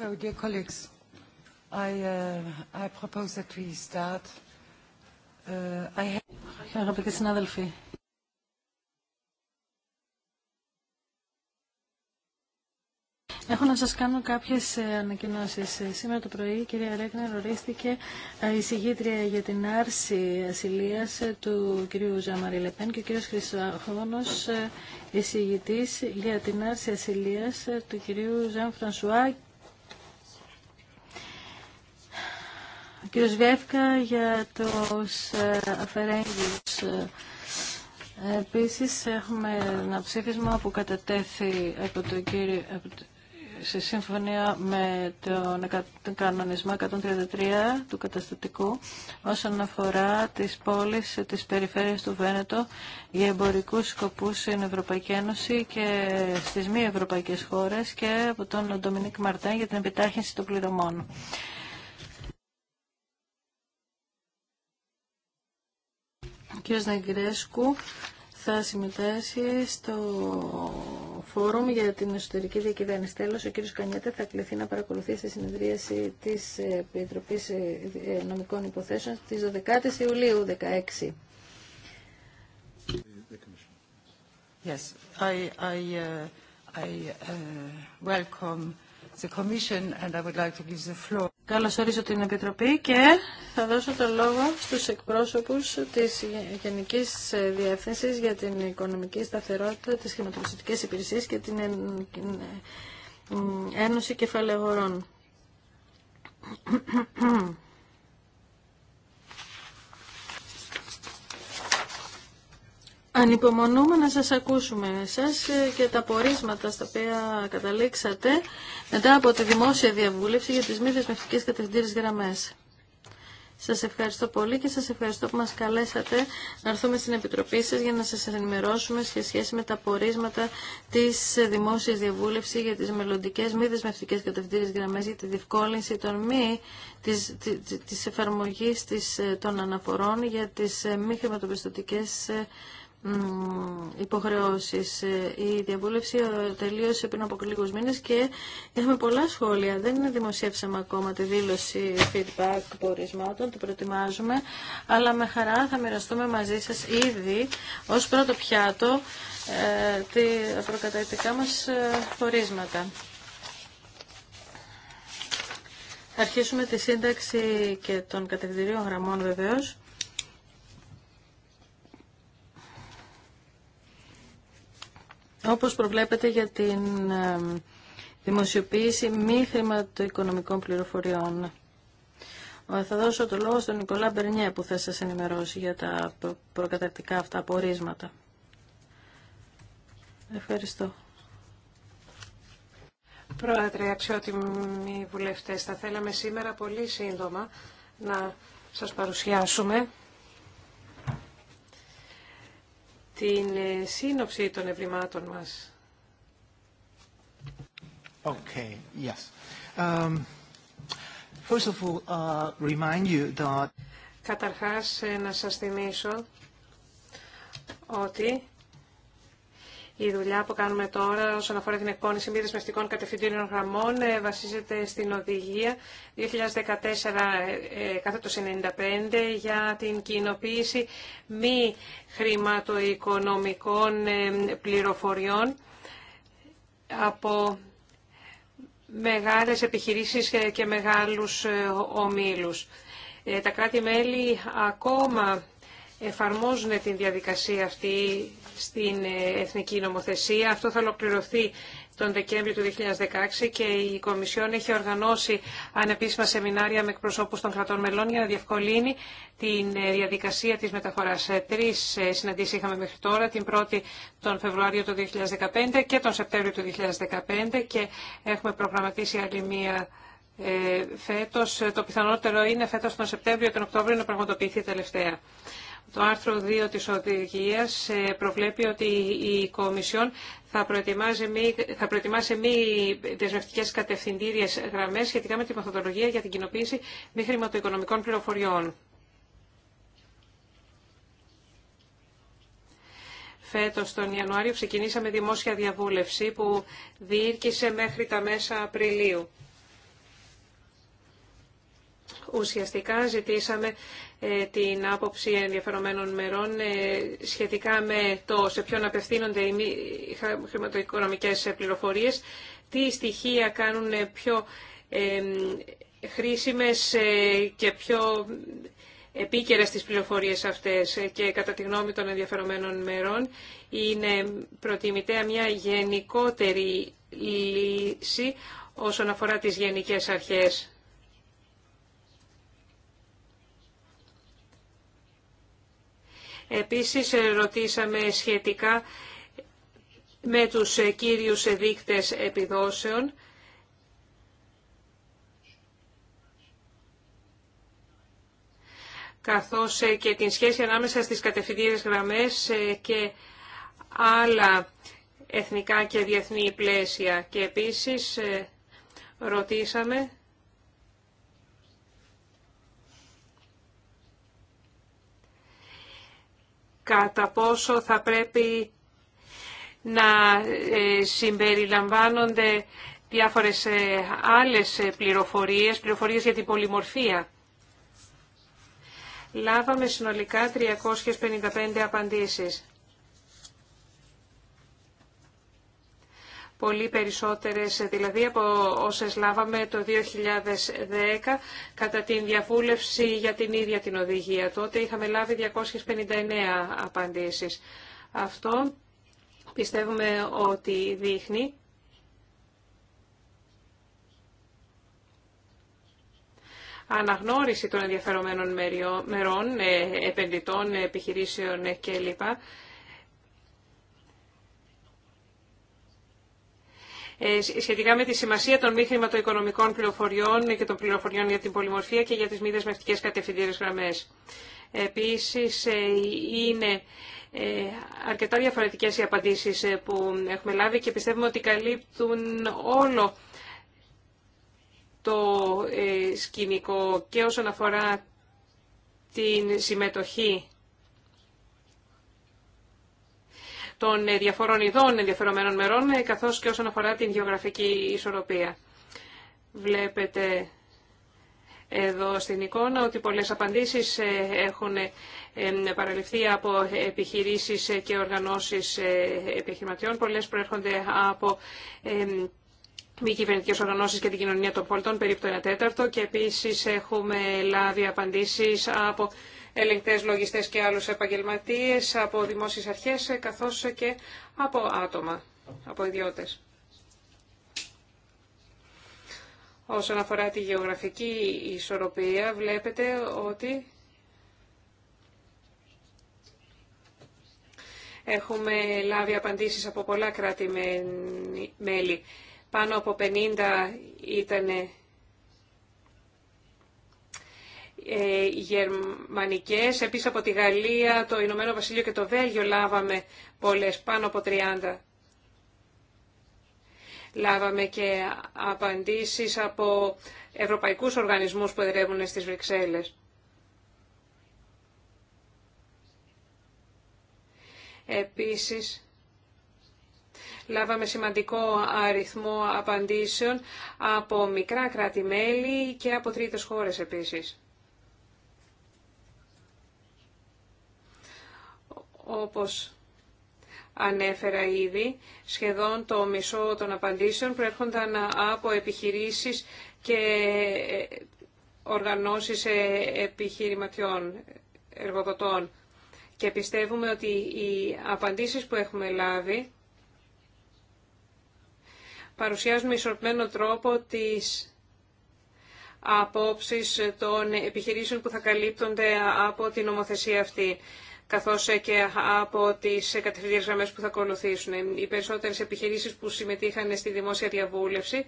So, dear colleagues, uh, I propose that we start. Uh, I Αγαπητοί συνάδελφοι, Έχω να σας κάνω κάποιες ε, ανακοινώσεις. Ε, σήμερα το πρωί η κυρία Ρέκνερ ορίστηκε ε, εισηγήτρια για την άρση ασυλίας του κυρίου Ζαμαρή Λεπέν και ο κύριος Χρυσόχρονος εισηγητής για την άρση ασυλίας του κυρίου Ζαν Φρανσουά κύριος Βιέφκα για τους ε, αφαιρέγγιους. Ε, επίσης έχουμε ένα ψήφισμα που κατατέθη από τον κύριο, σε σύμφωνία με τον κανονισμό 133 του καταστατικού όσον αφορά τις πόλεις της περιφέρειας του Βένετο για εμπορικούς σκοπούς στην Ευρωπαϊκή Ένωση και στις μη ευρωπαϊκές χώρες και από τον Ντομινίκ Μαρτέν για την επιτάχυνση των πληρωμών. κ. Ναγκρέσκου θα συμμετάσχει στο φόρουμ για την εσωτερική διακυβέρνηση. Τέλο, ο κ. Κανιέτα θα κληθεί να παρακολουθεί στη συνεδρίαση τη Επιτροπή ε, ε, Νομικών Υποθέσεων στι 12 Ιουλίου 2016. Yes, I, I, uh, I uh, welcome Καλώς ορίζω την Επιτροπή και θα δώσω το λόγο στους εκπρόσωπους της Γενικής Διεύθυνσης για την Οικονομική Σταθερότητα, τις Χρηματοπιστωτικές Υπηρεσίες και την Ένωση Κεφαλαιογορών. Ανυπομονούμε να σας ακούσουμε εσάς και τα πορίσματα στα οποία καταλήξατε μετά από τη δημόσια διαβούλευση για τις μη δεσμευτικές κατευθυντήρες γραμμές. Σας ευχαριστώ πολύ και σας ευχαριστώ που μας καλέσατε να έρθουμε στην Επιτροπή σας για να σας ενημερώσουμε σε σχέση με τα πορίσματα της δημόσιας διαβούλευσης για τις μελλοντικέ μη δεσμευτικές γραμμές για τη διευκόλυνση των μη της, της, εφαρμογής ε, των αναφορών για τις ε, μη χρηματοπιστωτικές ε, υποχρεώσεις. Ε, η διαβούλευση ε, τελείωσε πριν από λίγους μήνες και έχουμε πολλά σχόλια. Δεν δημοσιεύσαμε ακόμα τη δήλωση feedback πορισμάτων, το προετοιμάζουμε, αλλά με χαρά θα μοιραστούμε μαζί σας ήδη ως πρώτο πιάτο ε, τα προκαταρκτικά μας πορίσματα. Θα αρχίσουμε τη σύνταξη και των κατευθυντηρίων γραμμών βεβαίως. όπως προβλέπετε, για την δημοσιοποίηση μη χρηματοοικονομικών πληροφοριών. Θα δώσω το λόγο στον Νικολά Μπερνιέ που θα σας ενημερώσει για τα προκαταρκτικά αυτά απορίσματα. Ευχαριστώ. Πρόεδρε, αξιότιμοι βουλευτές, θα θέλαμε σήμερα πολύ σύντομα να σας παρουσιάσουμε την ε, σύνοψη των ευρημάτων μας. Okay, yes. Um, first of all, uh, remind you that... Καταρχάς, ε, να σας θυμίσω ότι η δουλειά που κάνουμε τώρα όσον αφορά την εκπόνηση μη δεσμευτικών κατευθυντήριων γραμμών ε, βασίζεται στην οδηγία 2014-95 ε, ε, για την κοινοποίηση μη χρηματοοικονομικών πληροφοριών από μεγάλες επιχειρήσεις και μεγάλους ομίλους. Τα κράτη-μέλη ακόμα εφαρμόζουν την διαδικασία αυτή στην ε, εθνική νομοθεσία. Αυτό θα ολοκληρωθεί τον Δεκέμβριο του 2016 και η Κομισιόν έχει οργανώσει ανεπίσημα σεμινάρια με εκπροσώπου των κρατών μελών για να διευκολύνει την ε, διαδικασία της μεταφορά. Ε, Τρει συναντήσει είχαμε μέχρι τώρα, την πρώτη τον Φεβρουάριο του 2015 και τον Σεπτέμβριο του 2015 και έχουμε προγραμματίσει άλλη μία φέτος. Το πιθανότερο είναι φέτος τον Σεπτέμβριο και τον Οκτώβριο να πραγματοποιηθεί τελευταία. Το άρθρο 2 της οδηγίας ε, προβλέπει ότι η Κομισιόν θα, θα προετοιμάσει μη δεσμευτικές κατευθυντήριες γραμμές σχετικά με τη μεθοδολογία για την κοινοποίηση μη χρηματοοικονομικών πληροφοριών. Φέτος τον Ιανουάριο ξεκινήσαμε δημόσια διαβούλευση που διήρκησε μέχρι τα μέσα Απριλίου. Ουσιαστικά ζητήσαμε ε, την άποψη ενδιαφερομένων μερών ε, σχετικά με το σε ποιον απευθύνονται οι χρηματοοικονομικές πληροφορίες, τι στοιχεία κάνουν πιο χρήσιμες ε, και πιο επίκαιρε τις πληροφορίες αυτές και κατά τη γνώμη των ενδιαφερομένων μερών είναι προτιμητέα μια γενικότερη λύση όσον αφορά τις γενικές αρχές. Επίσης ρωτήσαμε σχετικά με τους κύριους δείκτες επιδόσεων. καθώς και την σχέση ανάμεσα στις κατευθυντήρες γραμμές και άλλα εθνικά και διεθνή πλαίσια. Και επίσης ρωτήσαμε κατά πόσο θα πρέπει να ε, συμπεριλαμβάνονται διάφορες ε, άλλες ε, πληροφορίες, πληροφορίες για την πολυμορφία. Λάβαμε συνολικά 355 απαντήσεις. πολύ περισσότερες, δηλαδή από όσες λάβαμε το 2010 κατά την διαβούλευση για την ίδια την οδηγία. Τότε είχαμε λάβει 259 απαντήσεις. Αυτό πιστεύουμε ότι δείχνει αναγνώριση των ενδιαφερομένων μερών, ε, επενδυτών, επιχειρήσεων κλπ Ε, σχετικά με τη σημασία των μη χρηματοοικονομικών πληροφοριών και των πληροφοριών για την πολυμορφία και για τις μη δεσμευτικές κατευθυντήρες γραμμές. Επίσης, ε, είναι ε, αρκετά διαφορετικές οι απαντήσεις που έχουμε λάβει και πιστεύουμε ότι καλύπτουν όλο το σκηνικό και όσον αφορά την συμμετοχή των διαφορών ειδών ενδιαφερομένων μερών, ε, καθώς και όσον αφορά την γεωγραφική ισορροπία. Βλέπετε εδώ στην εικόνα ότι πολλές απαντήσεις ε, έχουν ε, παραλυφθεί από επιχειρήσεις και οργανώσεις επιχειρηματιών. Πολλές προέρχονται από μη κυβερνητικέ οργανώσει και την κοινωνία των πολιτών, περίπου το 1 τέταρτο. Και επίση έχουμε λάβει απαντήσει από ελεγκτές, λογιστές και άλλου επαγγελματίες, από δημόσιες αρχές, καθώς και από άτομα, από ιδιώτες. Όσον αφορά τη γεωγραφική ισορροπία, βλέπετε ότι έχουμε λάβει απαντήσεις από πολλά κράτη-μέλη. Πάνω από 50 ήταν Ε, γερμανικές. Επίσης από τη Γαλλία, το Ηνωμένο Βασίλειο και το Βέλγιο λάβαμε πολλές, πάνω από 30. Λάβαμε και απαντήσεις από ευρωπαϊκούς οργανισμούς που εδρεύουν στις Βρυξέλλες. Επίσης, λάβαμε σημαντικό αριθμό απαντήσεων από μικρά κράτη-μέλη και από τρίτες χώρες επίσης. Όπως ανέφερα ήδη, σχεδόν το μισό των απαντήσεων προέρχονταν από επιχειρήσεις και ε, οργανώσεις ε, επιχειρηματιών, εργοδοτών. Και πιστεύουμε ότι οι απαντήσεις που έχουμε λάβει παρουσιάζουν με τρόπο τις απόψεις των επιχειρήσεων που θα καλύπτονται από την νομοθεσία αυτή καθώς και από τις κατευθυντικές γραμμές που θα ακολουθήσουν. Οι περισσότερες επιχειρήσεις που συμμετείχαν στη δημόσια διαβούλευση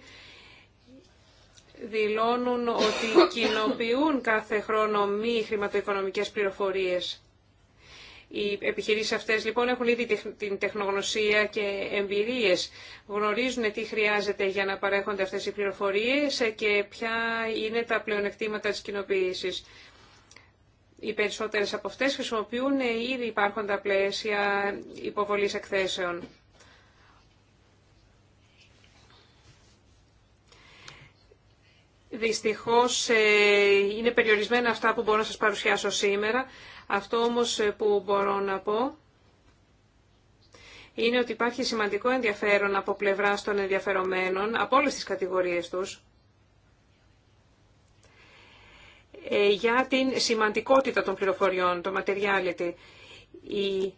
δηλώνουν ότι κοινοποιούν κάθε χρόνο μη χρηματοοικονομικές πληροφορίες. Οι επιχειρήσεις αυτές λοιπόν έχουν ήδη την τεχνογνωσία και εμπειρίες. Γνωρίζουν τι χρειάζεται για να παρέχονται αυτές οι πληροφορίες και ποια είναι τα πλεονεκτήματα της κοινοποίησης. Οι περισσότερες από αυτές χρησιμοποιούν ήδη υπάρχοντα πλαίσια υποβολής εκθέσεων. Δυστυχώς ε, είναι περιορισμένα αυτά που μπορώ να σας παρουσιάσω σήμερα. Αυτό όμως ε, που μπορώ να πω είναι ότι υπάρχει σημαντικό ενδιαφέρον από πλευρά των ενδιαφερομένων, από όλες τις κατηγορίες τους, Ε, για την σημαντικότητα των πληροφοριών, το materiality. Οι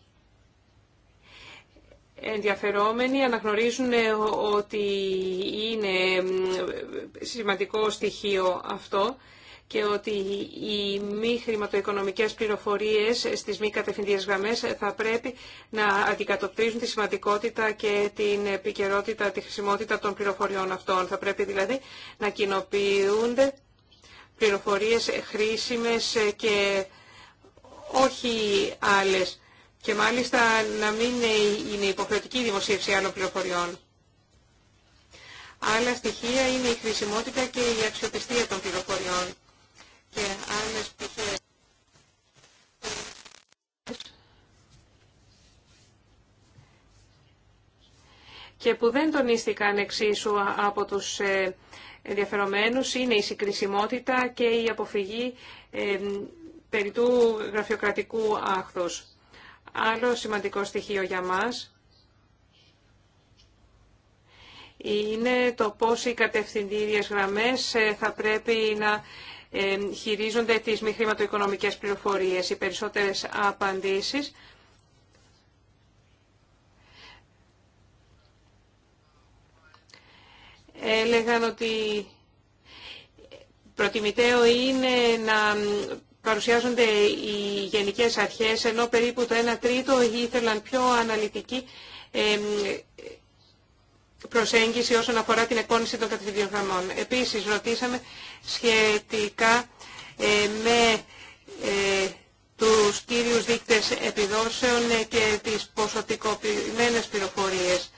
ενδιαφερόμενοι αναγνωρίζουν ε, ότι είναι σημαντικό στοιχείο αυτό και ότι οι μη χρηματοοικονομικές πληροφορίες στις μη κατευθυντικές γραμμές θα πρέπει να αντικατοπτρίζουν τη σημαντικότητα και την επικαιρότητα, τη χρησιμότητα των πληροφοριών αυτών. Θα πρέπει δηλαδή να κοινοποιούνται πληροφορίες χρήσιμες ε, και όχι άλλες. Και μάλιστα να μην ε, είναι υποχρεωτική δημοσίευση άλλων πληροφοριών. Άλλα στοιχεία είναι η χρησιμότητα και η αξιοπιστία των πληροφοριών. Και άλλες και που δεν τονίστηκαν εξίσου από τους ε, ενδιαφερομένους είναι η συγκρισιμότητα και η αποφυγή ε, περί του γραφειοκρατικού άχθους. Άλλο σημαντικό στοιχείο για μας είναι το πώς οι κατευθυντήριες γραμμές ε, θα πρέπει να ε, χειρίζονται τις μη χρηματοοικονομικές πληροφορίες. Οι περισσότερες απαντήσεις έλεγαν ότι προτιμητέο είναι να παρουσιάζονται οι γενικές αρχές, ενώ περίπου το 1 τρίτο ήθελαν πιο αναλυτική προσέγγιση όσον αφορά την εκπόνηση των κατευθυντήριων γραμμών. Επίσης, ρωτήσαμε σχετικά ε, με ε, τους κύριους δείκτες επιδόσεων και τις ποσοτικοποιημένες πληροφορίες.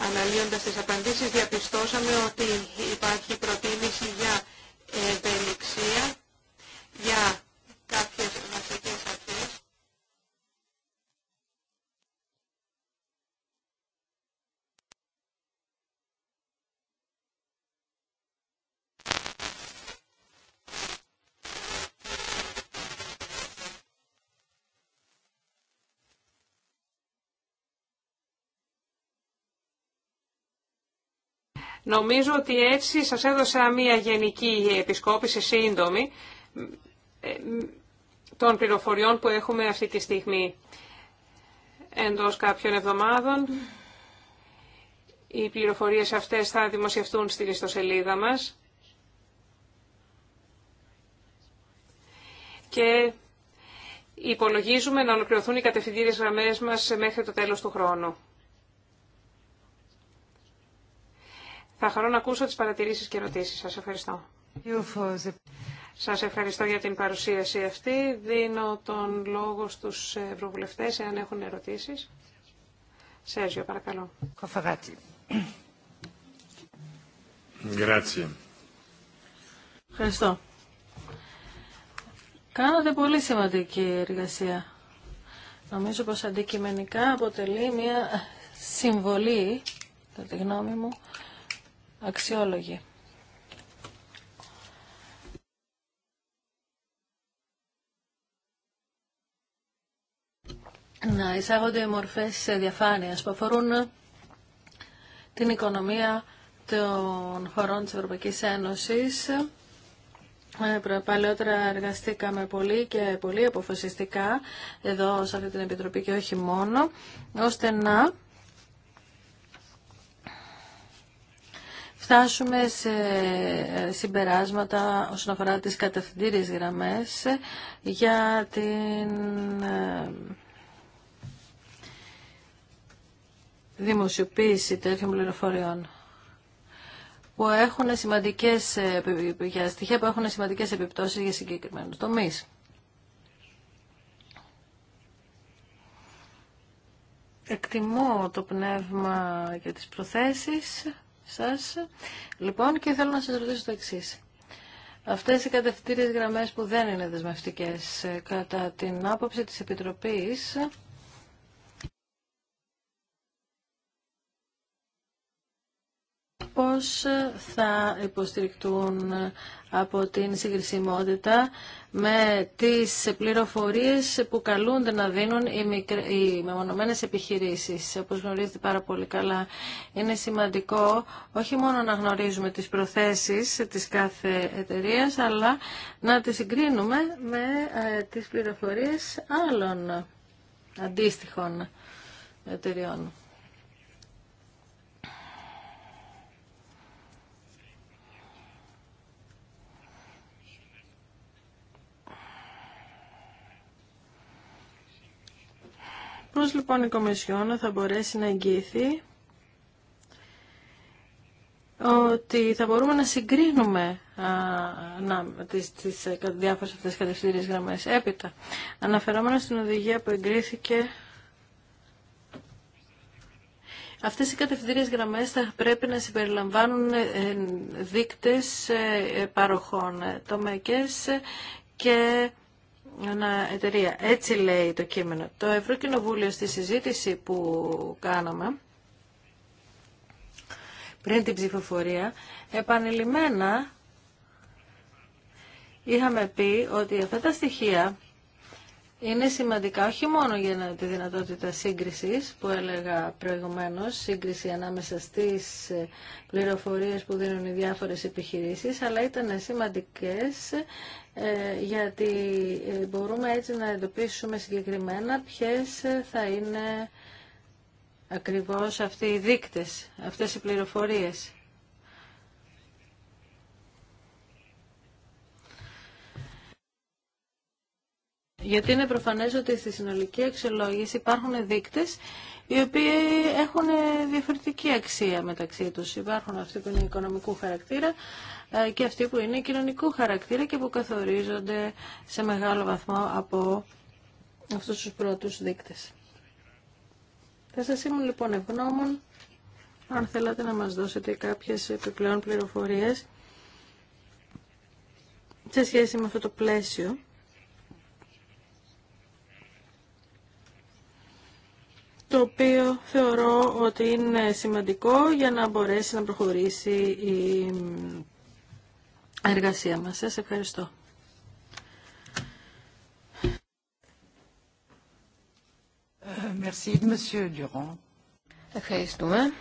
Αναλύοντας τις απαντήσεις διαπιστώσαμε ότι υπάρχει προτίμηση για ευελιξία, για Νομίζω ότι έτσι σας έδωσα μία γενική επισκόπηση σύντομη ε, των πληροφοριών που έχουμε αυτή τη στιγμή. Εντός κάποιων εβδομάδων οι πληροφορίες αυτές θα δημοσιευτούν στην ιστοσελίδα μας και υπολογίζουμε να ολοκληρωθούν οι κατευθυντήριες γραμμές μας μέχρι το τέλος του χρόνου. Θα χαρώ να ακούσω τις παρατηρήσεις και ερωτήσεις. Σας ευχαριστώ. Σας ευχαριστώ για την παρουσίαση αυτή. Δίνω τον λόγο στους ευρωβουλευτές, εάν έχουν ερωτήσεις. Σέζιο, παρακαλώ. Κοφαγάτη. Ευχαριστώ. Κάνατε πολύ σημαντική εργασία. Νομίζω πως αντικειμενικά αποτελεί μια συμβολή, κατά τη γνώμη μου, αξιόλογη. Να εισάγονται οι μορφές διαφάνειας που αφορούν την οικονομία των χωρών της Ευρωπαϊκής Ένωσης. Ε, παλαιότερα εργαστήκαμε πολύ και πολύ αποφασιστικά εδώ σε αυτή την Επιτροπή και όχι μόνο, ώστε να φτάσουμε σε ε, συμπεράσματα όσον αφορά τις κατευθυντήριες γραμμές για την ε, δημοσιοποίηση τέτοιων πληροφοριών που έχουν σημαντικές, ε, για στοιχεία που έχουν σημαντικές επιπτώσεις για συγκεκριμένους τομείς. Εκτιμώ το πνεύμα για τις προθέσεις σας. Λοιπόν, και θέλω να σας ρωτήσω το εξή. Αυτές οι κατευθυντήριες γραμμές που δεν είναι δεσμευτικές ε, κατά την άποψη της Επιτροπής πώς ε, θα υποστηριχτούν ε, από την συγκρισιμότητα με τις πληροφορίες που καλούνται να δίνουν οι, μικρ... οι μεμονωμένες επιχειρήσεις. Όπως γνωρίζετε πάρα πολύ καλά, είναι σημαντικό όχι μόνο να γνωρίζουμε τις προθέσεις της κάθε εταιρείας, αλλά να τις συγκρίνουμε με ε, τις πληροφορίες άλλων αντίστοιχων εταιρεών. Πώς λοιπόν η Κομισιόνα θα μπορέσει να εγγύθει ότι θα μπορούμε να συγκρίνουμε α, να, τις, τις ε, διάφορες αυτές κατευθύνες γραμμές. Έπειτα, αναφερόμενα στην οδηγία που εγκρίθηκε Αυτές οι κατευθυντήριε γραμμές θα πρέπει να συμπεριλαμβάνουν ε, δείκτες ε, παροχών, τομεκές και ένα εταιρεία. Έτσι λέει το κείμενο. Το Ευρωκοινοβούλιο στη συζήτηση που κάναμε πριν την ψηφοφορία επανειλημμένα είχαμε πει ότι αυτά τα στοιχεία είναι σημαντικά όχι μόνο για τη δυνατότητα σύγκρισης που έλεγα προηγουμένως, σύγκριση ανάμεσα στις ε, πληροφορίες που δίνουν οι διάφορες επιχειρήσεις, αλλά ήταν σημαντικές ε, γιατί ε, μπορούμε έτσι να εντοπίσουμε συγκεκριμένα ποιες θα είναι ακριβώς αυτοί οι δείκτες, αυτές οι πληροφορίες. Γιατί είναι προφανές ότι στη συνολική αξιολόγηση υπάρχουν δείκτες οι οποίοι έχουν διαφορετική αξία μεταξύ τους. Υπάρχουν αυτοί που είναι οικονομικού χαρακτήρα ε, και αυτοί που είναι κοινωνικού χαρακτήρα και που καθορίζονται σε μεγάλο βαθμό από αυτούς τους πρώτους δείκτες. Θα σας ήμουν λοιπόν ευγνώμων αν θέλατε να μας δώσετε κάποιες επιπλέον πληροφορίες σε σχέση με αυτό το πλαίσιο το οποίο θεωρώ ότι είναι σημαντικό για να μπορέσει να προχωρήσει η εργασία μας. Σας ευχαριστώ. Merci, Monsieur Durand. Ευχαριστούμε.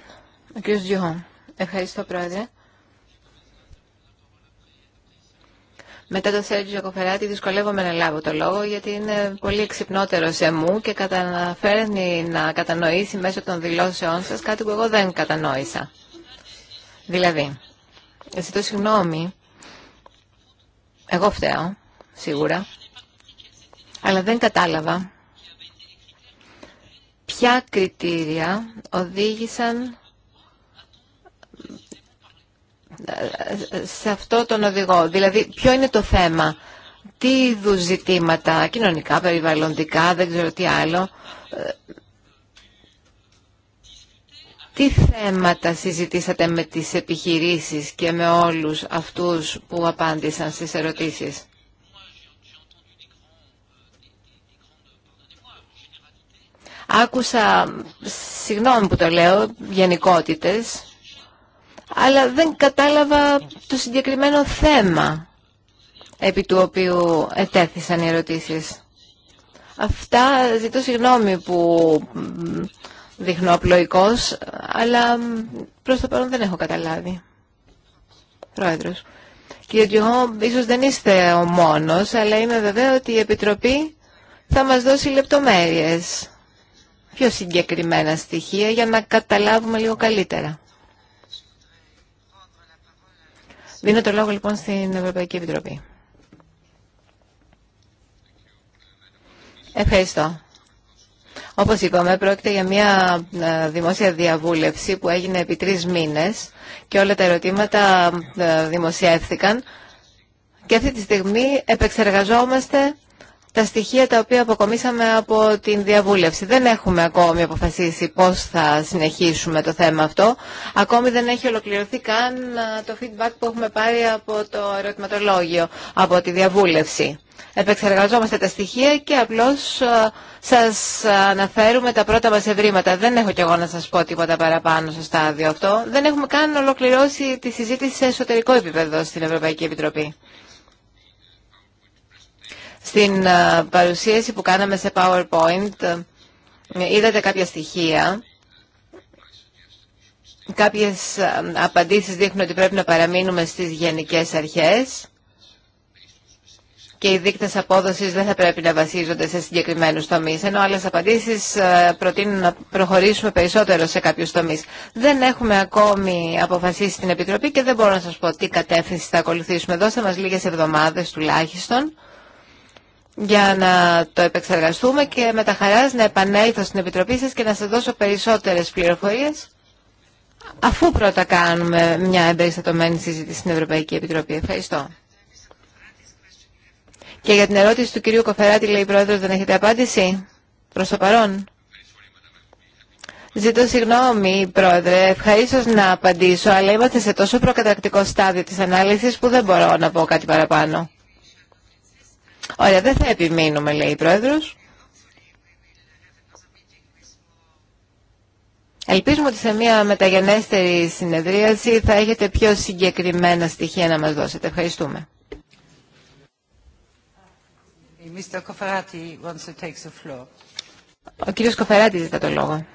Ο κ. Durand. Ευχαριστώ, Πρόεδρε. Μετά το Σέργιο Κοφεράτη δυσκολεύομαι να λάβω το λόγο γιατί είναι πολύ εξυπνότερο σε μου και καταφέρνει να κατανοήσει μέσω των δηλώσεών σας κάτι που εγώ δεν κατανόησα. Δηλαδή, το συγγνώμη, εγώ φταίω, σίγουρα, αλλά δεν κατάλαβα ποια κριτήρια οδήγησαν σε αυτό τον οδηγό. Δηλαδή, ποιο είναι το θέμα, τι είδου ζητήματα, κοινωνικά, περιβαλλοντικά, δεν ξέρω τι άλλο, τι θέματα συζητήσατε με τις επιχειρήσεις και με όλους αυτούς που απάντησαν στις ερωτήσεις. Άκουσα, συγγνώμη που το λέω, γενικότητες, αλλά δεν κατάλαβα το συγκεκριμένο θέμα επί του οποίου ετέθησαν οι ερωτήσεις. Αυτά ζητώ συγγνώμη που δείχνω απλοϊκός, αλλά προς το παρόν δεν έχω καταλάβει. Πρόεδρος. Κύριε Τιουχόμ, ίσως δεν είστε ο μόνος, αλλά είμαι βεβαία ότι η Επιτροπή θα μας δώσει λεπτομέρειες, πιο συγκεκριμένα στοιχεία για να καταλάβουμε λίγο καλύτερα. Δίνω το λόγο λοιπόν στην Ευρωπαϊκή Επιτροπή. Ευχαριστώ. Όπως είπαμε, πρόκειται για μια ε, δημόσια διαβούλευση που έγινε επί τρεις μήνες και όλα τα ερωτήματα ε, δημοσιεύθηκαν. Και αυτή τη στιγμή επεξεργαζόμαστε τα στοιχεία τα οποία αποκομίσαμε από την διαβούλευση. Δεν έχουμε ακόμη αποφασίσει πώς θα συνεχίσουμε το θέμα αυτό. Ακόμη δεν έχει ολοκληρωθεί καν το feedback που έχουμε πάρει από το ερωτηματολόγιο, από τη διαβούλευση. Επεξεργαζόμαστε τα στοιχεία και απλώς σας αναφέρουμε τα πρώτα μας ευρήματα. Δεν έχω κι εγώ να σας πω τίποτα παραπάνω στο στάδιο αυτό. Δεν έχουμε καν ολοκληρώσει τη συζήτηση σε εσωτερικό επίπεδο στην Ευρωπαϊκή Επιτροπή. Στην ε, παρουσίαση που κάναμε σε PowerPoint ε, είδατε κάποια στοιχεία. Κάποιες ε, απαντήσεις δείχνουν ότι πρέπει να παραμείνουμε στις γενικές αρχές και οι δείκτες απόδοσης δεν θα πρέπει να βασίζονται σε συγκεκριμένους τομείς, ενώ άλλες απαντήσεις προτείνουν να προχωρήσουμε περισσότερο σε κάποιους τομείς. Δεν έχουμε ακόμη αποφασίσει την Επιτροπή και δεν μπορώ να σας πω τι κατεύθυνση θα ακολουθήσουμε. Δώστε μας λίγες εβδομάδες τουλάχιστον για να το επεξεργαστούμε και με τα χαράς να επανέλθω στην Επιτροπή σας και να σας δώσω περισσότερες πληροφορίες αφού πρώτα κάνουμε μια εμπεριστατωμένη συζήτηση στην Ευρωπαϊκή Επιτροπή. Ευχαριστώ. Και για την ερώτηση του κυρίου Κοφεράτη, λέει η Πρόεδρος, δεν έχετε απάντηση προς το παρόν. Ζητώ συγγνώμη, Πρόεδρε. Ευχαρίστω να απαντήσω, αλλά είμαστε σε τόσο προκατακτικό στάδιο της ανάλυσης που δεν μπορώ να πω κάτι παραπάνω. Ωραία, δεν θα επιμείνουμε, λέει η Πρόεδρος. Ελπίζουμε ότι σε μια μεταγενέστερη συνεδρίαση θα έχετε πιο συγκεκριμένα στοιχεία να μας δώσετε. Ευχαριστούμε. Ο κύριος Κοφεράτη ζητά το λόγο.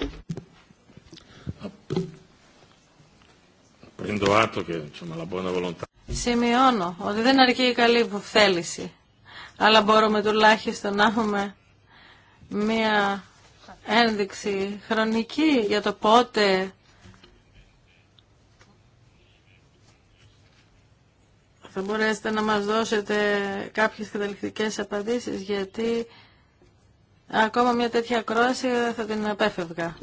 Σημειώνω ότι δεν αρκεί η καλή θέληση αλλά μπορούμε τουλάχιστον να έχουμε μία ένδειξη χρονική για το πότε θα μπορέσετε να μας δώσετε κάποιες καταληκτικές απαντήσεις γιατί ακόμα μια τέτοια ακρόαση θα την απέφευγα.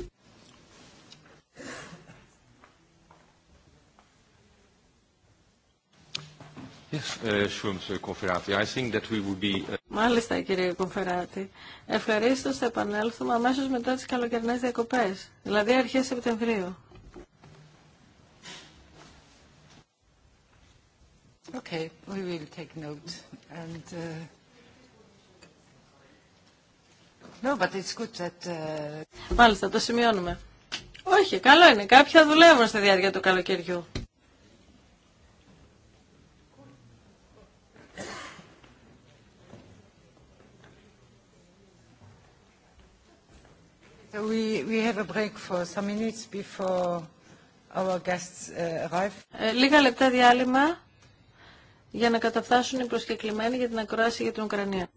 Μάλιστα κύριε Κομφεράτη. Ευχαρίστω θα επανέλθουμε αμέσω μετά τι καλοκαιρινέ διακοπέ, δηλαδή αρχέ Σεπτεμβρίου. Okay, we will take note uh, no, but it's good that. Uh, Μάλιστα, το σημειώνουμε. Όχι, καλό είναι. Κάποια δουλεύουν στη διάρκεια του καλοκαιριού. Λίγα λεπτά διάλειμμα για να καταφτάσουν οι προσκεκλημένοι για την ακρόαση για την Ουκρανία.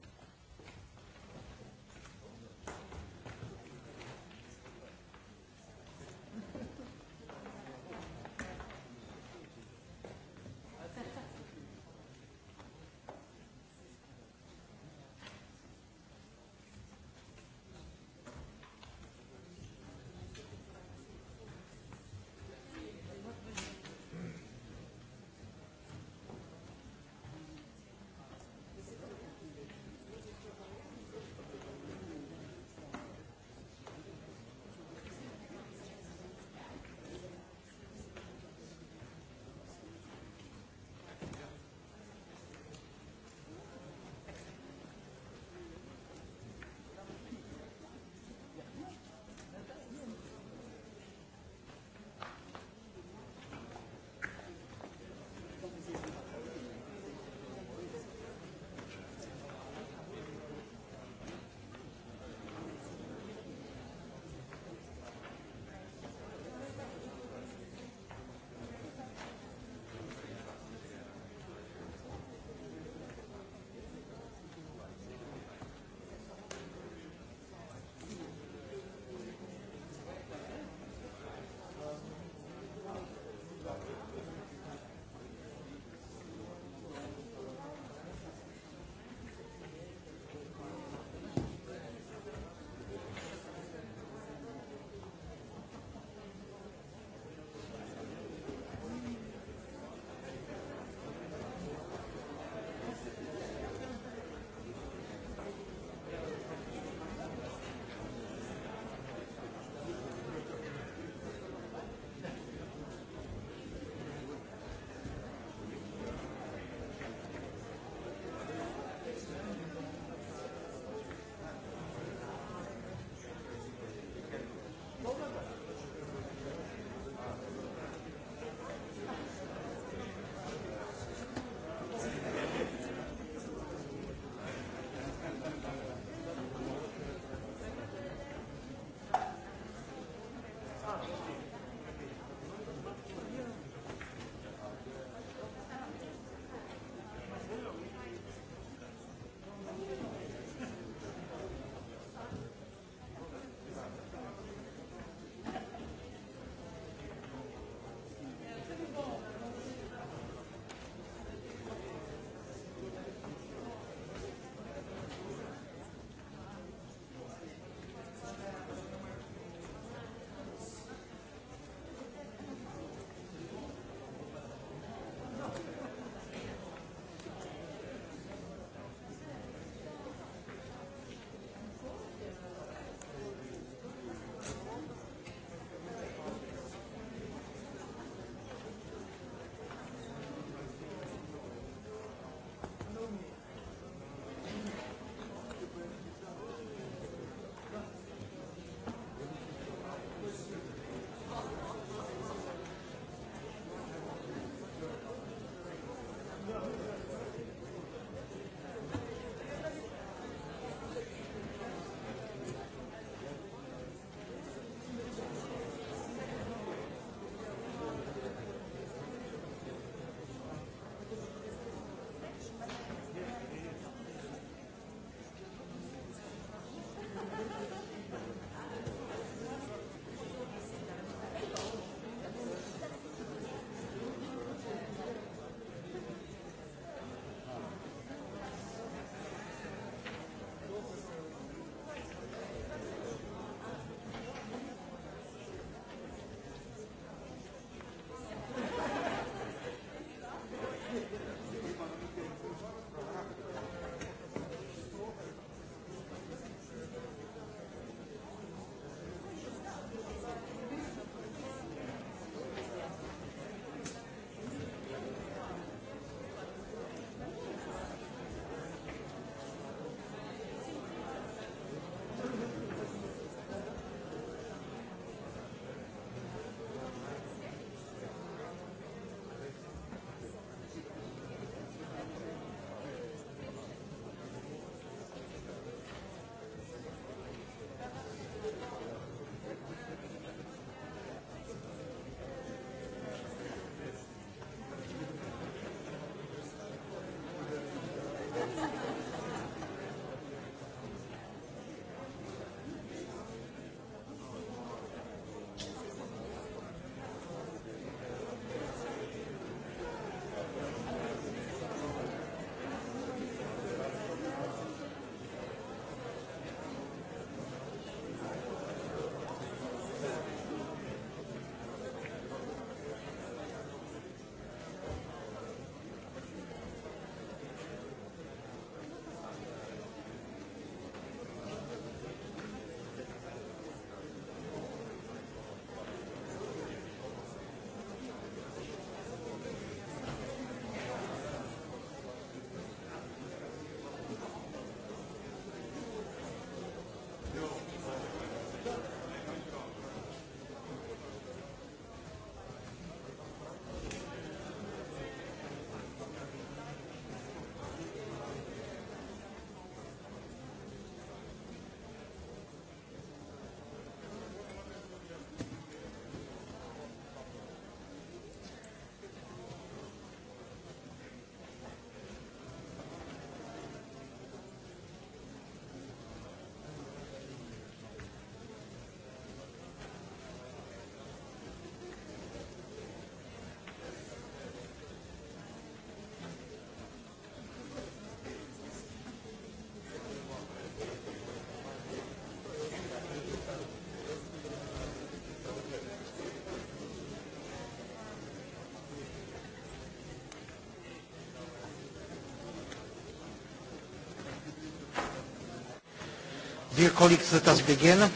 Dear colleagues, let us begin.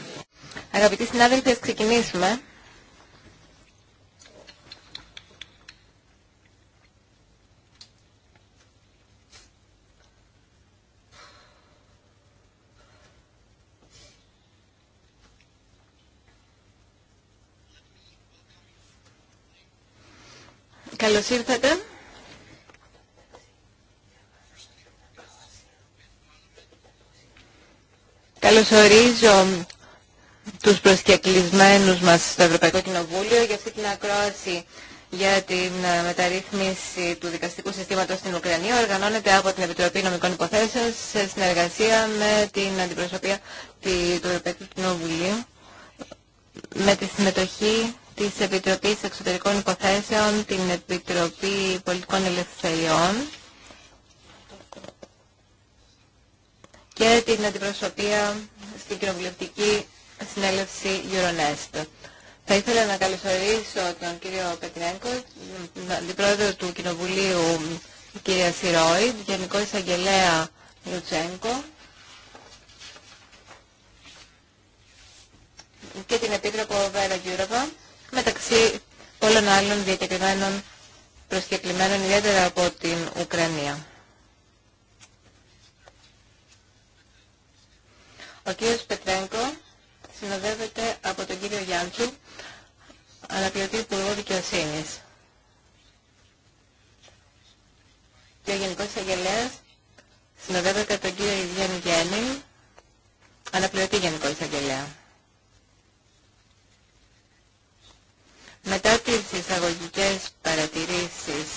Αγαπητοί συνάδελφοι, ας ξεκινήσουμε. Καλώς ήρθατε. Καλωσορίζω τους προσκεκλισμένους μας στο Ευρωπαϊκό Κοινοβούλιο για αυτή την ακρόαση για την ε, μεταρρύθμιση του δικαστικού συστήματος στην Ουκρανία οργανώνεται από την Επιτροπή Νομικών Υποθέσεων σε συνεργασία με την αντιπροσωπεία του Ευρωπαϊκού Κοινοβουλίου με τη συμμετοχή της Επιτροπής Εξωτερικών Υποθέσεων, την Επιτροπή Πολιτικών Ελευθεριών και την αντιπροσωπεία στην κοινοβουλευτική συνέλευση Euronest. Θα ήθελα να καλωσορίσω τον κύριο Πετρέγκο, αντιπρόεδρο του Κοινοβουλίου κυρία Σιρόιντ, Γενικό Εισαγγελέα Λουτσέγκο και την Επίτροπο Βέρα Γιούροβα, μεταξύ πολλών άλλων διακεκριμένων προσκεκλημένων ιδιαίτερα από την Ουκρανία. Ο κύριος Πετρέγκο συνοδεύεται από τον κύριο Γιάντσου, αναπληρωτή Υπουργό δικαιοσύνη. Και ο Γενικός Εισαγγελέας συνοδεύεται από τον κύριο Ιδιαίνη Γέννη, αναπληρωτή Γενικό Εισαγγελέα. Μετά τις εισαγωγικές παρατηρήσεις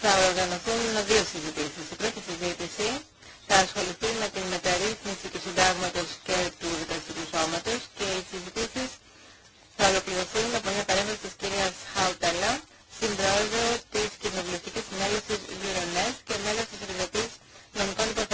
θα οργανωθούν δύο συζητήσεις. Η πρώτη συζήτηση θα ασχοληθεί με την μεταρρύθμιση του συντάγματος και του δικαστικού σώματος και οι συζητήσεις θα ολοκληρωθούν από μια παρέμβαση της κυρίας Χάουταλα, συμπρόεδρο της Κοινοβουλευτικής Συνέλευσης Euronest και μέλος της Επιτροπής Νομικών Υποθέσεων.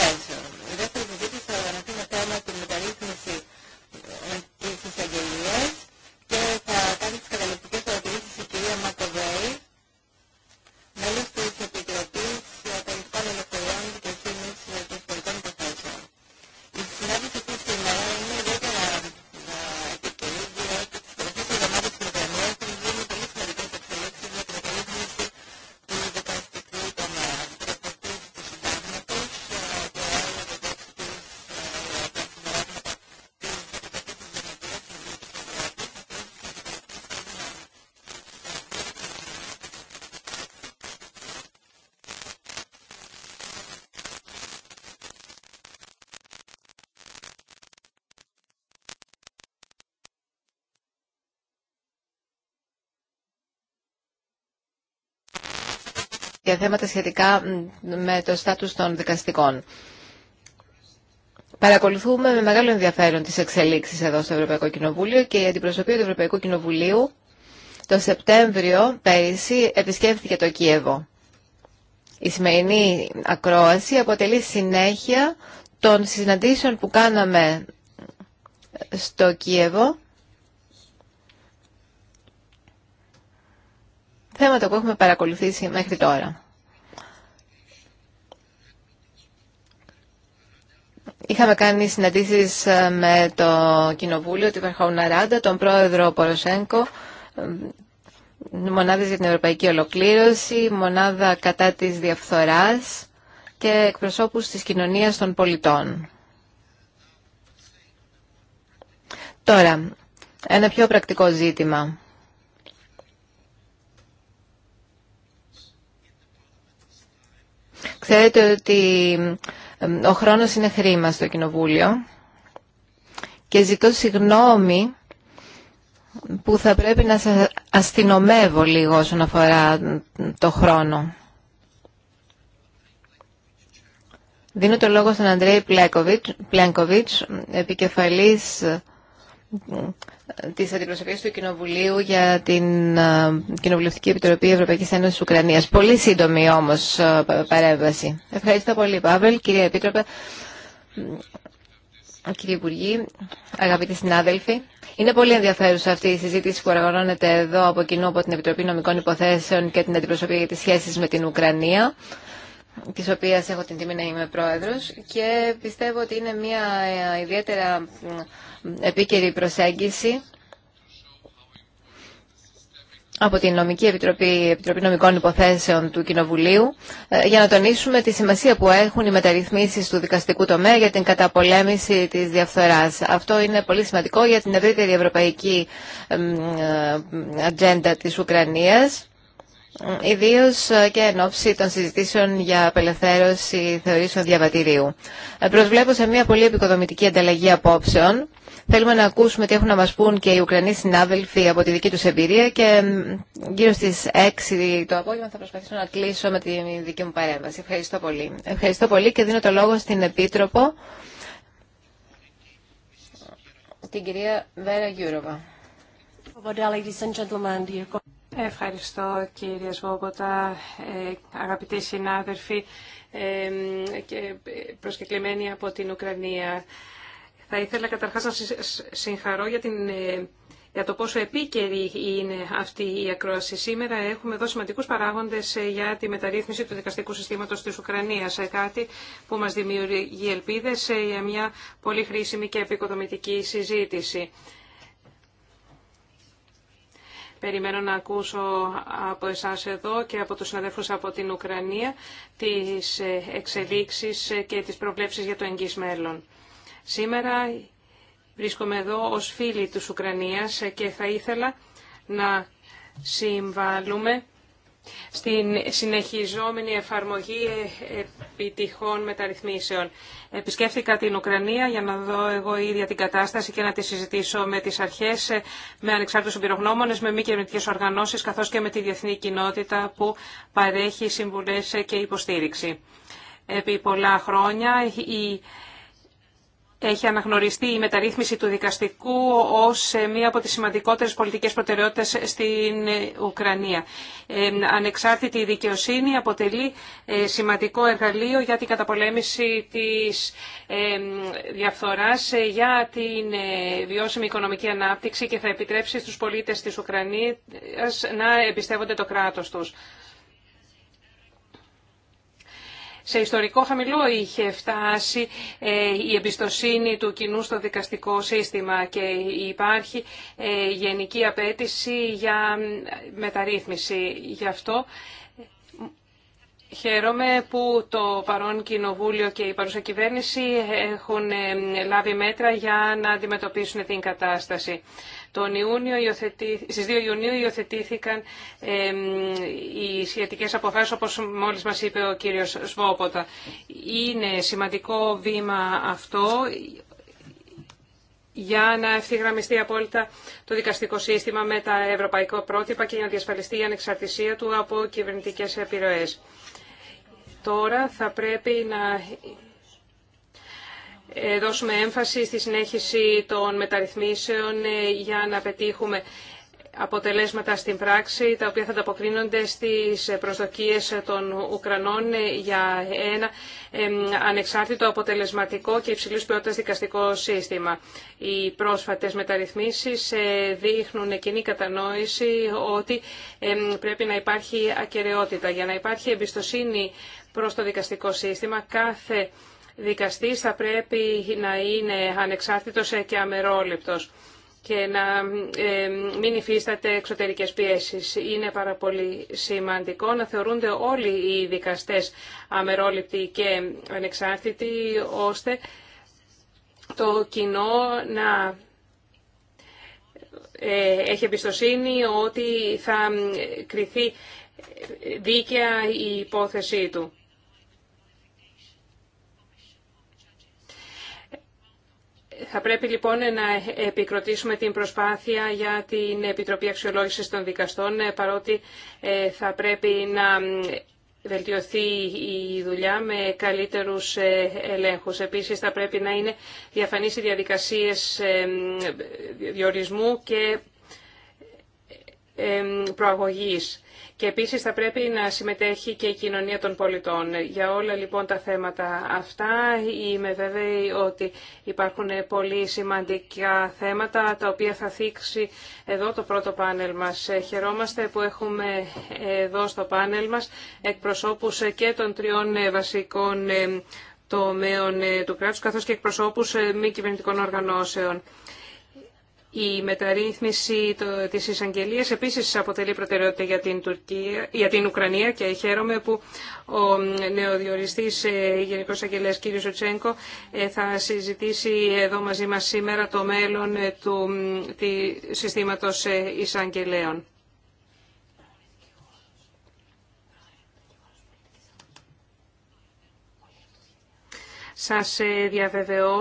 και θέματα σχετικά με το στάτους των δικαστικών. Παρακολουθούμε με μεγάλο ενδιαφέρον τις εξελίξεις εδώ στο Ευρωπαϊκό Κοινοβούλιο και η αντιπροσωπεία του Ευρωπαϊκού Κοινοβουλίου το Σεπτέμβριο πέρυσι επισκέφθηκε το Κίεβο. Η σημερινή ακρόαση αποτελεί συνέχεια των συναντήσεων που κάναμε στο Κίεβο θέματα που έχουμε παρακολουθήσει μέχρι τώρα. Είχαμε κάνει συναντήσεις ε, με το Κοινοβούλιο, την Βαρχαούνα Ράντα, τον πρόεδρο Ποροσέγκο, ε, μονάδες για την Ευρωπαϊκή Ολοκλήρωση, μονάδα κατά της διαφθοράς και εκπροσώπους της κοινωνίας των πολιτών. Τώρα, ένα πιο πρακτικό ζήτημα. Ξέρετε ότι ο χρόνος είναι χρήμα στο Κοινοβούλιο και ζητώ συγνώμη που θα πρέπει να σας αστυνομεύω λίγο όσον αφορά το χρόνο. Δίνω το λόγο στον Αντρέη Πλέγκοβιτς, επικεφαλής Τη αντιπροσωπείας του Κοινοβουλίου για την ε, Κοινοβουλευτική Επιτροπή Ευρωπαϊκής Ένωσης Ουκρανία. Πολύ σύντομη όμως ε, παρέμβαση. Ευχαριστώ πολύ Παύλ, κυρία Επίτροπε, κύριε Υπουργοί, αγαπητοί συνάδελφοι. Είναι πολύ ενδιαφέρουσα αυτή η συζήτηση που οργανώνεται εδώ από κοινού από την Επιτροπή Νομικών Υποθέσεων και την Αντιπροσωπή για τις σχέσεις με την Ουκρανία της οποίας έχω την τιμή να είμαι πρόεδρος και πιστεύω ότι είναι μια ε, ιδιαίτερα επίκαιρη προσέγγιση από την Νομική Επιτροπή, Επιτροπή Νομικών Υποθέσεων του Κοινοβουλίου ε, για να τονίσουμε τη σημασία που έχουν οι μεταρρυθμίσεις του δικαστικού τομέα για την καταπολέμηση της διαφθοράς. Αυτό είναι πολύ σημαντικό για την ευρύτερη ευρωπαϊκή ε, ατζέντα της Ουκρανίας Ιδίω ε, και εν ώψη των συζητήσεων για απελευθέρωση θεωρήσεων διαβατηρίου. Ε, προσβλέπω σε μια πολύ επικοδομητική ανταλλαγή απόψεων. Θέλουμε να ακούσουμε τι έχουν να μα πούν και οι Ουκρανοί συνάδελφοι από τη δική του εμπειρία και γύρω στι 6 το απόγευμα θα προσπαθήσω να κλείσω με τη δική μου παρέμβαση. Ευχαριστώ πολύ. Ευχαριστώ πολύ και δίνω το λόγο στην Επίτροπο, την κυρία Βέρα Γιούροβα. Ευχαριστώ κύριε Σβόμποτα, ε, αγαπητοί συνάδελφοι ε, και προσκεκλημένοι από την Ουκρανία. Θα ήθελα καταρχάς να συγχαρώ για, την, ε, για το πόσο επίκαιρη είναι αυτή η ακρόαση. Σήμερα έχουμε εδώ σημαντικούς παράγοντες για τη μεταρρύθμιση του δικαστικού συστήματος της Ουκρανίας. Κάτι που μας δημιουργεί ελπίδες για μια πολύ χρήσιμη και επικοδομητική συζήτηση. Περιμένω να ακούσω από εσάς εδώ και από τους συναδέλφους από την Ουκρανία τις εξελίξεις και τις προβλέψεις για το εγγύς μέλλον. Σήμερα βρίσκομαι εδώ ως φίλη της Ουκρανίας και θα ήθελα να συμβάλλουμε στην συνεχιζόμενη εφαρμογή ε, επιτυχών μεταρρυθμίσεων. Επισκέφθηκα την Ουκρανία για να δω εγώ ίδια την κατάσταση και να τη συζητήσω με τις αρχές, ε, με ανεξάρτητους εμπειρογνώμονες, με μη κυβερνητικές οργανώσεις, καθώς και με τη διεθνή κοινότητα που παρέχει συμβουλές ε, και υποστήριξη. Επί πολλά χρόνια η έχει αναγνωριστεί η μεταρρύθμιση του δικαστικού ως ε, μία από τις σημαντικότερες πολιτικές προτεραιότητες στην ε, Ουκρανία. Ε, ανεξάρτητη δικαιοσύνη αποτελεί σημαντικό εργαλείο για την καταπολέμηση της διαφθοράς, για την βιώσιμη οικονομική ανάπτυξη και θα επιτρέψει στους πολίτες της Ουκρανίας να εμπιστεύονται το κράτος τους. Σε ιστορικό χαμηλό είχε φτάσει ε, η εμπιστοσύνη του κοινού στο δικαστικό σύστημα και υπάρχει ε, γενική απέτηση για μεταρρύθμιση. Γι' αυτό Χαίρομαι που το παρόν κοινοβούλιο και η παρούσα κυβέρνηση έχουν ε, λάβει μέτρα για να αντιμετωπίσουν την κατάσταση. Τον Ιούνιο υιοθετή... Στις 2 Ιουνίου υιοθετήθηκαν οι σχετικές αποφάσεις, όπως μόλις μας είπε ο κύριος Σβόποτα. Είναι σημαντικό βήμα αυτό για να ευθυγραμμιστεί απόλυτα το δικαστικό σύστημα με τα ευρωπαϊκά πρότυπα και για να διασφαλιστεί η ανεξαρτησία του από κυβερνητικές επιρροές. Τώρα θα πρέπει να ε, δώσουμε έμφαση στη συνέχιση των μεταρρυθμίσεων ε, για να πετύχουμε αποτελέσματα στην πράξη, τα οποία θα ανταποκρίνονται στις προσδοκίες των Ουκρανών ε, για ένα ανεξάρτητο, αποτελεσματικό και υψηλής ποιότητας δικαστικό σύστημα. Οι πρόσφατες μεταρρυθμίσεις δείχνουν κοινή κατανόηση ότι πρέπει να υπάρχει ακαιρεότητα. Για να υπάρχει εμπιστοσύνη προς το δικαστικό σύστημα, κάθε δικαστής θα πρέπει να είναι ανεξάρτητος και αμερόληπτος και να ε, μην υφίσταται εξωτερικές πιέσεις. Είναι πάρα πολύ σημαντικό να θεωρούνται όλοι οι δικαστές αμερόληπτοι και ανεξάρτητοι, ώστε το κοινό να ε, έχει εμπιστοσύνη ότι θα ε, κριθεί δίκαια η υπόθεσή του. Θα πρέπει λοιπόν να επικροτήσουμε την προσπάθεια για την Επιτροπή Αξιολόγησης των Δικαστών, ε, παρότι ε, θα πρέπει να βελτιωθεί η δουλειά με καλύτερους ε, ελέγχους. Επίσης θα πρέπει να είναι διαφανείς οι διαδικασίες διορισμού και προαγωγής. Και επίσης θα πρέπει να συμμετέχει και η κοινωνία των πολιτών. Για όλα λοιπόν τα θέματα αυτά είμαι βέβαιη ότι υπάρχουν πολύ σημαντικά θέματα τα οποία θα θίξει εδώ το πρώτο πάνελ μας. Χαιρόμαστε που έχουμε εδώ στο πάνελ μας εκπροσώπους και των τριών βασικών τομέων του κράτους καθώς και εκπροσώπους μη κυβερνητικών οργανώσεων. Η μεταρρύθμιση της εισαγγελία επίσης αποτελεί προτεραιότητα για την, Τουρκία, για την Ουκρανία και χαίρομαι που ο νεοδιοριστής ε, Γενικός Αγγελέας κ. Ζουτσέγκο ε, θα συζητήσει εδώ μαζί μας σήμερα το μέλλον ε, του, του συστήματος εισαγγελέων. Σας διαβεβαιώ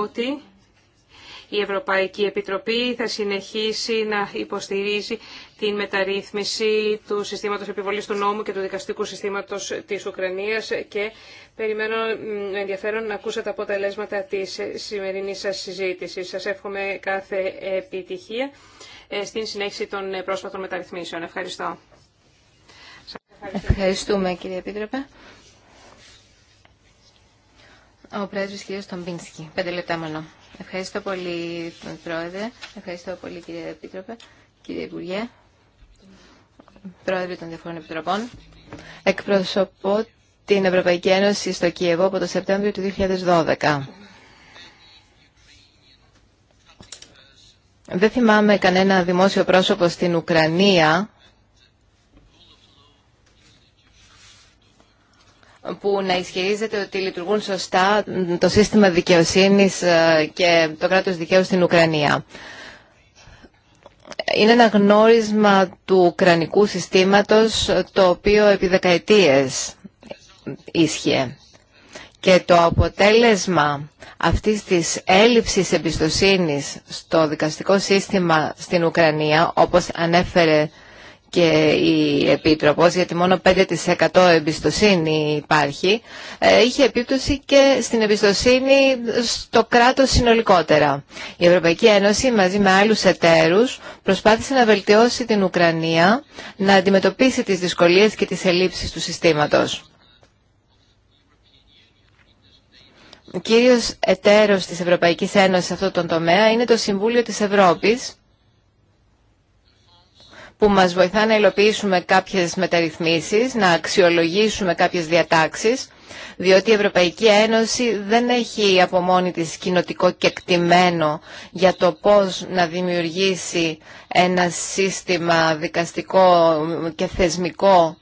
ότι η Ευρωπαϊκή Επιτροπή θα συνεχίσει να υποστηρίζει την μεταρρύθμιση του συστήματος επιβολής του νόμου και του δικαστικού συστήματος της Ουκρανίας και περιμένω ενδιαφέρον να ακούσω τα αποτελέσματα της σημερινής σας συζήτησης. Σας εύχομαι κάθε επιτυχία ε, στην συνέχιση των πρόσφατων μεταρρυθμίσεων. Ευχαριστώ. Ευχαριστούμε κύριε Επίτροπε. Ο πρέσβης κύριος Τομπίνσκι. Πέντε λεπτά μόνο. Ευχαριστώ πολύ τον Πρόεδρε, ευχαριστώ πολύ κύριε Επίτροπε, κύριε Υπουργέ, Πρόεδρε των Διαφόρων Επιτροπών. Εκπροσωπώ την Ευρωπαϊκή Ένωση στο Κίεβο από το Σεπτέμβριο του 2012. Δεν θυμάμαι κανένα δημόσιο πρόσωπο στην Ουκρανία που να ισχυρίζεται ότι λειτουργούν σωστά το σύστημα δικαιοσύνης ε, και το κράτος δικαίου στην Ουκρανία. Είναι ένα γνώρισμα του ουκρανικού συστήματος το οποίο επί δεκαετίες ίσχυε. Και το αποτέλεσμα αυτής της έλλειψης εμπιστοσύνης στο δικαστικό σύστημα στην Ουκρανία, όπως ανέφερε και η Επίτροπος, γιατί μόνο 5% εμπιστοσύνη υπάρχει, ε, είχε επίπτωση και στην εμπιστοσύνη στο κράτος συνολικότερα. Η Ευρωπαϊκή Ένωση μαζί με άλλους εταίρους προσπάθησε να βελτιώσει την Ουκρανία, να αντιμετωπίσει τις δυσκολίες και τις ελλείψεις του συστήματος. Ο κύριος εταίρος της Ευρωπαϊκής Ένωσης σε αυτό τον τομέα είναι το Συμβούλιο της Ευρώπης, που μας βοηθά να υλοποιήσουμε κάποιες μεταρρυθμίσεις, να αξιολογήσουμε κάποιες διατάξεις, διότι η Ευρωπαϊκή Ένωση δεν έχει από μόνη της κοινοτικό κεκτημένο για το πώς να δημιουργήσει ένα σύστημα δικαστικό και θεσμικό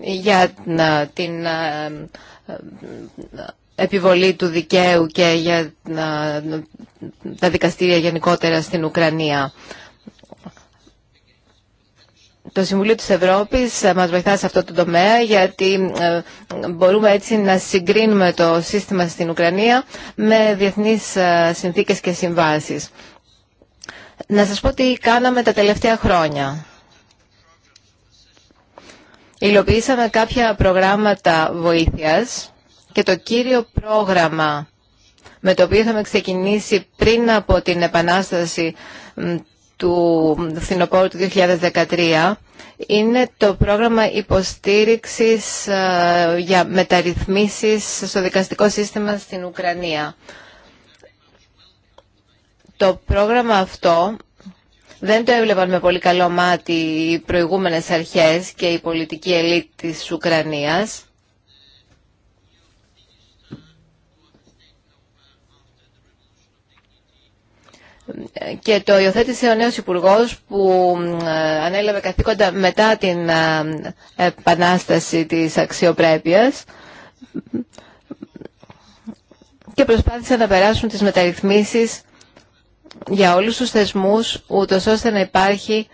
για την ε, ε, επιβολή του δικαίου και για τα δικαστήρια γενικότερα στην Ουκρανία. Το Συμβουλίο της Ευρώπης ε, μας βοηθά σε αυτό το τομέα γιατί ε, μπορούμε έτσι να συγκρίνουμε το σύστημα στην Ουκρανία με διεθνείς ε, συνθήκες και συμβάσεις. Να σας πω τι κάναμε τα τελευταία χρόνια. Υλοποιήσαμε κάποια προγράμματα βοήθειας και το κύριο πρόγραμμα με το οποίο είχαμε ξεκινήσει πριν από την επανάσταση του φθινοπόρου του 2013 είναι το πρόγραμμα υποστήριξης ε, για μεταρρυθμίσεις στο δικαστικό σύστημα στην Ουκρανία. Το πρόγραμμα αυτό δεν το έβλεπαν με πολύ καλό μάτι οι προηγούμενες αρχές και η πολιτική ελίτ της Ουκρανίας και το υιοθέτησε ο νέος Υπουργός που ε, ανέλαβε καθήκοντα μετά την ε, επανάσταση της αξιοπρέπειας και προσπάθησε να περάσουν τις μεταρρυθμίσεις για όλους τους θεσμούς, ούτως ώστε να υπάρχει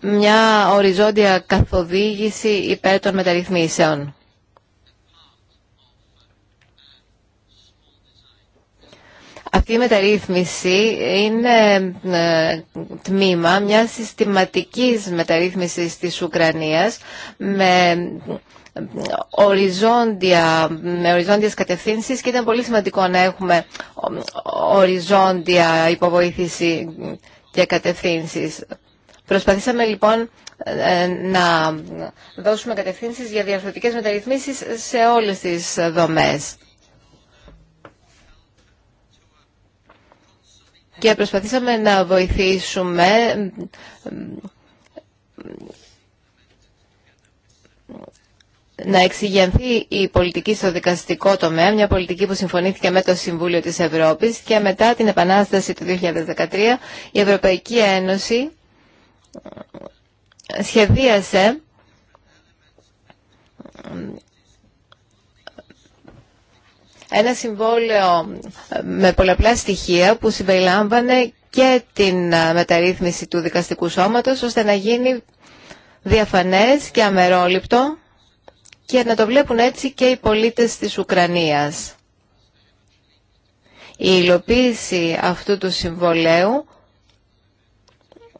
μια οριζόντια καθοδήγηση υπέρ των μεταρρυθμίσεων. Αυτή η μεταρρύθμιση είναι ε, τμήμα μιας συστηματικής μεταρρύθμισης της Ουκρανίας με οριζόντια, με οριζόντιες κατευθύνσεις και ήταν πολύ σημαντικό να έχουμε οριζόντια υποβοήθηση και κατευθύνσεις. Προσπαθήσαμε λοιπόν ε, να δώσουμε κατευθύνσεις για διαφορετικές μεταρρυθμίσεις σε όλες τις δομές. και προσπαθήσαμε να βοηθήσουμε να εξηγενθεί η πολιτική στο δικαστικό τομέα, μια πολιτική που συμφωνήθηκε με το Συμβούλιο της Ευρώπης και μετά την Επανάσταση του 2013 η Ευρωπαϊκή Ένωση σχεδίασε ένα συμβόλαιο ε, με πολλαπλά στοιχεία που συμπεριλάμβανε και την ε, μεταρρύθμιση του δικαστικού σώματος ώστε να γίνει διαφανές και αμερόληπτο και να το βλέπουν έτσι και οι πολίτες της Ουκρανίας. Η υλοποίηση αυτού του συμβολέου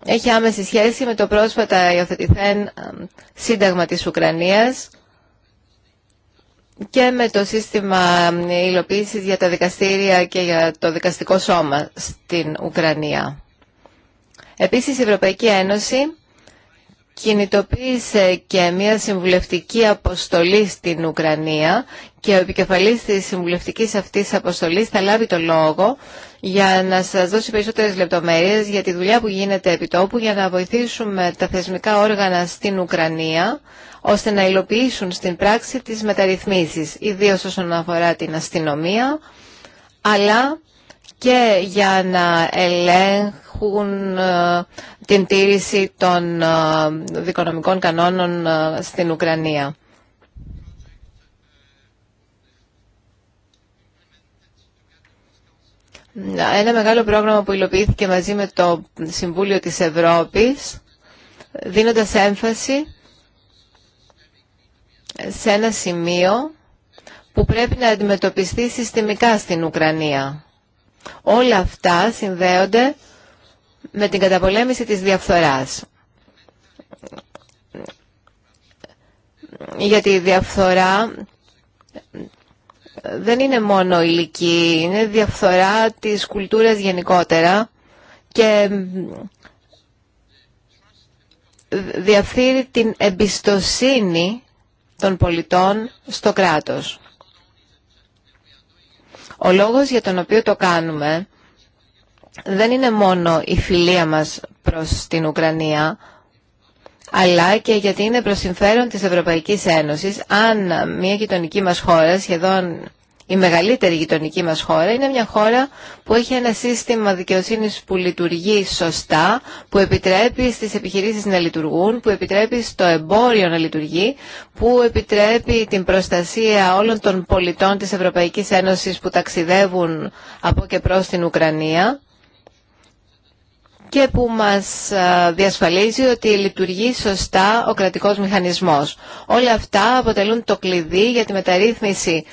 έχει άμεση σχέση με το πρόσφατα υιοθετηθέν ε, Σύνταγμα της Ουκρανίας και με το σύστημα υλοποίησης για τα δικαστήρια και για το δικαστικό σώμα στην Ουκρανία. Επίσης η Ευρωπαϊκή Ένωση κινητοποίησε και μια συμβουλευτική αποστολή στην Ουκρανία και ο επικεφαλής της συμβουλευτικής αυτής αποστολής θα λάβει το λόγο για να σας δώσει περισσότερες λεπτομέρειες για τη δουλειά που γίνεται επί τόπου για να βοηθήσουμε τα θεσμικά όργανα στην Ουκρανία ώστε να υλοποιήσουν στην πράξη τις μεταρρυθμίσεις, ιδίως όσον αφορά την αστυνομία, αλλά και για να ελέγχουν έχουν ε, την τήρηση των ε, δικονομικών κανόνων ε, στην Ουκρανία. Ένα μεγάλο πρόγραμμα που υλοποιήθηκε μαζί με το Συμβούλιο της Ευρώπης, δίνοντας έμφαση σε ένα σημείο που πρέπει να αντιμετωπιστεί συστημικά στην Ουκρανία. Όλα αυτά συνδέονται με την καταπολέμηση της διαφθοράς. Γιατί η διαφθορά δεν είναι μόνο ηλική, είναι διαφθορά της κουλτούρας γενικότερα και διαφθείρει την εμπιστοσύνη των πολιτών στο κράτος. Ο λόγος για τον οποίο το κάνουμε δεν είναι μόνο η φιλία μας προς την Ουκρανία, αλλά και γιατί είναι προς συμφέρον της Ευρωπαϊκής Ένωσης αν μια γειτονική μας χώρα, σχεδόν η μεγαλύτερη γειτονική μας χώρα, είναι μια χώρα που έχει ένα σύστημα δικαιοσύνης που λειτουργεί σωστά, που επιτρέπει στις επιχειρήσεις να λειτουργούν, που επιτρέπει στο εμπόριο να λειτουργεί, που επιτρέπει την προστασία όλων των πολιτών της Ευρωπαϊκής Ένωσης που ταξιδεύουν από και προς την Ουκρανία και που μας ε, διασφαλίζει ότι λειτουργεί σωστά ο κρατικός μηχανισμός. Όλα αυτά αποτελούν το κλειδί για τη μεταρρύθμιση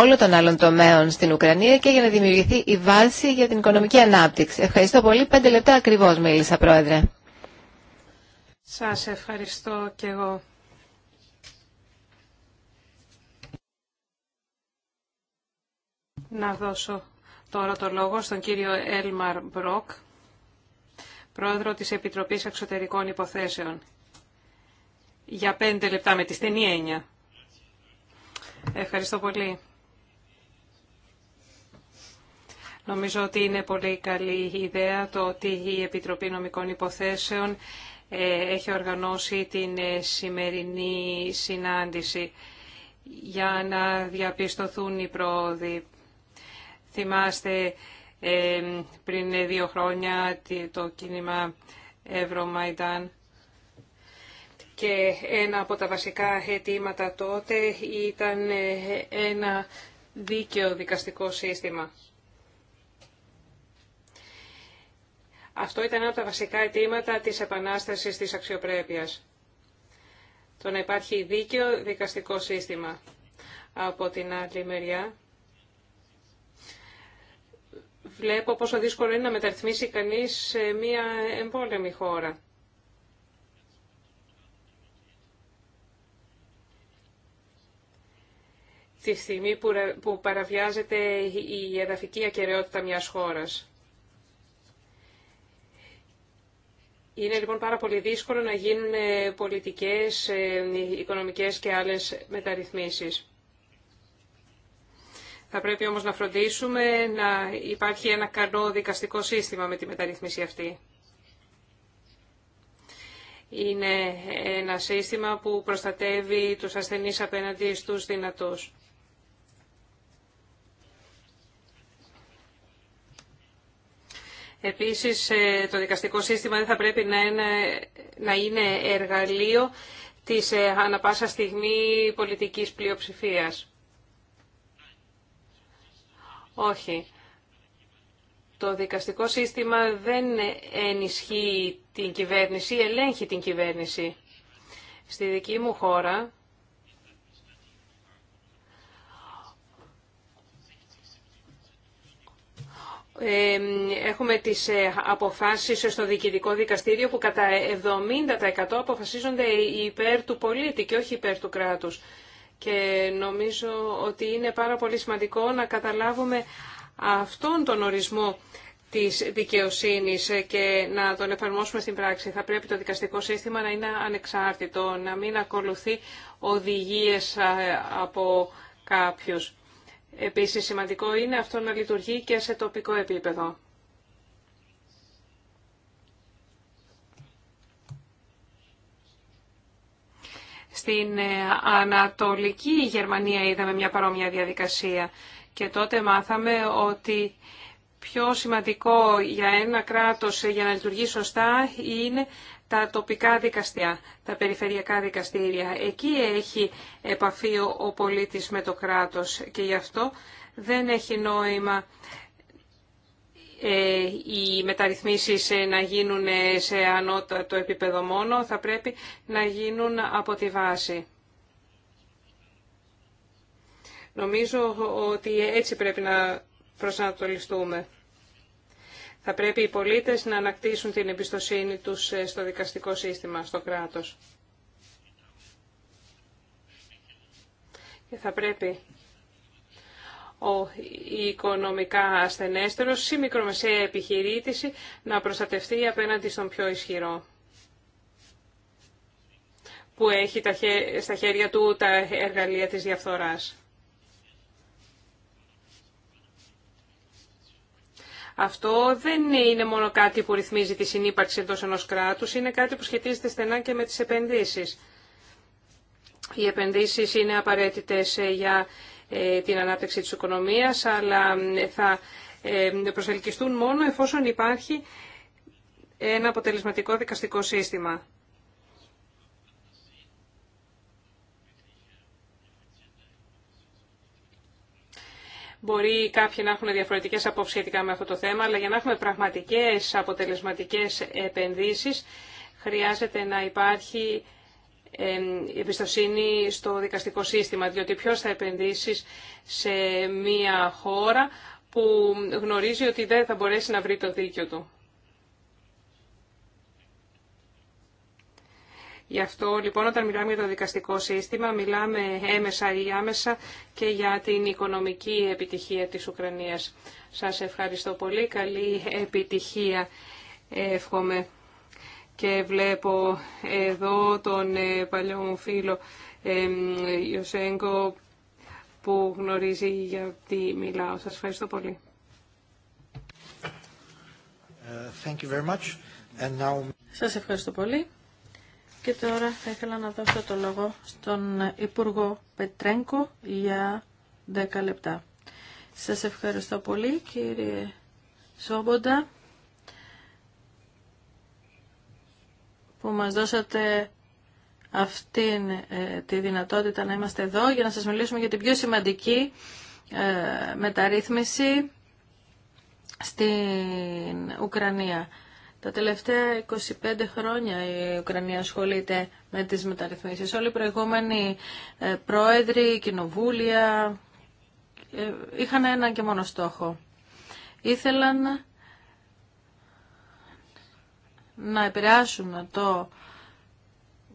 όλων των άλλων τομέων στην Ουκρανία και για να δημιουργηθεί η βάση για την οικονομική ανάπτυξη. Ευχαριστώ πολύ. Πέντε λεπτά ακριβώς μίλησα, Πρόεδρε. Σας ευχαριστώ και εγώ. Να δώσω τώρα το λόγο στον κύριο Έλμαρ Μπρόκ πρόεδρο της Επιτροπής Εξωτερικών Υποθέσεων. Για πέντε λεπτά με τη στενή έννοια. Ευχαριστώ πολύ. Νομίζω ότι είναι πολύ καλή ιδέα το ότι η Επιτροπή Νομικών Υποθέσεων ε, έχει οργανώσει την ε, σημερινή συνάντηση για να διαπιστωθούν οι πρόοδοι. Θυμάστε πριν δύο χρόνια το κίνημα Ευρωμαϊντάν και ένα από τα βασικά αιτήματα τότε ήταν ε, ένα δίκαιο δικαστικό σύστημα. Αυτό ήταν ένα από τα βασικά αιτήματα της επανάστασης της αξιοπρέπειας. Το να υπάρχει δίκαιο δικαστικό σύστημα. Από την άλλη μεριά, βλέπω πόσο δύσκολο είναι να μεταρρυθμίσει κανείς σε μια εμπόλεμη χώρα. Τη στιγμή που παραβιάζεται η εδαφική ακαιρεότητα μιας χώρας. Είναι λοιπόν πάρα πολύ δύσκολο να γίνουν ε, πολιτικές, ε, οικονομικές και άλλες μεταρρυθμίσεις. Θα πρέπει όμως να φροντίσουμε να υπάρχει ένα καλό δικαστικό σύστημα με τη μεταρρύθμιση αυτή. Είναι ένα σύστημα που προστατεύει τους ασθενείς απέναντι στους δυνατούς. Επίσης, ε, το δικαστικό σύστημα δεν θα πρέπει να είναι, να είναι εργαλείο της ε, ανα στιγμή πολιτικής πλειοψηφίας. Όχι. Το δικαστικό σύστημα δεν ενισχύει την κυβέρνηση, ελέγχει την κυβέρνηση. Στη δική μου χώρα, έχουμε τις ε, αποφάσεις στο διοικητικό δικαστήριο που κατά 70% αποφασίζονται υπέρ του πολίτη και όχι υπέρ του κράτους. Και νομίζω ότι είναι πάρα πολύ σημαντικό να καταλάβουμε αυτόν τον ορισμό της δικαιοσύνης και να τον εφαρμόσουμε στην πράξη. Θα πρέπει το δικαστικό σύστημα να είναι ανεξάρτητο, να μην ακολουθεί οδηγίες από κάποιους. Επίσης σημαντικό είναι αυτό να λειτουργεί και σε τοπικό επίπεδο. Στην ε, Ανατολική Γερμανία είδαμε μια παρόμοια διαδικασία και τότε μάθαμε ότι πιο σημαντικό για ένα κράτος για να λειτουργεί σωστά είναι τα τοπικά δικαστήρια, τα περιφερειακά δικαστήρια. Εκεί έχει επαφή ο πολίτης με το κράτος και γι' αυτό δεν έχει νόημα ε, οι μεταρρυθμίσεις ε, να γίνουν ε, σε ανώτατο επίπεδο μόνο, θα πρέπει να γίνουν από τη βάση. Νομίζω ότι έτσι πρέπει να προσανατολιστούμε. Θα πρέπει οι πολίτες να ανακτήσουν την εμπιστοσύνη τους στο δικαστικό σύστημα, στο κράτος. Και θα πρέπει ο οικονομικά ασθενέστερος ή μικρομεσαία επιχειρήτηση να προστατευτεί απέναντι στον πιο ισχυρό που έχει στα χέρια του τα εργαλεία της διαφθοράς. Αυτό δεν είναι μόνο κάτι που ρυθμίζει τη συνύπαρξη εντός ενός κράτους, είναι κάτι που σχετίζεται στενά και με τις επενδύσεις. Οι επενδύσεις είναι απαραίτητες ε, για ε, την ανάπτυξη της οικονομίας, αλλά ε, θα ε, προσελκυστούν μόνο εφόσον υπάρχει ένα αποτελεσματικό δικαστικό σύστημα. Μπορεί κάποιοι να έχουν διαφορετικές απόψεις σχετικά με αυτό το θέμα, αλλά για να έχουμε πραγματικές αποτελεσματικές επενδύσεις χρειάζεται να υπάρχει εμπιστοσύνη στο δικαστικό σύστημα, διότι ποιος θα επενδύσει σε μία χώρα που γνωρίζει ότι δεν θα μπορέσει να βρει το δίκιο του. Γι' αυτό λοιπόν όταν μιλάμε για το δικαστικό σύστημα μιλάμε έμεσα ή άμεσα και για την οικονομική επιτυχία της Ουκρανίας. Σας ευχαριστώ πολύ. Καλή επιτυχία εύχομαι και βλέπω εδώ τον ε, παλιό μου φίλο Ιωσέγκο που γνωρίζει γιατί μιλάω. Σας ευχαριστώ πολύ. Ε, thank you very much. And now... Σας ευχαριστώ πολύ. Και τώρα θα ήθελα να δώσω το λόγο στον Υπουργό Πετρένκο για 10 λεπτά. Σας ευχαριστώ πολύ κύριε Σόμποντα. που μας δώσατε αυτή ε, τη δυνατότητα να είμαστε εδώ για να σας μιλήσουμε για την πιο σημαντική ε, μεταρρύθμιση στην Ουκρανία. Τα τελευταία 25 χρόνια η Ουκρανία ασχολείται με τις μεταρρυθμίσεις. Όλοι οι προηγούμενοι ε, πρόεδροι, κοινοβούλια είχαν έναν και μόνο στόχο. Ήθελαν να επηρεάσουν το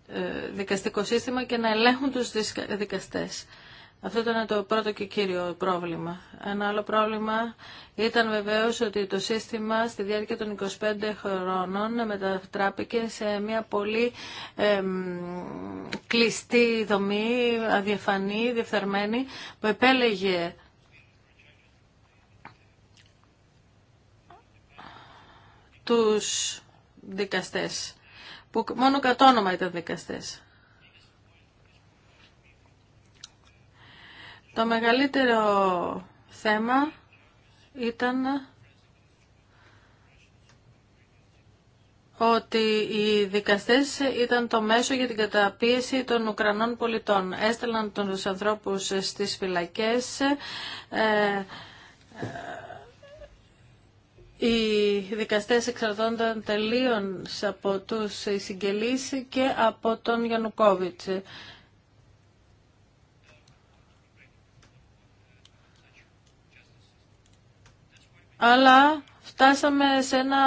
ε, δικαστικό σύστημα και να ελέγχουν τους δικαστές. Αυτό ήταν το πρώτο και κύριο πρόβλημα. Ένα άλλο πρόβλημα ήταν βεβαίως ότι το σύστημα στη διάρκεια των 25 χρόνων μετατράπηκε σε μια πολύ κλειστή δομή, αδιαφανή, διεφθαρμένη, που επέλεγε τους δικαστές, που μόνο κατ' όνομα ήταν δικαστές. Το μεγαλύτερο θέμα ήταν ότι οι δικαστές ήταν το μέσο για την καταπίεση των Ουκρανών πολιτών. Έστελναν τους ανθρώπους στις φυλακές, ε, ε, οι δικαστές εξαρτώνταν τελείων από τους συγγελείς και από τον Γιαννουκόβιτς. Αλλά φτάσαμε σε, ένα,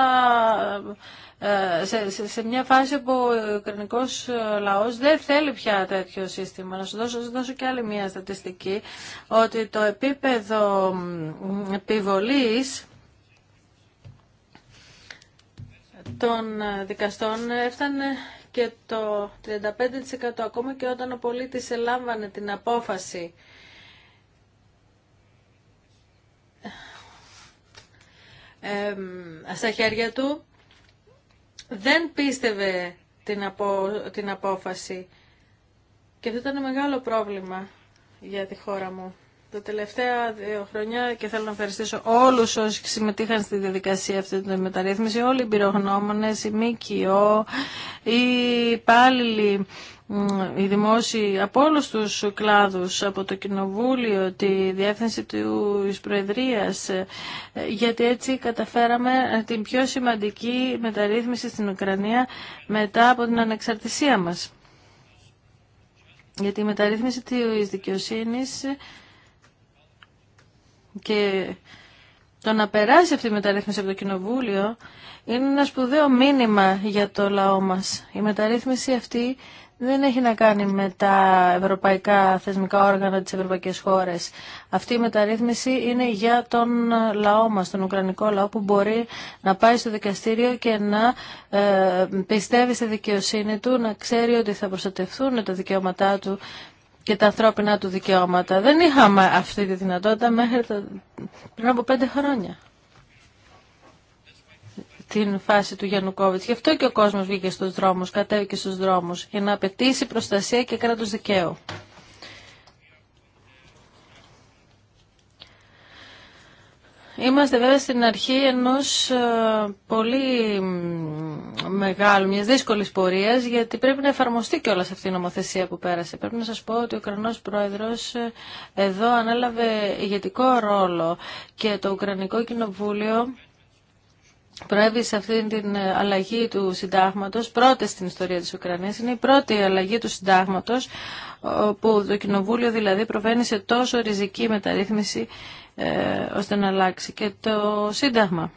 ε, μια φάση που ο ουκρανικός λαός δεν θέλει πια τέτοιο σύστημα. Να σου δώσω, δώσω και άλλη μια στατιστική, ότι το επίπεδο επιβολής των ε, δικαστών έφτανε και το 35% ακόμα και όταν ο πολίτης ελάμβανε την απόφαση ε, στα χέρια του δεν πίστευε την, την απόφαση και αυτό ήταν μεγάλο πρόβλημα για τη χώρα μου τα τελευταία δύο χρόνια και θέλω να ευχαριστήσω όλου όσοι συμμετείχαν στη διαδικασία αυτή τη μεταρρύθμιση, όλοι οι πυρογνώμονε, οι ΜΚΟ, οι υπάλληλοι, οι δημόσιοι από όλου του κλάδου, από το Κοινοβούλιο, τη Διεύθυνση τη Προεδρία, ε, γιατί έτσι καταφέραμε την πιο σημαντική μεταρρύθμιση στην Ουκρανία μετά από την ανεξαρτησία μα. Γιατί η μεταρρύθμιση της δικαιοσύνης και το να περάσει αυτή η μεταρρύθμιση από το Κοινοβούλιο είναι ένα σπουδαίο μήνυμα για το λαό μας. Η μεταρρύθμιση αυτή δεν έχει να κάνει με τα ευρωπαϊκά θεσμικά όργανα της ευρωπαϊκής χώρες. Αυτή η μεταρρύθμιση είναι για τον λαό μας, τον Ουκρανικό λαό που μπορεί να πάει στο δικαστήριο και να ε, πιστεύει στη δικαιοσύνη του, να ξέρει ότι θα προστατευθούν τα δικαιώματά του και τα ανθρώπινα του δικαιώματα. Δεν είχαμε αυτή τη δυνατότητα μέχρι πριν από πέντε χρόνια την φάση του Γιαννουκόβιτς. Γι' αυτό και ο κόσμος βγήκε στους δρόμους, κατέβηκε στους δρόμους για να απαιτήσει προστασία και κράτος δικαίου. Είμαστε βέβαια στην αρχή ενός ε, πολύ μεγάλου, μιας δύσκολης πορείας, γιατί πρέπει να εφαρμοστεί και όλα αυτή η νομοθεσία που πέρασε. Πρέπει να σας πω ότι ο Ουκρανός Πρόεδρος ε, εδώ ανέλαβε ηγετικό ρόλο και το Ουκρανικό Κοινοβούλιο προέβη σε αυτή την ε, αλλαγή του συντάγματος, πρώτη στην ιστορία της Ουκρανίας, είναι η πρώτη αλλαγή του συντάγματος, που το Κοινοβούλιο δηλαδή προβαίνει σε τόσο ριζική μεταρρύθμιση ε, ώστε να αλλάξει και το Σύνταγμα.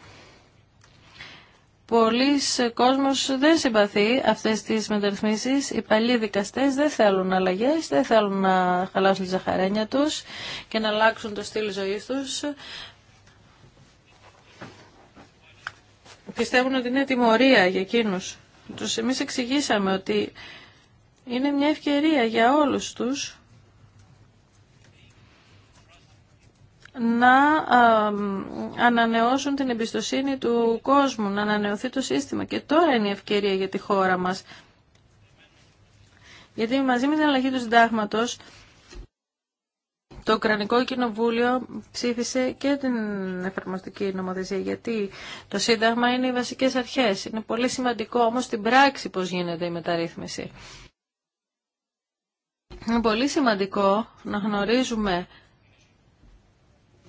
Πολλοί κόσμος δεν συμπαθεί αυτές τις μεταρρυθμίσεις. Οι παλιοί δικαστές δεν θέλουν αλλαγές, δεν θέλουν να χαλάσουν τη ζαχαρένια τους και να αλλάξουν το στυλ ζωής τους. Πιστεύουν ότι είναι τιμωρία για εκείνους. Τους εμείς εξηγήσαμε ότι είναι μια ευκαιρία για όλους τους να ανανεώσουν την εμπιστοσύνη του κόσμου, να ανανεωθεί το σύστημα. Και τώρα είναι η ευκαιρία για τη χώρα μας. Γιατί μαζί με την αλλαγή του συντάγματος, το Ουκρανικό Κοινοβούλιο ψήφισε και την εφαρμοστική νομοθεσία γιατί το Σύνταγμα είναι οι βασικές αρχές. Είναι πολύ σημαντικό όμως στην πράξη πώς γίνεται η μεταρρύθμιση. Είναι πολύ σημαντικό να γνωρίζουμε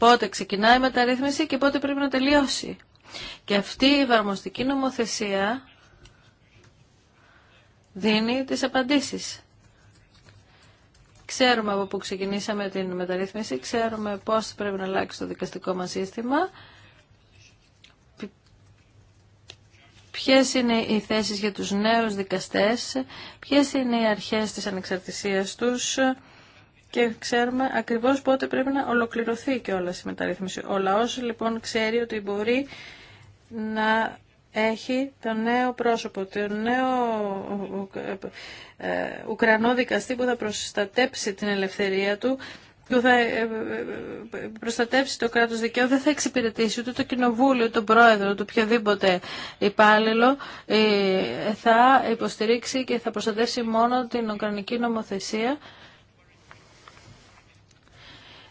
πότε ξεκινάει η μεταρρύθμιση και πότε πρέπει να τελειώσει. Και αυτή η βαρμοστική νομοθεσία δίνει τις απαντήσεις. Ξέρουμε από πού ξεκινήσαμε την μεταρρύθμιση, ξέρουμε πώς πρέπει να αλλάξει το δικαστικό μας σύστημα, ποιες είναι οι θέσεις για τους νέους δικαστές, ποιες είναι οι αρχές της ανεξαρτησίας τους, και ξέρουμε ακριβώς πότε πρέπει να ολοκληρωθεί και όλα η μεταρρύθμιση. Ο λαός λοιπόν ξέρει ότι μπορεί να έχει το νέο πρόσωπο, το νέο ε, Ουκρανό δικαστή που θα προστατέψει την ελευθερία του που θα ε, ε, προστατεύσει το κράτος δικαίου δεν θα εξυπηρετήσει ούτε το κοινοβούλιο, τον πρόεδρο, το οποιοδήποτε υπάλληλο θα υποστηρίξει και θα προστατεύσει μόνο την Ουκρανική νομοθεσία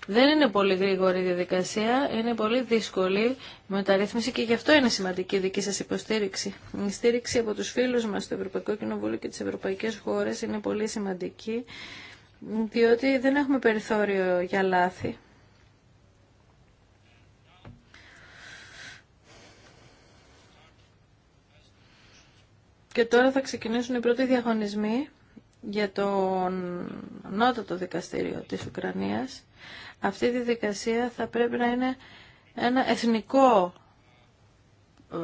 δεν είναι πολύ γρήγορη η διαδικασία, είναι πολύ δύσκολη η μεταρρύθμιση και γι' αυτό είναι σημαντική η δική σας υποστήριξη. Η στήριξη από τους φίλους μας στο Ευρωπαϊκό Κοινοβούλιο και τις ευρωπαϊκές χώρες είναι πολύ σημαντική, διότι δεν έχουμε περιθώριο για λάθη. Και τώρα θα ξεκινήσουν οι πρώτοι διαγωνισμοί για το νότατο δικαστήριο της Ουκρανίας αυτή τη δικασία θα πρέπει να είναι ένα εθνικό ε,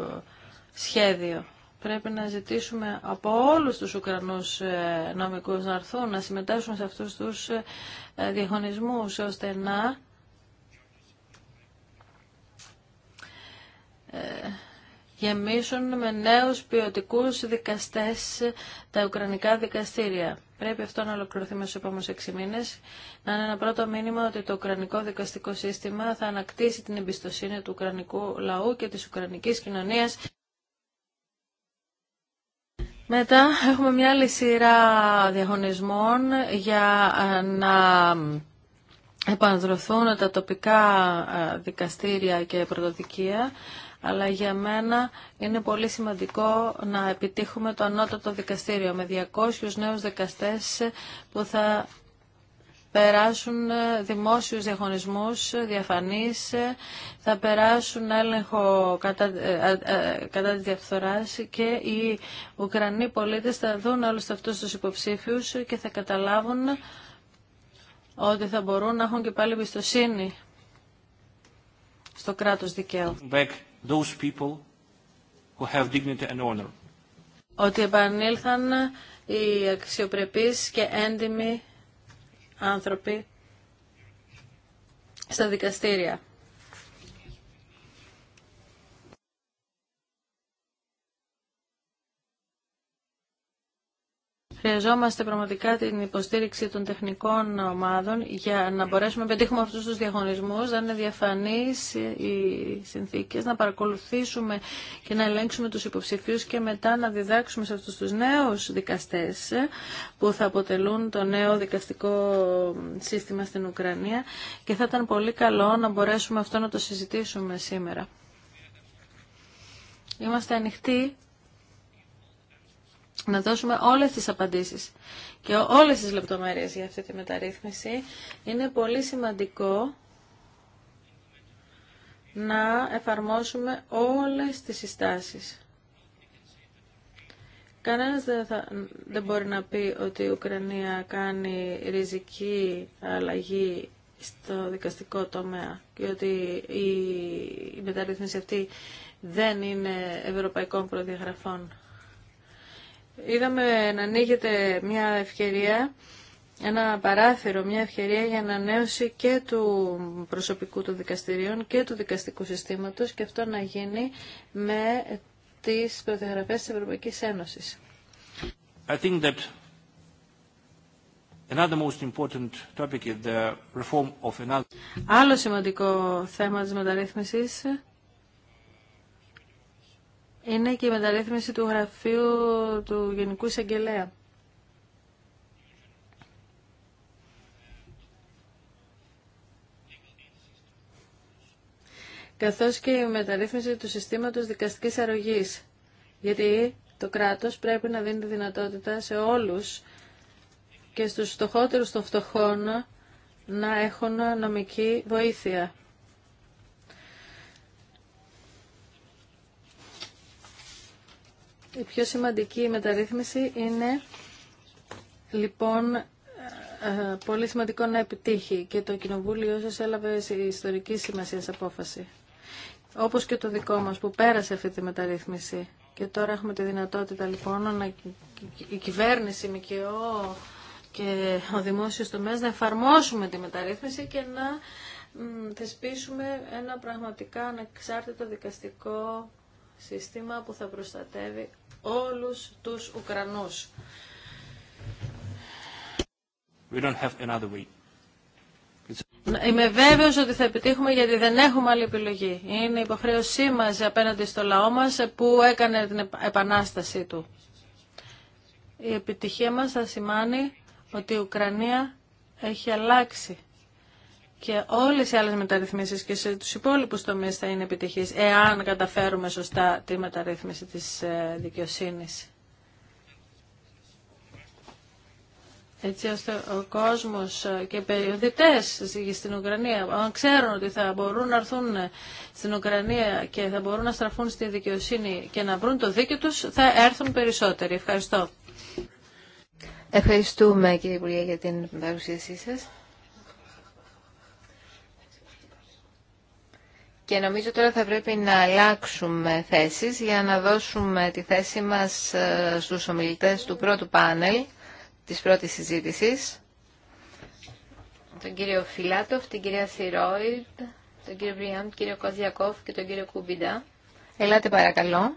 σχέδιο. Πρέπει να ζητήσουμε από όλους τους Ουκρανούς ε, νομικούς να έρθουν, να συμμετάσχουν σε αυτούς τους ε, διαγωνισμούς, ώστε να γεμίσουν με νέους ποιοτικούς δικαστές τα Ουκρανικά δικαστήρια. Πρέπει αυτό να ολοκληρωθεί μέσα στου επόμενου έξι μήνε. Να είναι ένα πρώτο μήνυμα ότι το Ουκρανικό δικαστικό σύστημα θα ανακτήσει την εμπιστοσύνη του Ουκρανικού λαού και τη Ουκρανική κοινωνία. Μετά έχουμε μια άλλη σειρά διαγωνισμών για ε, να επανδρωθούν τα τοπικά ε, δικαστήρια και πρωτοδικεία αλλά για μένα είναι πολύ σημαντικό να επιτύχουμε το ανώτατο δικαστήριο με 200 νέους δικαστές που θα περάσουν δημόσιους διαγωνισμούς διαφανείς, θα περάσουν έλεγχο κατά, ε, ε, κατά τη διαφθοράς και οι Ουκρανοί πολίτες θα δουν όλους αυτούς τους υποψήφιους και θα καταλάβουν ότι θα μπορούν να έχουν και πάλι εμπιστοσύνη στο κράτος δικαίου those people who have dignity and honor. Ότι επανήλθαν οι αξιοπρεπείς και έντιμοι άνθρωποι στα δικαστήρια. Χρειαζόμαστε πραγματικά την υποστήριξη των τεχνικών ομάδων για να μπορέσουμε να πετύχουμε αυτούς τους διαγωνισμούς, να είναι διαφανείς οι συνθήκες, να παρακολουθήσουμε και να ελέγξουμε τους υποψηφίους και μετά να διδάξουμε σε αυτούς τους νέους δικαστές που θα αποτελούν το νέο δικαστικό σύστημα στην Ουκρανία και θα ήταν πολύ καλό να μπορέσουμε αυτό να το συζητήσουμε σήμερα. Είμαστε ανοιχτοί να δώσουμε όλες τις απαντήσεις και όλες τις λεπτομέρειες για αυτή τη μεταρρύθμιση. Είναι πολύ σημαντικό να εφαρμόσουμε όλες τις συστάσεις. Κανένας δεν, μπορεί να πει ότι η Ουκρανία κάνει ριζική αλλαγή στο δικαστικό τομέα και ότι η, η μεταρρύθμιση αυτή δεν είναι ευρωπαϊκών προδιαγραφών είδαμε να ανοίγεται μια ευκαιρία, ένα παράθυρο, μια ευκαιρία για ανανέωση και του προσωπικού των δικαστηρίων και του δικαστικού συστήματος και αυτό να γίνει με τις προδιαγραφές της Ευρωπαϊκής Ένωσης. Άλλο σημαντικό θέμα της μεταρρύθμισης είναι και η μεταρρύθμιση του γραφείου του Γενικού Εισαγγελέα. καθώς και η μεταρρύθμιση του συστήματος δικαστικής αρρωγής. Γιατί το κράτος πρέπει να δίνει τη δυνατότητα σε όλους και στους φτωχότερους των φτωχών να έχουν νομική βοήθεια. Η πιο σημαντική μεταρρύθμιση είναι λοιπόν ε, πολύ σημαντικό να επιτύχει και το Κοινοβούλιο σας έλαβε ιστορική σημασία σε απόφαση. Όπως και το δικό μας που πέρασε αυτή τη μεταρρύθμιση και τώρα έχουμε τη δυνατότητα λοιπόν να η κυβέρνηση, η ΜΚΟ και ο δημόσιος τομέας να εφαρμόσουμε τη μεταρρύθμιση και να θεσπίσουμε ένα πραγματικά ανεξάρτητο δικαστικό σύστημα που θα προστατεύει όλους τους Ουκρανούς. We don't have another Είμαι βέβαιος ότι θα επιτύχουμε γιατί δεν έχουμε άλλη επιλογή. Είναι υποχρέωσή μας απέναντι στο λαό μας που έκανε την επανάστασή του. Η επιτυχία μας θα σημάνει ότι η Ουκρανία έχει αλλάξει και όλες οι άλλες μεταρρυθμίσεις και σε τους υπόλοιπους τομείς θα είναι επιτυχής εάν καταφέρουμε σωστά τη μεταρρύθμιση της ε, δικαιοσύνης. έτσι ώστε ο κόσμος ε, και οι περιοδητές στην Ουκρανία, αν ξέρουν ότι θα μπορούν να έρθουν ε, στην Ουκρανία και θα μπορούν να στραφούν στη δικαιοσύνη και να βρουν το δίκαιο τους, θα έρθουν περισσότεροι. Ευχαριστώ. Ευχαριστούμε κύριε Υπουργέ για την παρουσίασή σας. Και νομίζω τώρα θα πρέπει να αλλάξουμε θέσεις για να δώσουμε τη θέση μας ε, στους ομιλητές του πρώτου πάνελ, της πρώτης συζήτησης. Τον κύριο Φιλάτοφ, την κυρία το τον κύριο Βριάντ, τον κύριο Κοζιακόφ και τον κύριο Κούμπιντα. Ελάτε παρακαλώ.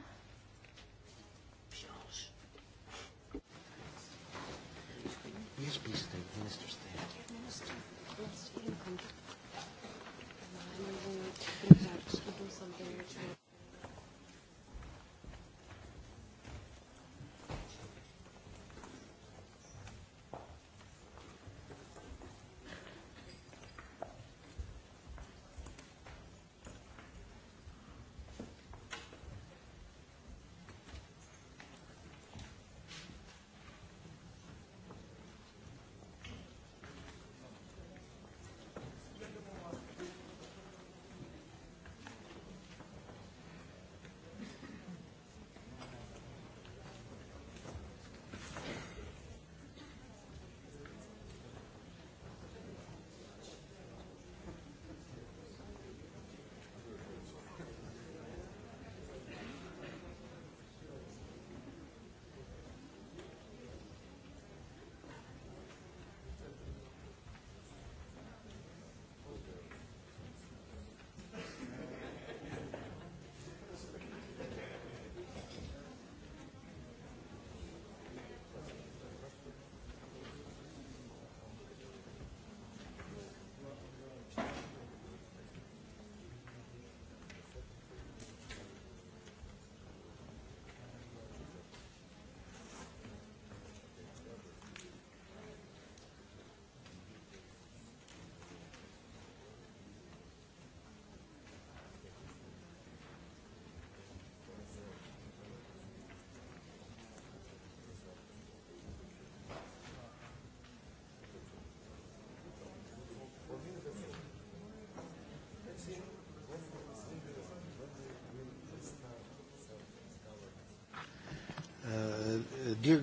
Uh,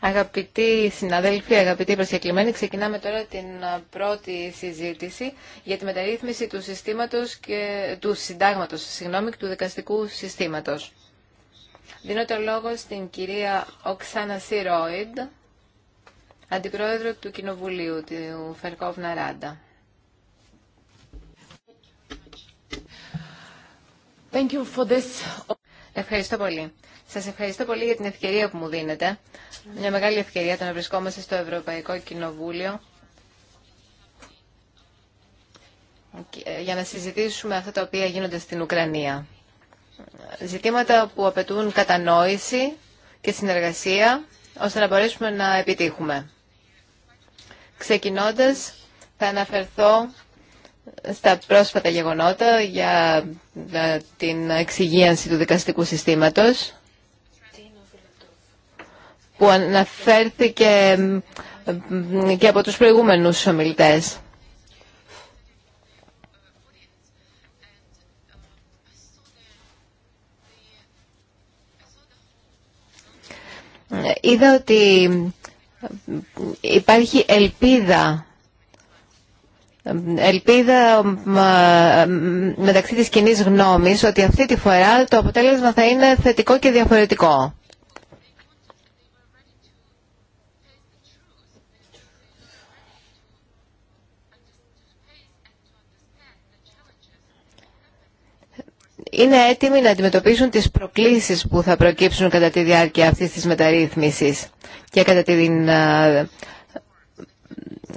αγαπητοί συναδέλφοι, αγαπητοί προσκεκλημένοι, ξεκινάμε τώρα την πρώτη συζήτηση για τη μεταρρύθμιση του συστήματος και του συντάγματος, συγγνώμη, του δικαστικού συστήματος. Δίνω το λόγο στην κυρία Οξάνα Σιρόιντ, αντιπρόεδρο του Κοινοβουλίου του Φερκόβνα Ράντα. Ευχαριστώ πολύ. Σας ευχαριστώ πολύ για την ευκαιρία που μου δίνετε. Μια μεγάλη ευκαιρία το να βρισκόμαστε στο Ευρωπαϊκό Κοινοβούλιο ε, για να συζητήσουμε αυτά τα οποία γίνονται στην Ουκρανία. Ζητήματα που απαιτούν κατανόηση και συνεργασία ώστε να μπορέσουμε να επιτύχουμε. Ξεκινώντας, θα αναφερθώ στα πρόσφατα γεγονότα για ε, την εξυγίανση του δικαστικού συστήματος που αναφέρθηκε ε, και από τους προηγούμενους ομιλητές. Είδα ότι υπάρχει ελπίδα ελπίδα μεταξύ της κοινή γνώμης ότι αυτή τη φορά το αποτέλεσμα θα είναι θετικό και διαφορετικό. είναι έτοιμοι να αντιμετωπίσουν τις προκλήσεις που θα προκύψουν κατά τη διάρκεια αυτής της μεταρρύθμισης και κατά τη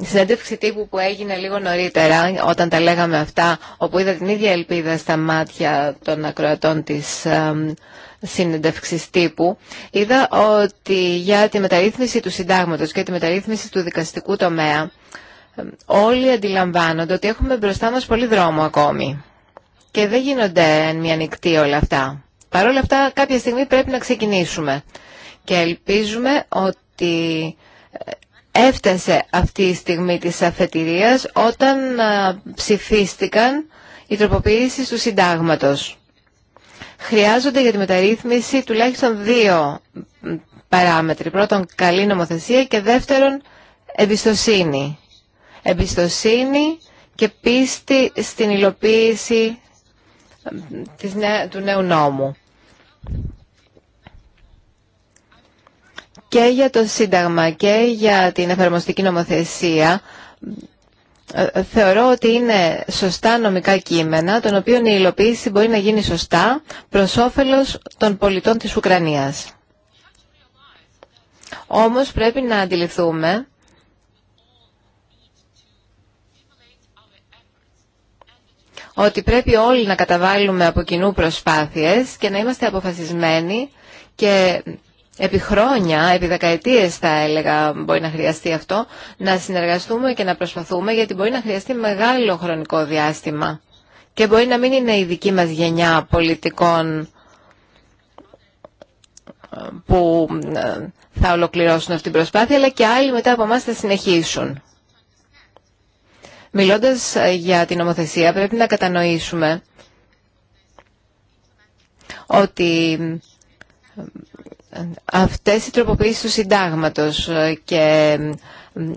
συνέντευξη τύπου που έγινε λίγο νωρίτερα, όταν τα λέγαμε αυτά, όπου είδα την ίδια ελπίδα στα μάτια των ακροατών της συνέντευξη τύπου, είδα ότι για τη μεταρρύθμιση του συντάγματος και τη μεταρρύθμιση του δικαστικού τομέα, όλοι αντιλαμβάνονται ότι έχουμε μπροστά μας πολύ δρόμο ακόμη. Και δεν γίνονται εν μια νυχτή όλα αυτά. Παρ' όλα αυτά κάποια στιγμή πρέπει να ξεκινήσουμε. Και ελπίζουμε ότι Έφτασε αυτή η στιγμή της αφετηρίας όταν ψηφίστηκαν οι τροποποιήσεις του συντάγματος. Χρειάζονται για τη μεταρρύθμιση τουλάχιστον δύο παράμετροι. Πρώτον, καλή νομοθεσία και δεύτερον, εμπιστοσύνη. Εμπιστοσύνη και πίστη στην υλοποίηση του νέου νόμου και για το Σύνταγμα και για την εφαρμοστική νομοθεσία ε, ε, θεωρώ ότι είναι σωστά νομικά κείμενα, των οποίων η υλοποίηση μπορεί να γίνει σωστά προς όφελος των πολιτών της Ουκρανίας. Όμως πρέπει να αντιληφθούμε ότι πρέπει όλοι να καταβάλουμε από κοινού προσπάθειες και να είμαστε αποφασισμένοι και επί χρόνια, επί δεκαετίες θα έλεγα μπορεί να χρειαστεί αυτό, να συνεργαστούμε και να προσπαθούμε γιατί μπορεί να χρειαστεί μεγάλο χρονικό διάστημα και μπορεί να μην είναι η δική μας γενιά πολιτικών ε, που ε, θα ολοκληρώσουν αυτή την προσπάθεια, αλλά και άλλοι μετά από εμά θα συνεχίσουν. Μιλώντας ε, για την νομοθεσία, πρέπει να κατανοήσουμε ότι αυτές οι τροποποιήσεις του συντάγματος και ε,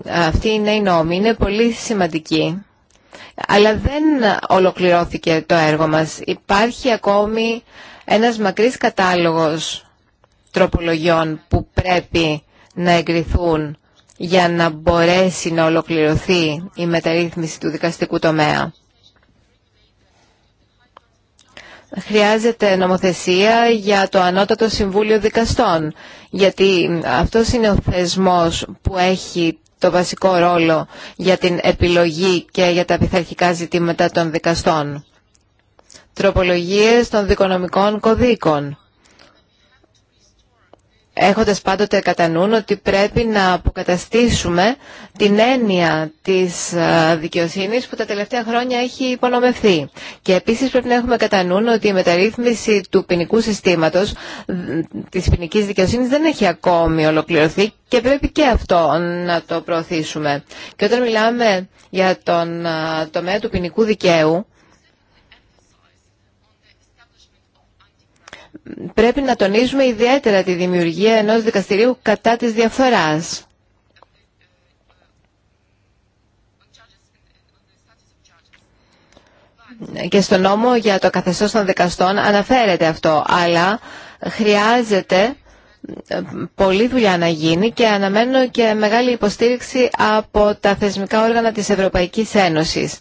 αυτή είναι η νόμη είναι πολύ σημαντική. Αλλά δεν ολοκληρώθηκε το έργο μας. Υπάρχει ακόμη ένας μακρύς κατάλογος τροπολογιών που πρέπει να εγκριθούν για να μπορέσει να ολοκληρωθεί η μεταρρύθμιση του δικαστικού τομέα. χρειάζεται νομοθεσία για το Ανώτατο Συμβούλιο Δικαστών, γιατί αυτός είναι ο θεσμός που έχει το βασικό ρόλο για την επιλογή και για τα πειθαρχικά ζητήματα των δικαστών. Τροπολογίες των δικονομικών κωδίκων έχοντας πάντοτε κατά νου ότι πρέπει να αποκαταστήσουμε την έννοια της ε, δικαιοσύνης που τα τελευταία χρόνια έχει υπονομευθεί. Και επίσης πρέπει να έχουμε κατά νου ότι η μεταρρύθμιση του ποινικού συστήματος της ποινική δικαιοσύνης δεν έχει ακόμη ολοκληρωθεί και πρέπει και αυτό να το προωθήσουμε. Και όταν μιλάμε για τον ε, τομέα του ποινικού δικαίου, πρέπει να τονίζουμε ιδιαίτερα τη δημιουργία ενός δικαστηρίου κατά της διαφοράς. Και στο νόμο για το καθεστώς των δικαστών αναφέρεται αυτό, αλλά χρειάζεται ε, πολλή δουλειά να γίνει και αναμένω και μεγάλη υποστήριξη από τα θεσμικά όργανα της Ευρωπαϊκής Ένωσης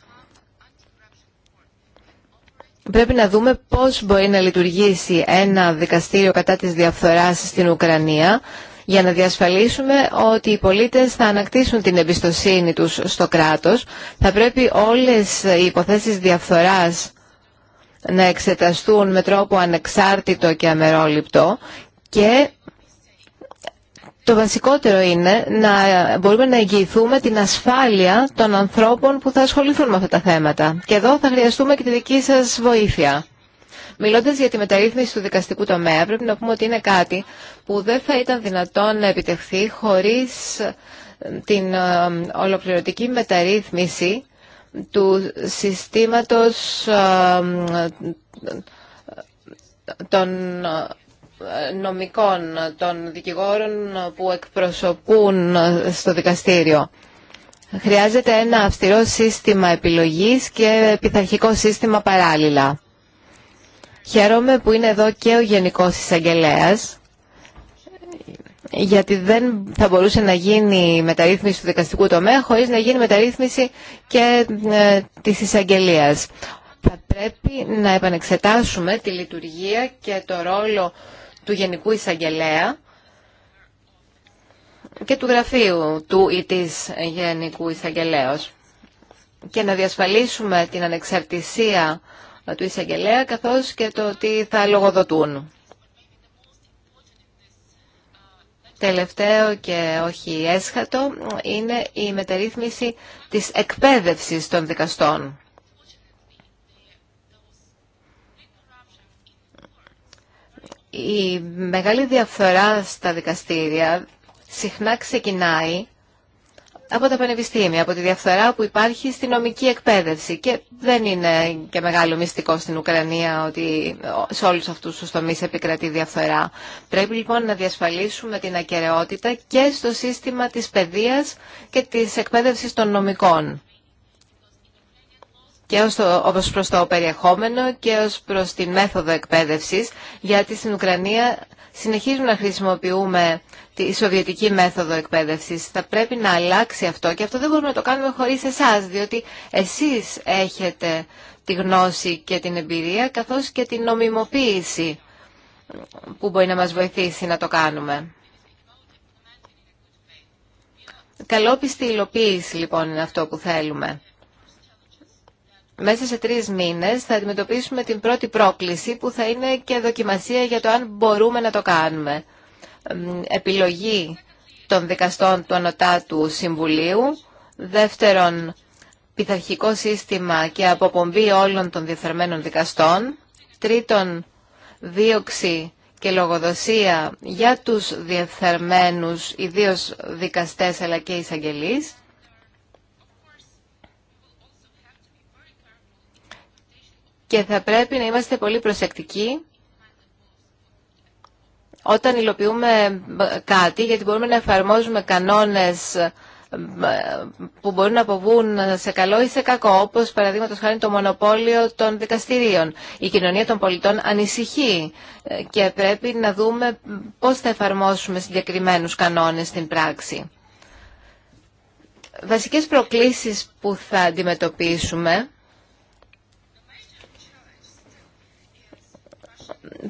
πρέπει να δούμε πώς μπορεί να λειτουργήσει ένα δικαστήριο κατά της διαφθοράς στην Ουκρανία για να διασφαλίσουμε ότι οι πολίτες θα ανακτήσουν την εμπιστοσύνη τους στο κράτος. Θα πρέπει όλες οι υποθέσεις διαφθοράς να εξεταστούν με τρόπο ανεξάρτητο και αμερόληπτο και το βασικότερο είναι να μπορούμε να εγγυηθούμε την ασφάλεια των ανθρώπων που θα ασχοληθούν με αυτά τα θέματα. Και εδώ θα χρειαστούμε και τη δική σας βοήθεια. Μιλώντας για τη μεταρρύθμιση του δικαστικού τομέα, πρέπει να πούμε ότι είναι κάτι που δεν θα ήταν δυνατόν να επιτευχθεί χωρίς ε, την ε, ολοκληρωτική μεταρρύθμιση του συστήματος ε, των νομικών των δικηγόρων που εκπροσωπούν στο δικαστήριο. Χρειάζεται ένα αυστηρό σύστημα επιλογής και πειθαρχικό σύστημα παράλληλα. Χαίρομαι που είναι εδώ και ο Γενικός Εισαγγελέας, γιατί δεν θα μπορούσε να γίνει μεταρρύθμιση του δικαστικού τομέα χωρίς να γίνει μεταρρύθμιση και ε, της εισαγγελίας. Θα πρέπει να επανεξετάσουμε τη λειτουργία και το ρόλο του Γενικού Εισαγγελέα και του γραφείου του ή της Γενικού Εισαγγελέως και να διασφαλίσουμε την ανεξαρτησία του εισαγγελέα καθώς και το τι θα λογοδοτούν. Τελευταίο και όχι έσχατο είναι η μεταρρύθμιση της εκπαίδευσης των δικαστών. Η μεγάλη διαφθορά στα δικαστήρια συχνά ξεκινάει από τα πανεπιστήμια, από τη διαφθορά που υπάρχει στη νομική εκπαίδευση. Και δεν είναι και μεγάλο μυστικό στην Ουκρανία ότι σε όλους αυτούς τους τομείς επικρατεί διαφθορά. Πρέπει λοιπόν να διασφαλίσουμε την ακαιρεότητα και στο σύστημα της παιδείας και της εκπαίδευσης των νομικών και ως, το, προς το περιεχόμενο και ως προς τη μέθοδο εκπαίδευσης, γιατί στην Ουκρανία συνεχίζουμε να χρησιμοποιούμε τη σοβιετική μέθοδο εκπαίδευσης. Θα πρέπει να αλλάξει αυτό και αυτό δεν μπορούμε να το κάνουμε χωρίς εσάς, διότι εσείς έχετε τη γνώση και την εμπειρία, καθώς και την νομιμοποίηση που μπορεί να μας βοηθήσει να το κάνουμε. Καλόπιστη υλοποίηση λοιπόν είναι αυτό που θέλουμε μέσα σε τρεις μήνες θα αντιμετωπίσουμε την πρώτη πρόκληση που θα είναι και δοκιμασία για το αν μπορούμε να το κάνουμε. Επιλογή των δικαστών του Ανωτάτου Συμβουλίου, δεύτερον πειθαρχικό σύστημα και αποπομπή όλων των διεφθαρμένων δικαστών, τρίτον δίωξη και λογοδοσία για τους διεθερμένους ιδίως δικαστές αλλά και εισαγγελείς, και θα πρέπει να είμαστε πολύ προσεκτικοί όταν υλοποιούμε κάτι, γιατί μπορούμε να εφαρμόζουμε κανόνες που μπορούν να αποβούν σε καλό ή σε κακό, όπως παραδείγματος χάρη το μονοπόλιο των δικαστηρίων. Η κοινωνία των πολιτών ανησυχεί και πρέπει να δούμε πώς θα εφαρμόσουμε συγκεκριμένους κανόνες στην πράξη. Βασικές προκλήσεις που θα αντιμετωπίσουμε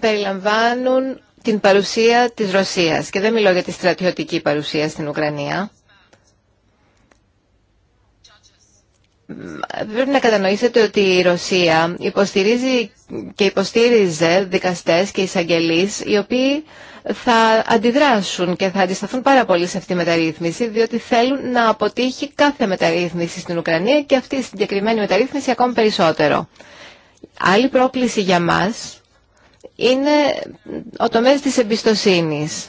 περιλαμβάνουν την παρουσία της Ρωσίας και δεν μιλώ για τη στρατιωτική παρουσία στην Ουκρανία. Πρέπει να κατανοήσετε ότι η Ρωσία υποστηρίζει και υποστήριζε δικαστές και εισαγγελείς οι οποίοι θα αντιδράσουν και θα αντισταθούν πάρα πολύ σε αυτή τη μεταρρύθμιση διότι θέλουν να αποτύχει κάθε μεταρρύθμιση στην Ουκρανία και αυτή η συγκεκριμένη μεταρρύθμιση ακόμη περισσότερο. Άλλη πρόκληση για μας είναι ο τομέας της εμπιστοσύνης.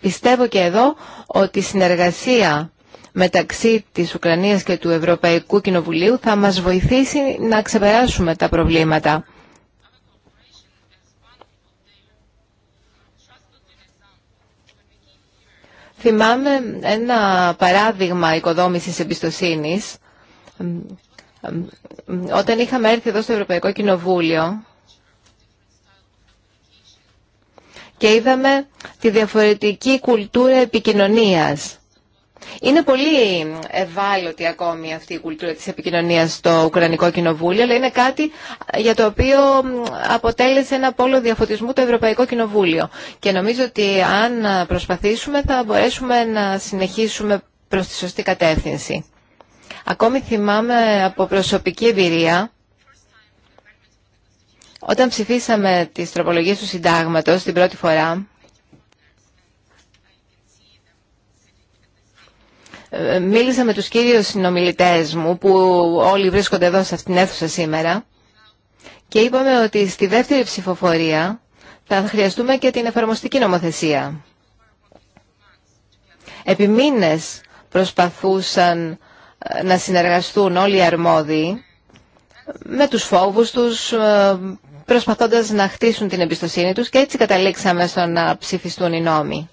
Πιστεύω και εδώ ότι η συνεργασία μεταξύ της Ουκρανίας και του Ευρωπαϊκού Κοινοβουλίου θα μας βοηθήσει να ξεπεράσουμε τα προβλήματα. Θυμάμαι ένα παράδειγμα οικοδόμησης εμπιστοσύνης όταν είχαμε έρθει εδώ στο Ευρωπαϊκό Κοινοβούλιο και είδαμε τη διαφορετική κουλτούρα επικοινωνίας. Είναι πολύ ευάλωτη ακόμη αυτή η κουλτούρα της επικοινωνίας στο Ουκρανικό Κοινοβούλιο, αλλά είναι κάτι για το οποίο αποτέλεσε ένα πόλο διαφωτισμού το Ευρωπαϊκό Κοινοβούλιο. Και νομίζω ότι αν προσπαθήσουμε θα μπορέσουμε να συνεχίσουμε προς τη σωστή κατεύθυνση. Ακόμη θυμάμαι από προσωπική εμπειρία όταν ψηφίσαμε τις τροπολογίες του συντάγματος την πρώτη φορά ε, μίλησα με τους κύριους συνομιλητές μου που όλοι βρίσκονται εδώ σε αυτήν την αίθουσα σήμερα και είπαμε ότι στη δεύτερη ψηφοφορία θα χρειαστούμε και την εφαρμοστική νομοθεσία. Επί προσπαθούσαν να συνεργαστούν όλοι οι αρμόδιοι με τους φόβους τους, ε, προσπαθώντας να χτίσουν την εμπιστοσύνη τους και έτσι καταλήξαμε στο να ψηφιστούν οι νόμοι.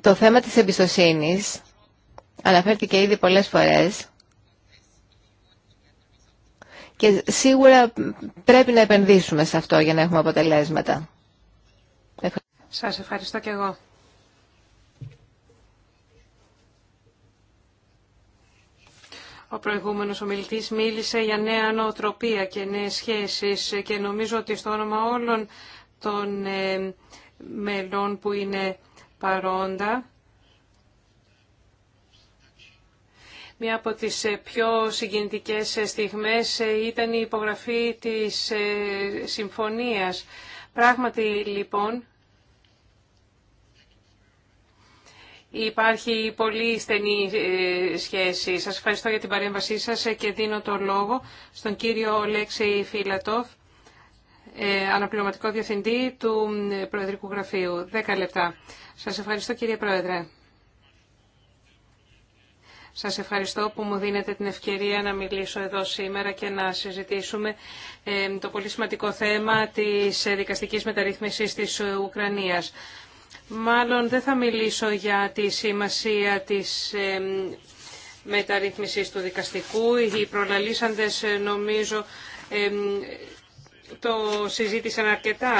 Το θέμα της εμπιστοσύνης αναφέρθηκε ήδη πολλές φορές και σίγουρα πρέπει να επενδύσουμε σε αυτό για να έχουμε αποτελέσματα. Σας ευχαριστώ και εγώ. Ο προηγούμενος ομιλητής μίλησε για νέα νοοτροπία και νέες σχέσεις και νομίζω ότι στο όνομα όλων των ε, μελών που είναι παρόντα Μία από τις ε, πιο συγκινητικές ε, στιγμές ε, ήταν η υπογραφή της συμφωνίας. Πράγματι, λοιπόν, υπάρχει πολύ στενή σχέση. Σας ευχαριστώ για την παρέμβασή σας και δίνω το λόγο στον κύριο Λέξη Φιλατόφ, αναπληρωματικό διευθυντή του Προεδρικού Γραφείου. Δέκα λεπτά. Σας ευχαριστώ κύριε Πρόεδρε. Σας ευχαριστώ που μου δίνετε την ευκαιρία να μιλήσω εδώ σήμερα και να συζητήσουμε το πολύ σημαντικό θέμα της δικαστικής μεταρρύθμισης της Ουκρανίας. Μάλλον δεν θα μιλήσω για τη σημασία της μεταρρύθμισης του δικαστικού. Οι προλαλήσαντες νομίζω το συζήτησαν αρκετά.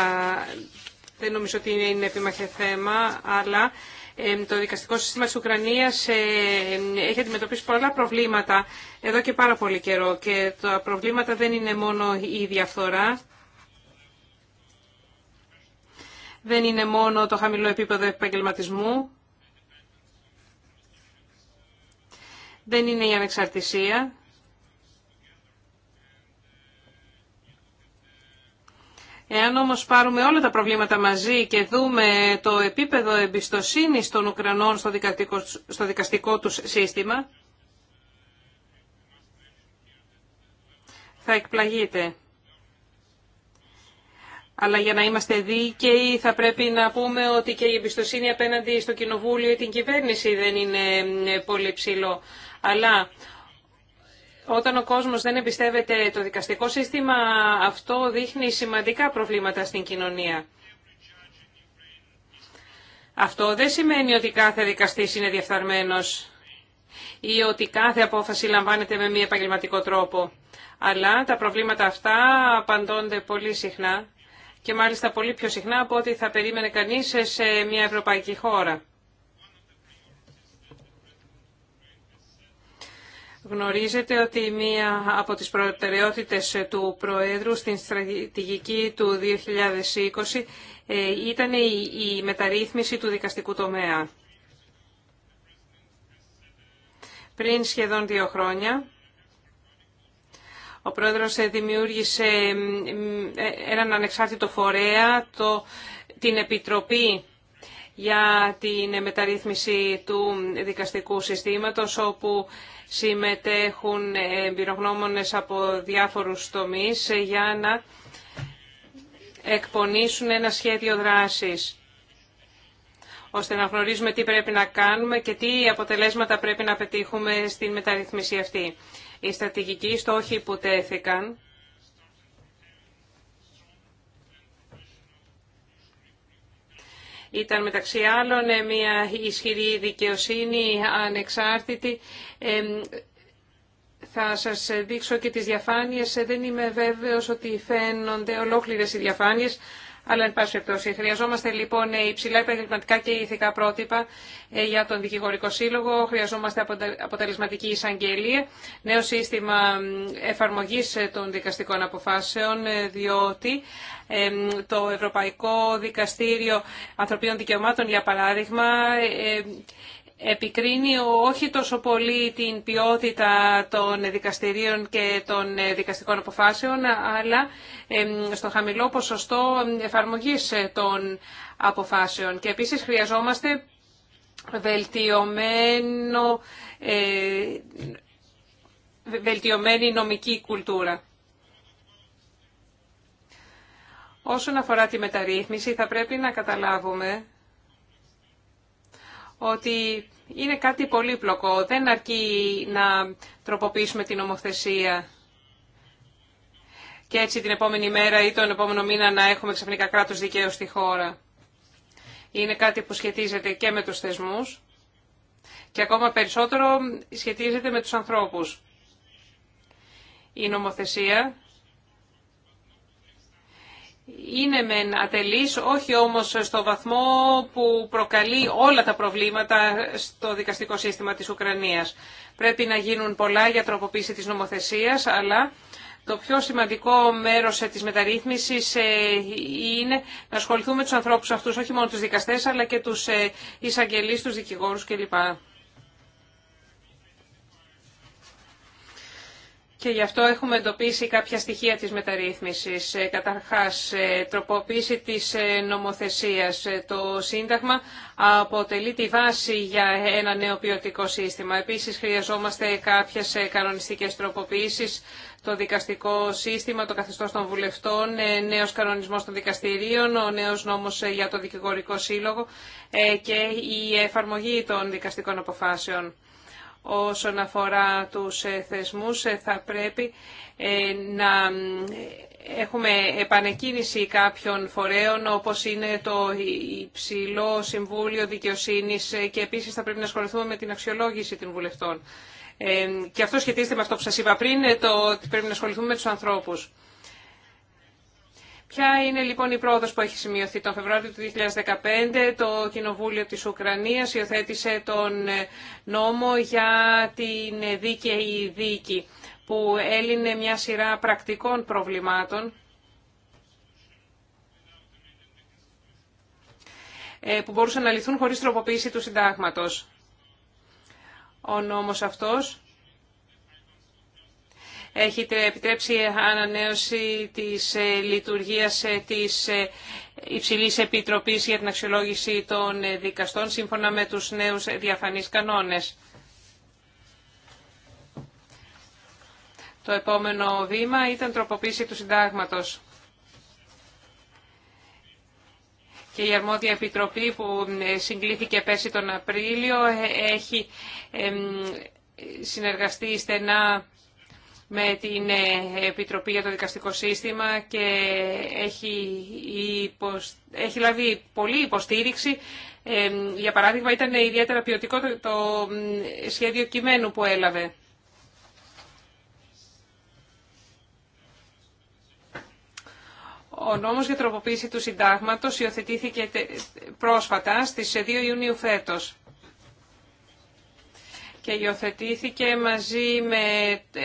Δεν νομίζω ότι είναι επίμαχε θέμα, αλλά το δικαστικό σύστημα της Ουκρανίας έχει αντιμετωπίσει πολλά προβλήματα εδώ και πάρα πολύ καιρό και τα προβλήματα δεν είναι μόνο η διαφθορά. Δεν είναι μόνο το χαμηλό επίπεδο επαγγελματισμού. Δεν είναι η ανεξαρτησία. Εάν όμως πάρουμε όλα τα προβλήματα μαζί και δούμε το επίπεδο εμπιστοσύνης των Ουκρανών στο δικαστικό, στο δικαστικό τους σύστημα, θα εκπλαγείτε. Αλλά για να είμαστε δίκαιοι θα πρέπει να πούμε ότι και η εμπιστοσύνη απέναντι στο Κοινοβούλιο ή την κυβέρνηση δεν είναι πολύ ψηλό. Αλλά όταν ο κόσμος δεν εμπιστεύεται το δικαστικό σύστημα, αυτό δείχνει σημαντικά προβλήματα στην κοινωνία. Αυτό δεν σημαίνει ότι κάθε δικαστής είναι διαφθαρμένος ή ότι κάθε απόφαση λαμβάνεται με μη επαγγελματικό τρόπο. Αλλά τα προβλήματα αυτά απαντώνται πολύ συχνά και μάλιστα πολύ πιο συχνά από ό,τι θα περίμενε κανείς σε μια ευρωπαϊκή χώρα. Γνωρίζετε ότι μία από τις προτεραιότητες του Προέδρου στην στρατηγική του 2020 ε, ήταν η μεταρρύθμιση του δικαστικού τομέα. Πριν σχεδόν δύο χρόνια, ο Πρόεδρος ε, δημιούργησε ε, έναν ανεξάρτητο φορέα, το, την Επιτροπή για την μεταρρύθμιση του δικαστικού συστήματος, όπου συμμετέχουν εμπειρογνώμονες από διάφορους τομείς για να εκπονήσουν ένα σχέδιο δράσης ώστε να γνωρίζουμε τι πρέπει να κάνουμε και τι αποτελέσματα πρέπει να πετύχουμε στην μεταρρυθμίση αυτή. Οι στρατηγικοί στόχοι που τέθηκαν Ήταν μεταξύ άλλων ε, μια ισχυρή δικαιοσύνη, ανεξάρτητη. Ε, θα σας δείξω και τις διαφάνειες. Ε, δεν είμαι βέβαιος ότι φαίνονται ολόκληρες οι διαφάνειες, αλλά, εν πάση περιπτώσει, χρειαζόμαστε λοιπόν υψηλά επαγγελματικά και ηθικά πρότυπα ε, για τον δικηγορικό σύλλογο. Χρειαζόμαστε αποτελεσματική εισαγγελία, νέο σύστημα εφαρμογή ε, των δικαστικών αποφάσεων, ε, διότι το Ευρωπαϊκό Δικαστήριο Ανθρωπίνων Δικαιωμάτων, για παράδειγμα, επικρίνει όχι τόσο πολύ την ποιότητα των δικαστηρίων και των ε, δικαστικών αποφάσεων, αλλά στο χαμηλό ποσοστό εφαρμογής ε, των αποφάσεων. Και επίσης χρειαζόμαστε βελτιωμένο, ε, βελτιωμένη νομική κουλτούρα. Όσον αφορά τη μεταρρύθμιση, θα πρέπει να καταλάβουμε ότι είναι κάτι πολύπλοκο. Δεν αρκεί να τροποποιήσουμε την ομοθεσία και έτσι την επόμενη μέρα ή τον επόμενο μήνα να έχουμε ξαφνικά κράτος δικαίου στη χώρα. Είναι κάτι που σχετίζεται και με τους θεσμούς και ακόμα περισσότερο σχετίζεται με τους ανθρώπους. Η νομοθεσία είναι μεν ατελής, όχι όμως στο βαθμό που προκαλεί όλα τα προβλήματα στο δικαστικό σύστημα της Ουκρανίας. Πρέπει να γίνουν πολλά για τροποποίηση της νομοθεσίας, αλλά το πιο σημαντικό μέρος της μεταρρύθμισης ε, είναι να ασχοληθούμε τους ανθρώπους αυτούς, όχι μόνο τους δικαστές, αλλά και τους ε, εισαγγελείς, τους δικηγόρους κλπ. και γι' αυτό έχουμε εντοπίσει κάποια στοιχεία της μεταρρύθμισης. Ε, καταρχάς, ε, τροποποίηση της ε, νομοθεσίας. Το Σύνταγμα αποτελεί τη βάση για ένα νέο ποιοτικό σύστημα. Επίσης, χρειαζόμαστε κάποιες κανονιστικές τροποποίησεις το δικαστικό σύστημα, το καθεστώς των βουλευτών, νέος κανονισμός των δικαστηρίων, ο νέος νόμος για το δικηγορικό σύλλογο και η εφαρμογή των δικαστικών αποφάσεων όσον αφορά τους ε, θεσμούς ε, θα πρέπει ε, να έχουμε επανεκκίνηση κάποιων φορέων όπως είναι το υψηλό Συμβούλιο Δικαιοσύνης και επίσης θα πρέπει να ασχοληθούμε με την αξιολόγηση των βουλευτών. Και αυτό σχετίζεται με αυτό που σας είπα πριν, το ότι πρέπει να ασχοληθούμε με τους ανθρώπους. Ποια είναι λοιπόν η πρόοδος που έχει σημειωθεί τον Φεβρουάριο του 2015 το Κοινοβούλιο της Ουκρανίας υιοθέτησε τον ε, νόμο για την ε, δίκαιη δίκη που έλυνε μια σειρά πρακτικών προβλημάτων ε, που μπορούσαν να λυθούν χωρίς τροποποίηση του συντάγματος. Ο νόμος αυτός έχετε επιτρέψει ανανέωση της ε, λειτουργίας ε, της ε, Υψηλής Επιτροπής για την αξιολόγηση των δικαστών σύμφωνα με τους νέους διαφανείς κανόνες. Το επόμενο βήμα ήταν τροποποίηση του συντάγματος. Και η αρμόδια επιτροπή που συγκλήθηκε πέρσι τον Απρίλιο έχει συνεργαστεί στενά με την ε, Επιτροπή για το Δικαστικό Σύστημα και έχει, υποσ... έχει λάβει πολλή υποστήριξη. Ε, για παράδειγμα, ήταν ιδιαίτερα ποιοτικό το σχέδιο κειμένου που έλαβε. Ο νόμος για τροποποίηση του συντάγματος υιοθετήθηκε πρόσφατα στις 2 ε, Ιουνίου φέτος και υιοθετήθηκε μαζί με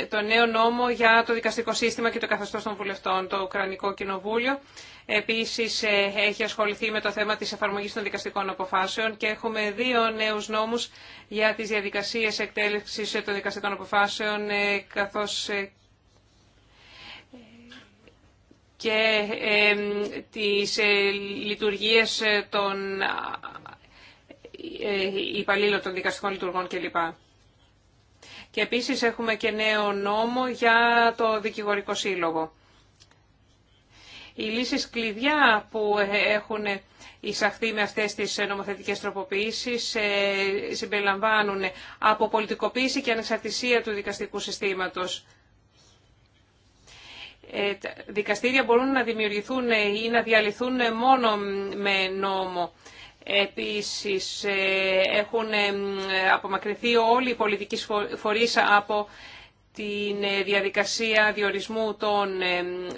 το νέο νόμο για το δικαστικό σύστημα και το καθεστώς των βουλευτών, το Ουκρανικό Κοινοβούλιο. Επίσης ε, έχει ασχοληθεί με το θέμα της εφαρμογής των δικαστικών αποφάσεων και έχουμε δύο νέους νόμους για τις διαδικασίες εκτέλεσης ε, των δικαστικών αποφάσεων ε, καθώς και τις λειτουργίες των υπαλλήλων των δικαστικών λειτουργών κλπ. Και επίσης έχουμε και νέο νόμο για το δικηγορικό σύλλογο. Οι λύσεις κλειδιά που έχουν εισαχθεί με αυτές τις νομοθετικές τροποποιήσεις ε, συμπεριλαμβάνουν από πολιτικοποίηση και ανεξαρτησία του δικαστικού συστήματος. Ε, δικαστήρια μπορούν να δημιουργηθούν ή να διαλυθούν μόνο με νόμο. Επίσης, ε, έχουν ε, απομακρυνθεί όλοι οι πολιτικοί φορείς από την ε, διαδικασία διορισμού των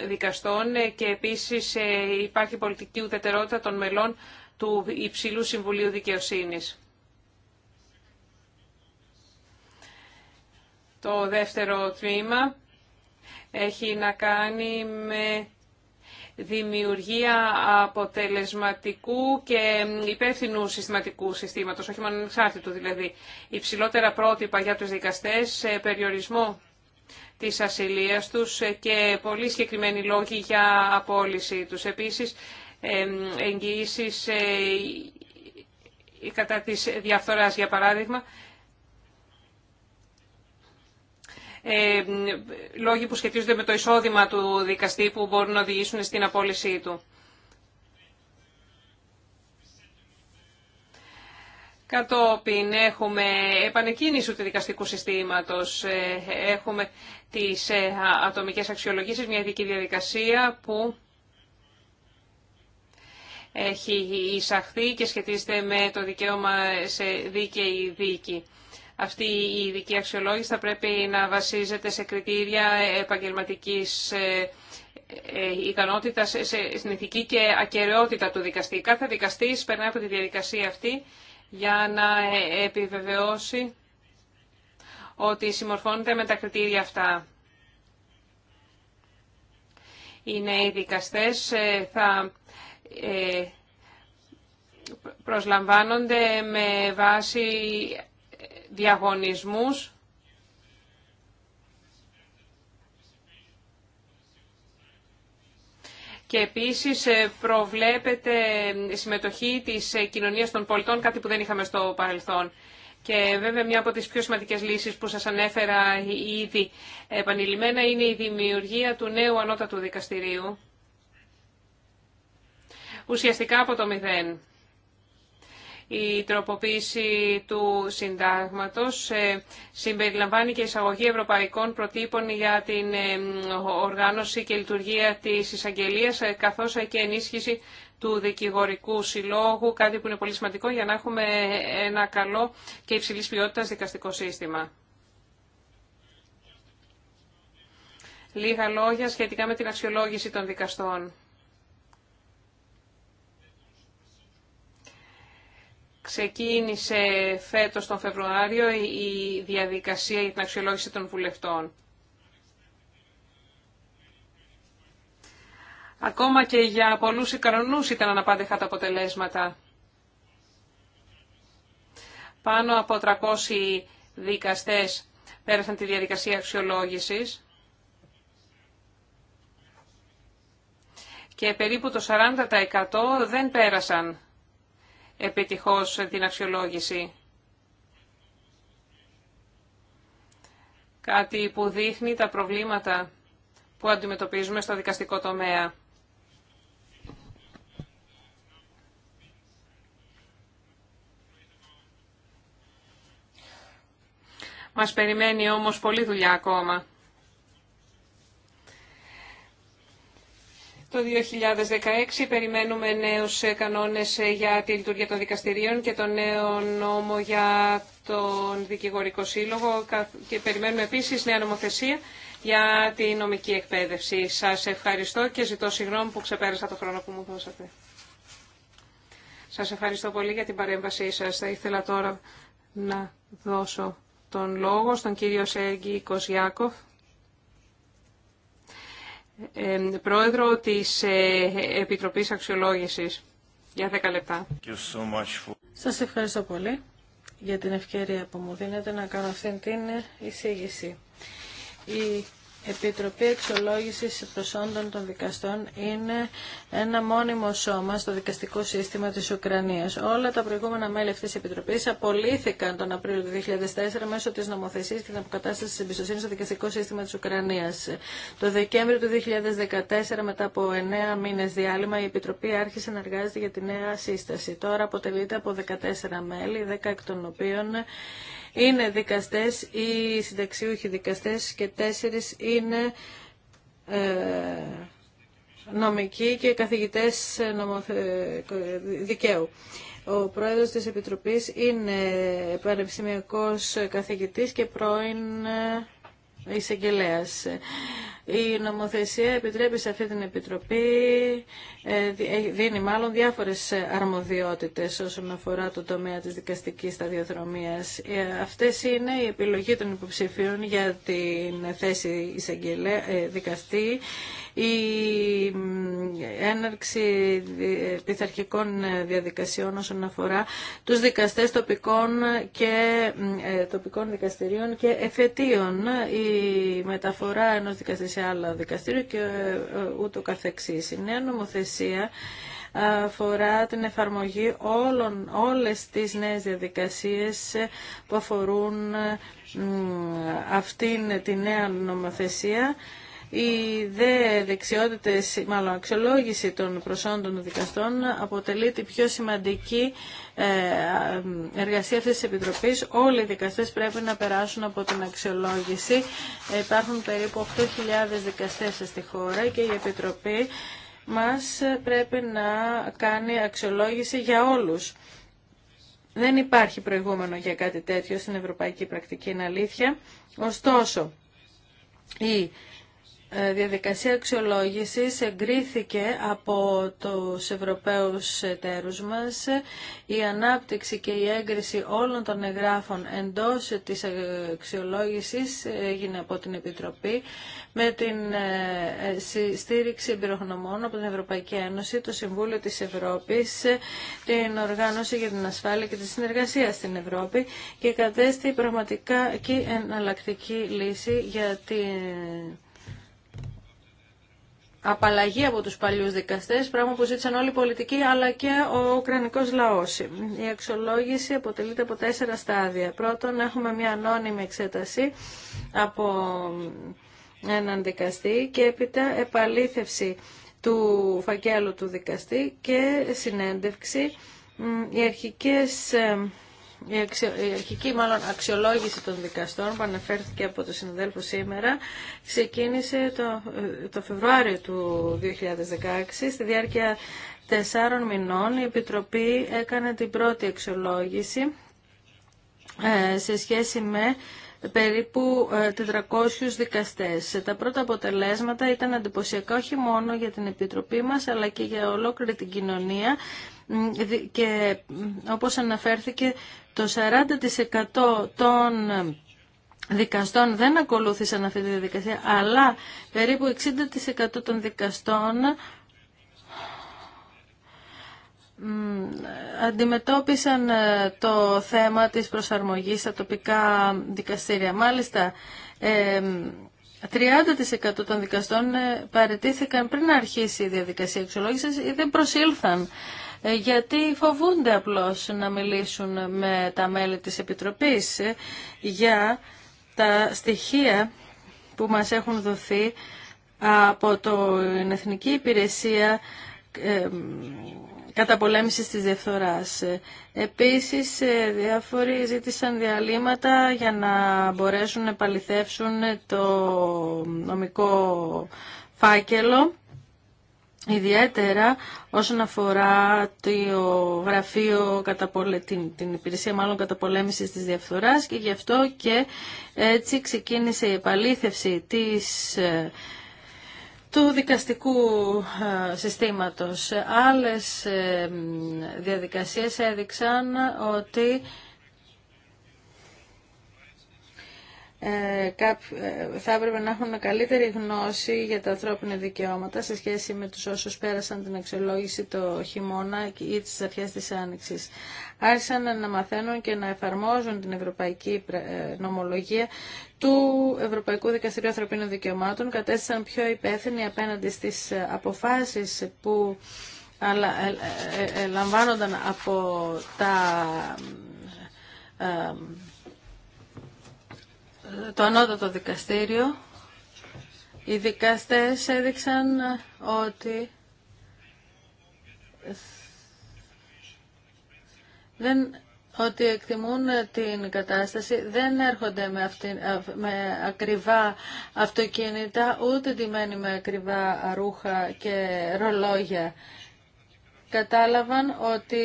δικαστών και επίσης υπάρχει πολιτική ουδετερότητα των μελών του Υψηλού Συμβουλίου Δικαιοσύνης. Το δεύτερο τμήμα έχει να κάνει με δημιουργία αποτελεσματικού και υπεύθυνου συστηματικού συστήματος, όχι μόνο εξάρτητου δηλαδή. Υψηλότερα πρότυπα για του δικαστές, περιορισμό της ασυλίας τους και πολύ συγκεκριμένοι λόγοι για απόλυση τους. Επίσης, εγγυήσεις ε, κατά της διαφθοράς, για παράδειγμα, Ε, λόγοι που σχετίζονται με το εισόδημα του δικαστή που μπορούν να οδηγήσουν στην απόλυσή του. Κατόπιν έχουμε επανεκκίνηση του δικαστικού συστήματος, ε, έχουμε τις ε, ατομικές αξιολογήσεις, μια ειδική διαδικασία που έχει εισαχθεί και σχετίζεται με το δικαίωμα σε δίκαιη δίκη. Αυτή η ειδική αξιολόγηση θα πρέπει να βασίζεται σε κριτήρια επαγγελματικής ε, ε, ικανότητας, σε συνηθική και ακαιρεότητα του δικαστή. Κάθε δικαστής περνάει από τη διαδικασία αυτή για να ε, επιβεβαιώσει ότι συμμορφώνεται με τα κριτήρια αυτά. Οι νέοι δικαστές θα προσλαμβάνονται με βάση διαγωνισμούς και επίσης ε, προβλέπεται ε, συμμετοχή της ε, κοινωνίας των πολιτών, κάτι που δεν είχαμε στο παρελθόν. Και βέβαια μια από τις πιο σημαντικές λύσεις που σας ανέφερα ήδη επανειλημμένα είναι η δημιουργία του νέου ανώτατου δικαστηρίου. Ουσιαστικά από το μηδέν. Η τροποποίηση του συντάγματος ε, συμπεριλαμβάνει και εισαγωγή ευρωπαϊκών προτύπων για την ε, οργάνωση και λειτουργία της εισαγγελίας ε, καθώς και ενίσχυση του δικηγορικού συλλόγου, κάτι που είναι πολύ σημαντικό για να έχουμε ένα καλό και υψηλής ποιότητας δικαστικό σύστημα. Λίγα λόγια σχετικά με την αξιολόγηση των δικαστών. Ξεκίνησε φέτος τον Φεβρουάριο η διαδικασία για την αξιολόγηση των βουλευτών. Ακόμα και για πολλούς ικανονούς ήταν αναπάντεχα τα αποτελέσματα. Πάνω από 300 δικαστές πέρασαν τη διαδικασία αξιολόγησης και περίπου το 40% δεν πέρασαν επιτυχώς την αξιολόγηση. Κάτι που δείχνει τα προβλήματα που αντιμετωπίζουμε στο δικαστικό τομέα. Μας περιμένει όμως πολλή δουλειά ακόμα. Το 2016 περιμένουμε νέους ε, κανόνες ε, για τη λειτουργία των δικαστηρίων και το νέο νόμο για τον Δικηγορικό Σύλλογο και περιμένουμε επίσης νέα νομοθεσία για τη νομική εκπαίδευση. Σας ευχαριστώ και ζητώ συγγνώμη που ξεπέρασα το χρόνο που μου δώσατε. Σας ευχαριστώ πολύ για την παρέμβασή σας. Θα ήθελα τώρα να δώσω τον λόγο στον κύριο Σέγγι Κοζιάκοφ ε, πρόεδρο της ε, Επιτροπής Αξιολόγησης. Για 10 λεπτά. Σας ευχαριστώ πολύ για την ευκαιρία που μου δίνετε να κάνω αυτήν την εισήγηση. Η η Επιτροπή Εξολόγησης Προσόντων των Δικαστών είναι ένα μόνιμο σώμα στο δικαστικό σύστημα της Ουκρανίας. Όλα τα προηγούμενα μέλη αυτής της Επιτροπής απολύθηκαν τον Απρίλιο του 2004 μέσω της νομοθεσίας και την αποκατάσταση της εμπιστοσύνης στο δικαστικό σύστημα της Ουκρανίας. Το Δεκέμβριο του 2014, μετά από 9 μήνες διάλειμμα, η Επιτροπή άρχισε να εργάζεται για τη νέα σύσταση. Τώρα αποτελείται από 14 μέλη, 10 εκ των οποίων είναι δικαστές ή συνταξιούχοι δικαστές και τέσσερις είναι ε, νομικοί και καθηγητές δικαίου. Ο πρόεδρος της Επιτροπής είναι πανεπιστημιακός καθηγητής και πρώην εισαγγελέας. Η νομοθεσία επιτρέπει σε αυτή την Επιτροπή, ε, δίνει μάλλον διάφορες αρμοδιότητες όσον αφορά το τομέα της δικαστικής σταδιοδρομίας. Ε, αυτές είναι η επιλογή των υποψηφίων για την θέση ε, δικαστή, η έναρξη πειθαρχικών διαδικασιών όσον αφορά τους δικαστές τοπικών και τοπικών δικαστηρίων και εφετείων, η μεταφορά ενός δικαστής σε άλλα δικαστήρια και ε, ε, ούτω καθεξής. Η νέα νομοθεσία αφορά την εφαρμογή όλων, όλες τις νέες διαδικασίες που αφορούν αυτήν τη νέα νομοθεσία η δε δεξιότητες, μάλλον αξιολόγηση των προσόντων των δικαστών αποτελεί τη πιο σημαντική ε, εργασία αυτής της Επιτροπής. Όλοι οι δικαστές πρέπει να περάσουν από την αξιολόγηση. Υπάρχουν περίπου 8.000 δικαστές στη χώρα και η Επιτροπή μας πρέπει να κάνει αξιολόγηση για όλους. Δεν υπάρχει προηγούμενο για κάτι τέτοιο στην ευρωπαϊκή πρακτική, είναι αλήθεια. Ωστόσο, η ε, διαδικασία αξιολόγησης εγκρίθηκε από τους Ευρωπαίους εταίρους μας. Η ανάπτυξη και η έγκριση όλων των εγγράφων εντός της αξιολόγησης έγινε από την Επιτροπή με την ε, στήριξη εμπειρογνωμών από την Ευρωπαϊκή Ένωση, το Συμβούλιο της Ευρώπης, την Οργάνωση για την Ασφάλεια και τη Συνεργασία στην Ευρώπη και κατέστη πραγματικά και εναλλακτική λύση για την απαλλαγή από τους παλιούς δικαστές, πράγμα που ζήτησαν όλοι οι πολιτικοί αλλά και ο ουκρανικός λαός. Η αξιολόγηση αποτελείται από τέσσερα στάδια. Πρώτον, έχουμε μια ανώνυμη εξέταση από έναν δικαστή και έπειτα επαλήθευση του φακέλου του δικαστή και συνέντευξη. Οι αρχικές ε, η αρχική μάλλον αξιολόγηση των δικαστών που αναφέρθηκε από το συναδέλφο σήμερα ξεκίνησε το, ε, το Φεβρουάριο του 2016 στη διάρκεια τεσσάρων μηνών η Επιτροπή έκανε την πρώτη αξιολόγηση ε, σε σχέση με περίπου 400 ε, δικαστές. Τα πρώτα αποτελέσματα ήταν εντυπωσιακά όχι μόνο για την Επιτροπή μας αλλά και για ολόκληρη την κοινωνία και όπως αναφέρθηκε το 40% των δικαστών δεν ακολούθησαν αυτή τη διαδικασία, αλλά περίπου 60% των δικαστών αντιμετώπισαν ε, το θέμα της προσαρμογής στα τοπικά δικαστήρια. Μάλιστα, 30% ε, των δικαστών ε, παρετήθηκαν πριν αρχίσει η διαδικασία εξολόγησης ή δεν προσήλθαν ε, γιατί φοβούνται απλώς να μιλήσουν με τα μέλη της Επιτροπής για τα στοιχεία που μας έχουν δοθεί από την Εθνική Υπηρεσία ε, καταπολέμησης της διαφθοράς. Επίσης, ε, διάφοροι ζήτησαν διαλύματα για να μπορέσουν να επαληθεύσουν το νομικό φάκελο Ιδιαίτερα όσον αφορά το γραφείο, την, την υπηρεσία μάλλον καταπολέμησης της διαφθοράς και γι' αυτό και έτσι ξεκίνησε η επαλήθευση της ε, του δικαστικού ε, συστήματος. Άλλες ε, διαδικασίες έδειξαν ότι Ε, ε, θα έπρεπε να έχουν καλύτερη γνώση για τα ανθρώπινα δικαιώματα σε σχέση με τους όσους πέρασαν την αξιολόγηση το χειμώνα ή τις αρχές της Άνοιξης. Άρχισαν να μαθαίνουν και να εφαρμόζουν την ευρωπαϊκή ε, νομολογία του Ευρωπαϊκού Δικαστηρίου Ανθρωπίνων Δικαιωμάτων, κατέστησαν πιο υπεύθυνοι απέναντι στις αποφάσεις που λαμβάνονταν από τα το ανώτατο δικαστήριο, οι δικαστές έδειξαν ότι δεν ότι εκτιμούν την κατάσταση, δεν έρχονται με, αυτή, με ακριβά αυτοκίνητα, ούτε ντυμένοι με ακριβά ρούχα και ρολόγια κατάλαβαν ότι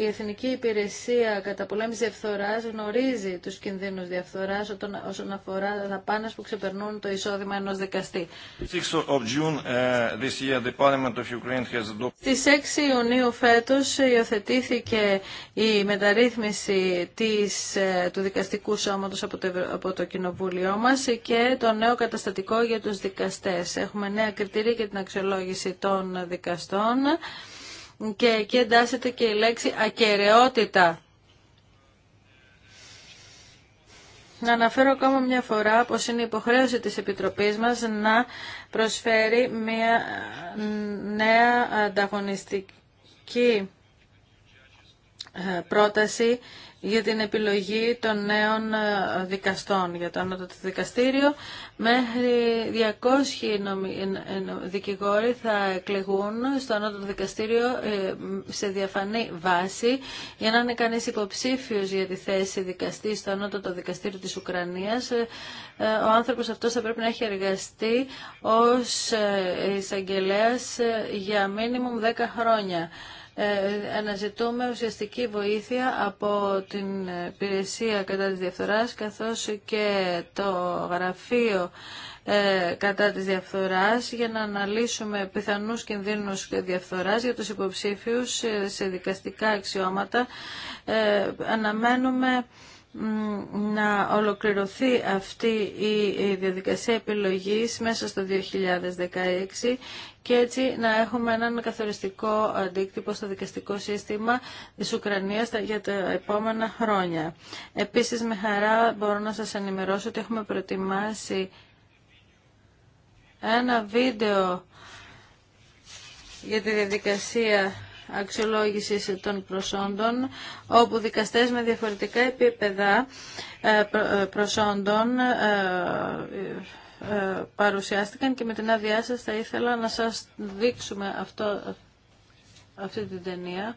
η Εθνική Υπηρεσία Καταπολέμησης Διαφθοράς γνωρίζει τους κινδύνους διαφθοράς όσον αφορά τα πάνες που ξεπερνούν το εισόδημα ενός δικαστή. Στις 6 Ιουνίου φέτος υιοθετήθηκε η μεταρρύθμιση της, ε, του δικαστικού σώματος από το, από το Κοινοβούλιο μας και το νέο καταστατικό για τους δικαστές. Έχουμε νέα κριτήρια για την αξιολόγηση των δικαστών και εκεί εντάσσεται και η λέξη ακαιρεότητα. Να αναφέρω ακόμα μια φορά πως είναι υποχρέωση της Επιτροπής μας να προσφέρει μια νέα ανταγωνιστική ε, πρόταση για την επιλογή των νέων ε, δικαστών για το Ανώτατο Δικαστήριο. Μέχρι 200 δικηγόροι θα εκλεγούν στο Ανώτατο Δικαστήριο ε, σε διαφανή βάση για να είναι κανείς υποψήφιος για τη θέση δικαστή στο Ανώτατο Δικαστήριο της Ουκρανίας. Ε, ο άνθρωπος αυτός θα πρέπει να έχει εργαστεί ως εισαγγελέας για μίνιμουμ 10 χρόνια. Ε, αναζητούμε ουσιαστική βοήθεια από την υπηρεσία κατά της διαφθοράς καθώς και το γραφείο ε, κατά της διαφθοράς για να αναλύσουμε πιθανούς κινδύνους διαφθοράς για τους υποψήφιους ε, σε δικαστικά αξιώματα. αναμένουμε να ολοκληρωθεί αυτή η διαδικασία επιλογής μέσα στο 2016 και έτσι να έχουμε έναν καθοριστικό αντίκτυπο στο δικαστικό σύστημα της Ουκρανίας για τα επόμενα χρόνια. Επίσης με χαρά μπορώ να σας ενημερώσω ότι έχουμε προετοιμάσει ένα βίντεο για τη διαδικασία Αξιολόγηση των προσόντων, όπου δικαστές με διαφορετικά επίπεδα ε, ε, προσόντων ε, παρουσιάστηκαν και με την άδειά σας θα ήθελα να σας δείξουμε αυτό, αυτή την ταινία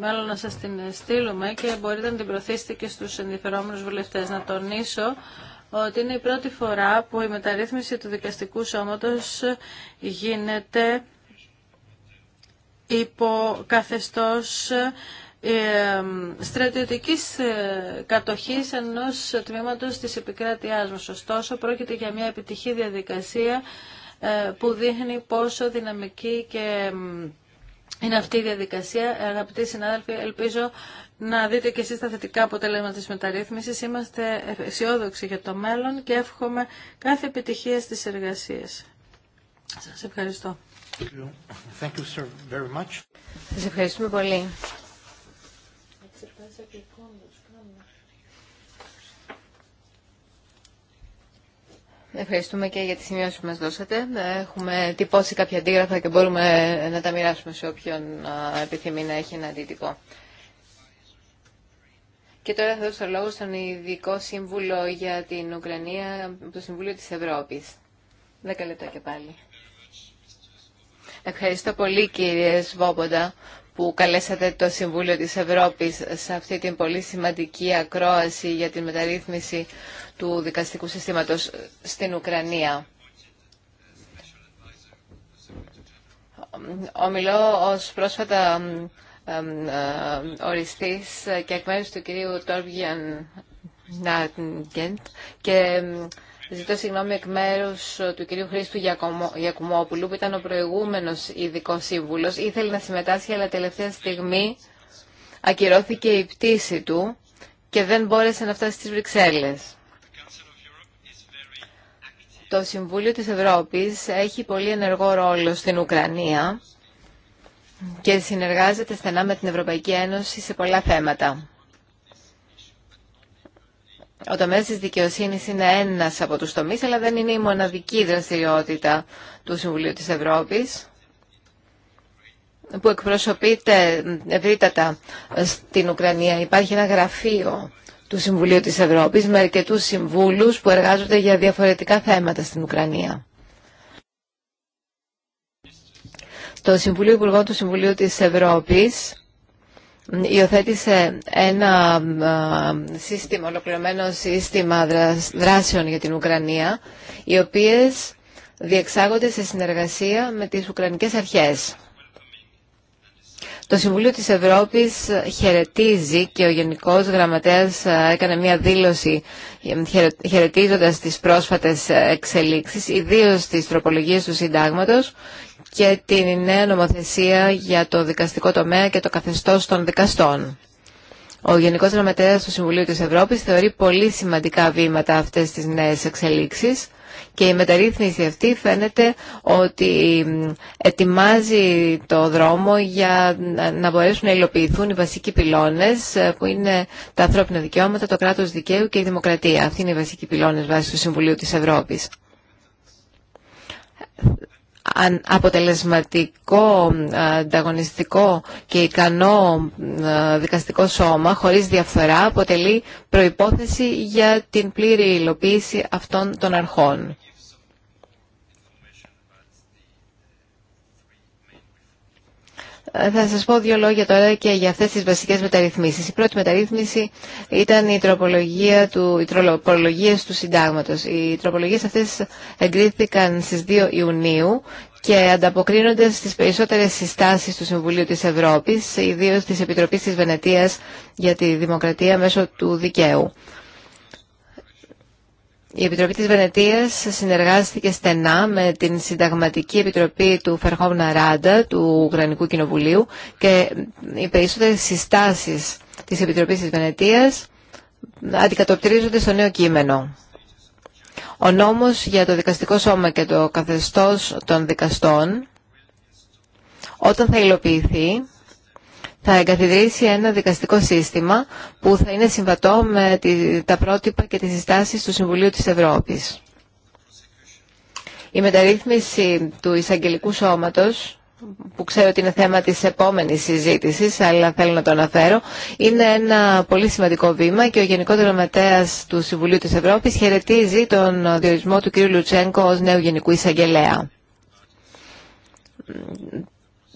μάλλον να σας την στείλουμε και μπορείτε να την προωθήσετε και στους ενδιαφερόμενους βουλευτές. Να τονίσω ότι είναι η πρώτη φορά που η μεταρρύθμιση του δικαστικού σώματος γίνεται υπό καθεστώς ε, στρατιωτικής ε, κατοχής ενός τμήματος της επικράτειάς μας. Ωστόσο, πρόκειται για μια επιτυχή διαδικασία ε, που δείχνει πόσο δυναμική και είναι αυτή η διαδικασία. Αγαπητοί συνάδελφοι, ελπίζω να δείτε και εσείς τα θετικά αποτελέσματα της μεταρρύθμισης. Είμαστε αισιόδοξοι για το μέλλον και εύχομαι κάθε επιτυχία στις εργασίες. Σας ευχαριστώ. Σας ευχαριστούμε πολύ. Ευχαριστούμε και για τις σημειώσεις που μας δώσατε. Έχουμε τυπώσει κάποια αντίγραφα και μπορούμε να τα μοιράσουμε σε όποιον επιθυμεί να έχει ένα αντίτυπο. Και τώρα θα δώσω λόγο στον Ειδικό Σύμβουλο για την Ουκρανία, το Συμβούλιο της Ευρώπης. Δέκα λεπτά και πάλι. Ευχαριστώ πολύ κύριε Σβόμποντα που καλέσατε το Συμβούλιο της Ευρώπης σε αυτή την πολύ σημαντική ακρόαση για την μεταρρύθμιση του δικαστικού συστήματος στην Ουκρανία. Ομιλώ ως πρόσφατα οριστής και εκ μέρους του κυρίου τόρβγιαν Νάγκεντ και Ζητώ συγγνώμη εκ μέρου ε, του κυρίου Χρήστου Γιακουμόπουλου, που ήταν ο προηγούμενο ειδικό σύμβουλο. Ήθελε να συμμετάσχει, αλλά τελευταία στιγμή ακυρώθηκε η πτήση του και δεν μπόρεσε να φτάσει στις Βρυξέλλες. Το Συμβούλιο της Ευρώπης έχει πολύ ενεργό ρόλο στην Ουκρανία και συνεργάζεται στενά με την Ευρωπαϊκή Ένωση σε πολλά θέματα. Ο τομέας της δικαιοσύνη είναι ένας από τους τομείς, αλλά δεν είναι η μοναδική δραστηριότητα του Συμβουλίου της Ευρώπης που εκπροσωπείται ευρύτατα στην Ουκρανία. Υπάρχει ένα γραφείο του Συμβουλίου της Ευρώπης με αρκετού συμβούλους που εργάζονται για διαφορετικά θέματα στην Ουκρανία. Το Συμβουλίο Υπουργών του Συμβουλίου της Ευρώπης υιοθέτησε ένα σύστημα, ολοκληρωμένο σύστημα δράσεων για την Ουκρανία, οι οποίες διεξάγονται σε συνεργασία με τις Ουκρανικές Αρχές. Το Συμβουλίο της Ευρώπης χαιρετίζει και ο Γενικός Γραμματέας έκανε μια δήλωση χαιρετίζοντας τις πρόσφατες εξελίξεις, ιδίως τις τροπολογίες του συντάγματος και την νέα νομοθεσία για το δικαστικό τομέα και το καθεστώς των δικαστών. Ο Γενικό Γραμματέα του Συμβουλίου τη Ευρώπη θεωρεί πολύ σημαντικά βήματα αυτέ τι νέε εξελίξει και η μεταρρύθμιση αυτή φαίνεται ότι ετοιμάζει το δρόμο για να μπορέσουν να υλοποιηθούν οι βασικοί πυλώνες ε, που είναι τα ανθρώπινα δικαιώματα, το κράτος δικαίου και η δημοκρατία. Αυτοί είναι οι βασικοί πυλώνες βάσει του Συμβουλίου της Ευρώπης αποτελεσματικό, ε, ανταγωνιστικό και ικανό ε, δικαστικό σώμα χωρίς διαφορά αποτελεί προϋπόθεση για την πλήρη υλοποίηση αυτών των αρχών. Θα σας πω δύο λόγια τώρα και για αυτές τις βασικές μεταρρυθμίσεις. Η πρώτη μεταρρύθμιση ήταν η τροπολογία του, οι τροπολογίες του συντάγματος. Οι τροπολογίες αυτές εγκρίθηκαν στις 2 Ιουνίου και ανταποκρίνονται στις περισσότερες συστάσεις του Συμβουλίου της Ευρώπης, ιδίως της Επιτροπής της Βενετίας για τη Δημοκρατία μέσω του Δικαίου. Η Επιτροπή της Βενετίας συνεργάστηκε στενά με την Συνταγματική Επιτροπή του Φερχόμνα Ράντα του Ουκρανικού Κοινοβουλίου και οι περισσότερες συστάσεις της Επιτροπής της Βενετίας αντικατοπτρίζονται στο νέο κείμενο. Ο νόμος για το δικαστικό σώμα και το καθεστώς των δικαστών όταν θα υλοποιηθεί θα εγκαθιδρύσει ένα δικαστικό σύστημα που θα είναι συμβατό με τα πρότυπα και τις συστάσεις του Συμβουλίου της Ευρώπης. Η μεταρρύθμιση του εισαγγελικού σώματος που ξέρω ότι είναι θέμα της επόμενης συζήτησης, αλλά θέλω να το αναφέρω, είναι ένα πολύ σημαντικό βήμα και ο Γενικός Γραμματέας του Συμβουλίου της Ευρώπης χαιρετίζει τον διορισμό του κ. Λουτσέγκο ως νέου Γενικού Εισαγγελέα.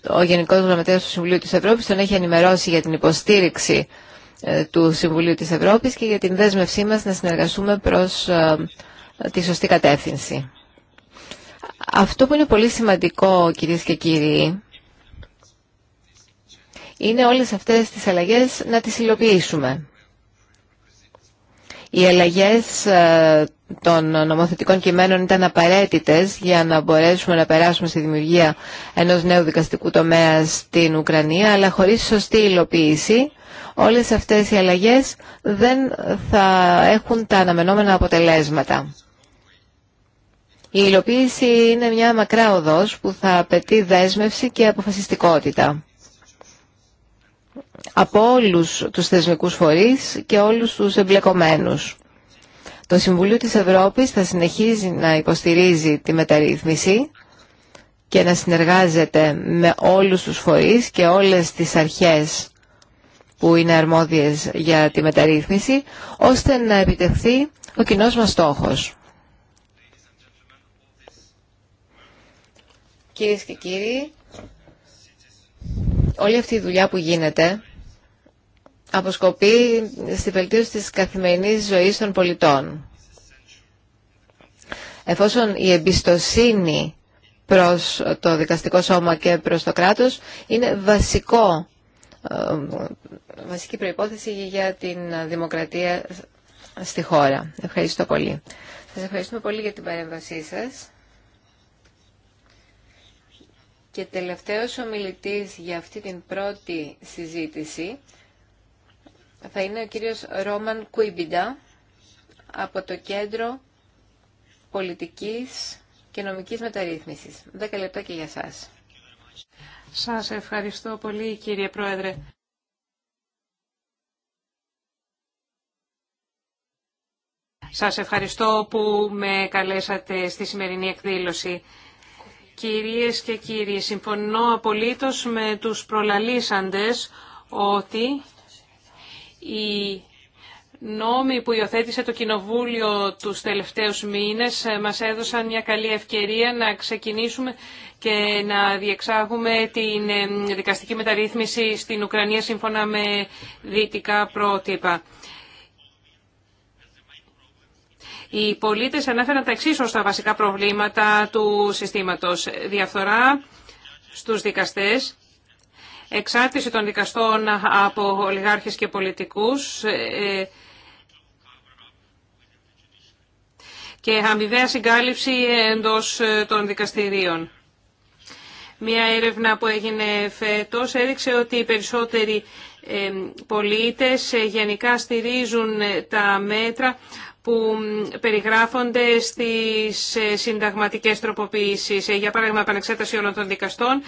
Ο Γενικός Γραμματέας του Συμβουλίου της Ευρώπης τον έχει ενημερώσει για την υποστήριξη ε, του Συμβουλίου της Ευρώπης και για την δέσμευσή μας να συνεργαστούμε προς ε, τη σωστή κατεύθυνση. Αυτό που είναι πολύ σημαντικό, κυρίες και κύριοι, είναι όλες αυτές τις αλλαγές να τις υλοποιήσουμε. Οι αλλαγές ε, των νομοθετικών κειμένων ήταν απαραίτητες για να μπορέσουμε να περάσουμε στη δημιουργία ενός νέου δικαστικού τομέα στην Ουκρανία, αλλά χωρίς σωστή υλοποίηση όλες αυτές οι αλλαγές δεν θα έχουν τα αναμενόμενα αποτελέσματα. Η υλοποίηση είναι μια μακρά οδός που θα απαιτεί δέσμευση και αποφασιστικότητα από όλους τους θεσμικούς φορείς και όλους τους εμπλεκομένους. Το Συμβουλίο της Ευρώπης θα συνεχίζει να υποστηρίζει τη μεταρρύθμιση και να συνεργάζεται με όλους τους φορείς και όλες τις αρχές που είναι αρμόδιες για τη μεταρρύθμιση, ώστε να επιτευχθεί ο κοινό μας στόχος. Κυρίες και κύριοι, όλη αυτή η δουλειά που γίνεται αποσκοπεί στη βελτίωση της καθημερινής ζωής των πολιτών. Εφόσον η εμπιστοσύνη προς το δικαστικό σώμα και προς το κράτος είναι βασικό, ε, βασική προϋπόθεση για την δημοκρατία στη χώρα. Ευχαριστώ πολύ. Σας ευχαριστούμε πολύ για την παρέμβασή σας. Και τελευταίος ομιλητής για αυτή την πρώτη συζήτηση θα είναι ο κύριος Ρόμαν Κουίμπιντα από το Κέντρο Πολιτικής και Νομικής Μεταρρύθμισης. Δέκα λεπτά και για σας. Σας ευχαριστώ πολύ κύριε Πρόεδρε. Σας ευχαριστώ που με καλέσατε στη σημερινή εκδήλωση. Κυρίες και κύριοι, συμφωνώ απολύτως με τους προλαλήσαντες ότι οι νόμοι που υιοθέτησε το Κοινοβούλιο τους τελευταίους μήνες ε, μας έδωσαν μια καλή ευκαιρία να ξεκινήσουμε και να διεξάγουμε την ε, δικαστική μεταρρύθμιση στην Ουκρανία σύμφωνα με δυτικά πρότυπα. Οι πολίτες ανέφεραν τα εξής τα βασικά προβλήματα του συστήματος. Διαφθορά στους δικαστές, εξάρτηση των δικαστών από ολιγάρχες και πολιτικούς ε, ε, και αμοιβαία συγκάλυψη εντός ε, των δικαστηρίων. Μία έρευνα που έγινε φέτος έδειξε ότι οι περισσότεροι πολίτες γενικά στηρίζουν τα μέτρα που περιγράφονται στις συνταγματικές τροποποιήσεις. Για παράδειγμα, επανεξέταση όλων των δικαστών,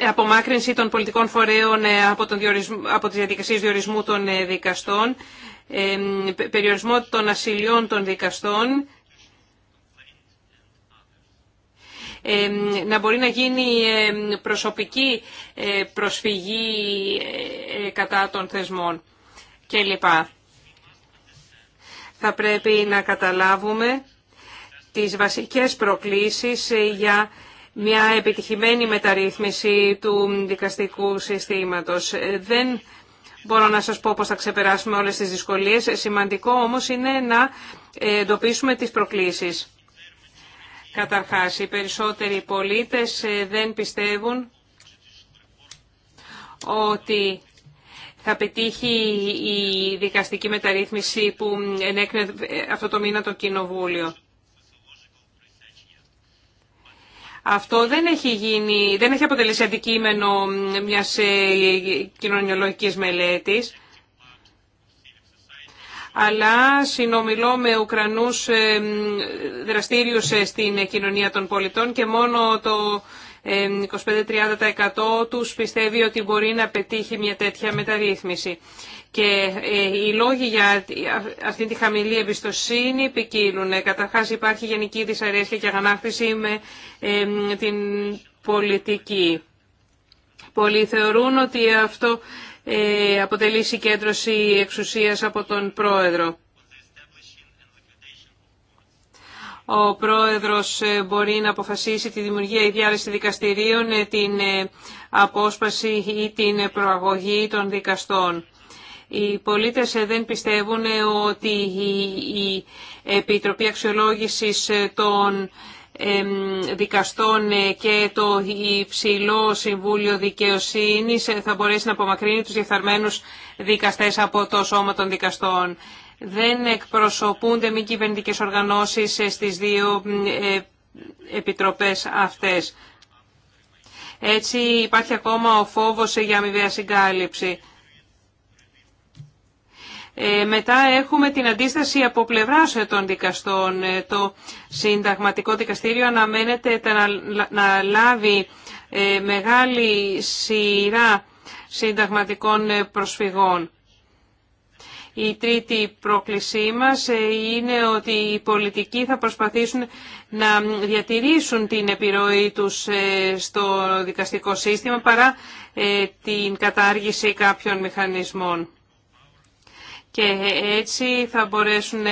απομάκρυνση των πολιτικών φορέων ε, από, τον διορισμό, από τις διαδικασίες διορισμού των ε, δικαστών, ε, περιορισμό των ασυλιών των δικαστών, να μπορεί να γίνει προσωπική προσφυγή κατά των θεσμών κλπ. Θα πρέπει να καταλάβουμε τις βασικές προκλήσεις για μια επιτυχημένη μεταρρύθμιση του δικαστικού συστήματος. Ε, δεν μπορώ να σας πω πώς θα ξεπεράσουμε όλες τις δυσκολίες. Σημαντικό όμως είναι να ε, εντοπίσουμε τις προκλήσεις. Καταρχάς, οι περισσότεροι πολίτες ε, δεν πιστεύουν ότι θα πετύχει η δικαστική μεταρρύθμιση που ενέκρινε αυτό το μήνα το Κοινοβούλιο. Αυτό δεν έχει, γίνει, δεν έχει αποτελέσει αντικείμενο μιας ε, κοινωνιολογικής μελέτης, αλλά συνομιλώ με Ουκρανούς ε, δραστήριους ε, στην κοινωνία των πολιτών και μόνο το 25-30% τους πιστεύει ότι μπορεί να πετύχει μια τέτοια μεταρρύθμιση. Και ε, οι λόγοι για αυτή τη χαμηλή εμπιστοσύνη επικύλουν. Ε, καταρχάς υπάρχει γενική δυσαρέσκεια και αγανάκτηση με την πολιτική. Πολλοί θεωρούν ότι αυτό ε, αποτελεί συγκέντρωση εξουσίας από τον πρόεδρο. Ο πρόεδρος ε, μπορεί να αποφασίσει τη δημιουργία ή διάλυση δικαστηρίων, ε, την ε, απόσπαση ή την προαγωγή των δικαστών. Οι πολίτες δεν πιστεύουν ότι η Επιτροπή Αξιολόγησης των δικαστών και το υψηλό Συμβούλιο Δικαιοσύνης θα μπορέσει να απομακρύνει τους διεφθαρμένους δικαστές από το σώμα των δικαστών δεν εκπροσωπούνται μη κυβερνητικέ οργανώσεις ε, στι δύο ε, επιτροπές αυτές. Έτσι υπάρχει ακόμα ο φόβος για αμοιβαία συγκάλυψη. Ε, μετά έχουμε την αντίσταση από πλευράς ε, των δικαστών. Το συνταγματικό δικαστήριο αναμένεται να λάβει μεγάλη σειρά συνταγματικών προσφυγών. Η τρίτη πρόκλησή μας ε, είναι ότι οι πολιτικοί θα προσπαθήσουν να διατηρήσουν την επιρροή τους ε, στο δικαστικό σύστημα παρά ε, την κατάργηση κάποιων μηχανισμών. Και έτσι θα μπορέσουν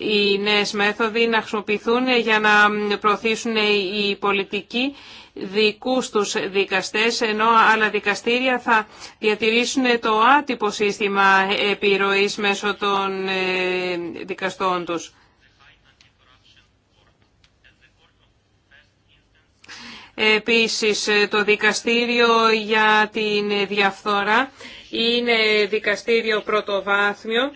οι νέες μέθοδοι να χρησιμοποιηθούν για να προωθήσουν οι πολιτικοί δικούς τους δικαστές, ενώ άλλα δικαστήρια θα διατηρήσουν το άτυπο σύστημα επιρροής μέσω των ε, δικαστών τους. Επίσης, το δικαστήριο για την διαφθόρα είναι δικαστήριο πρωτοβάθμιο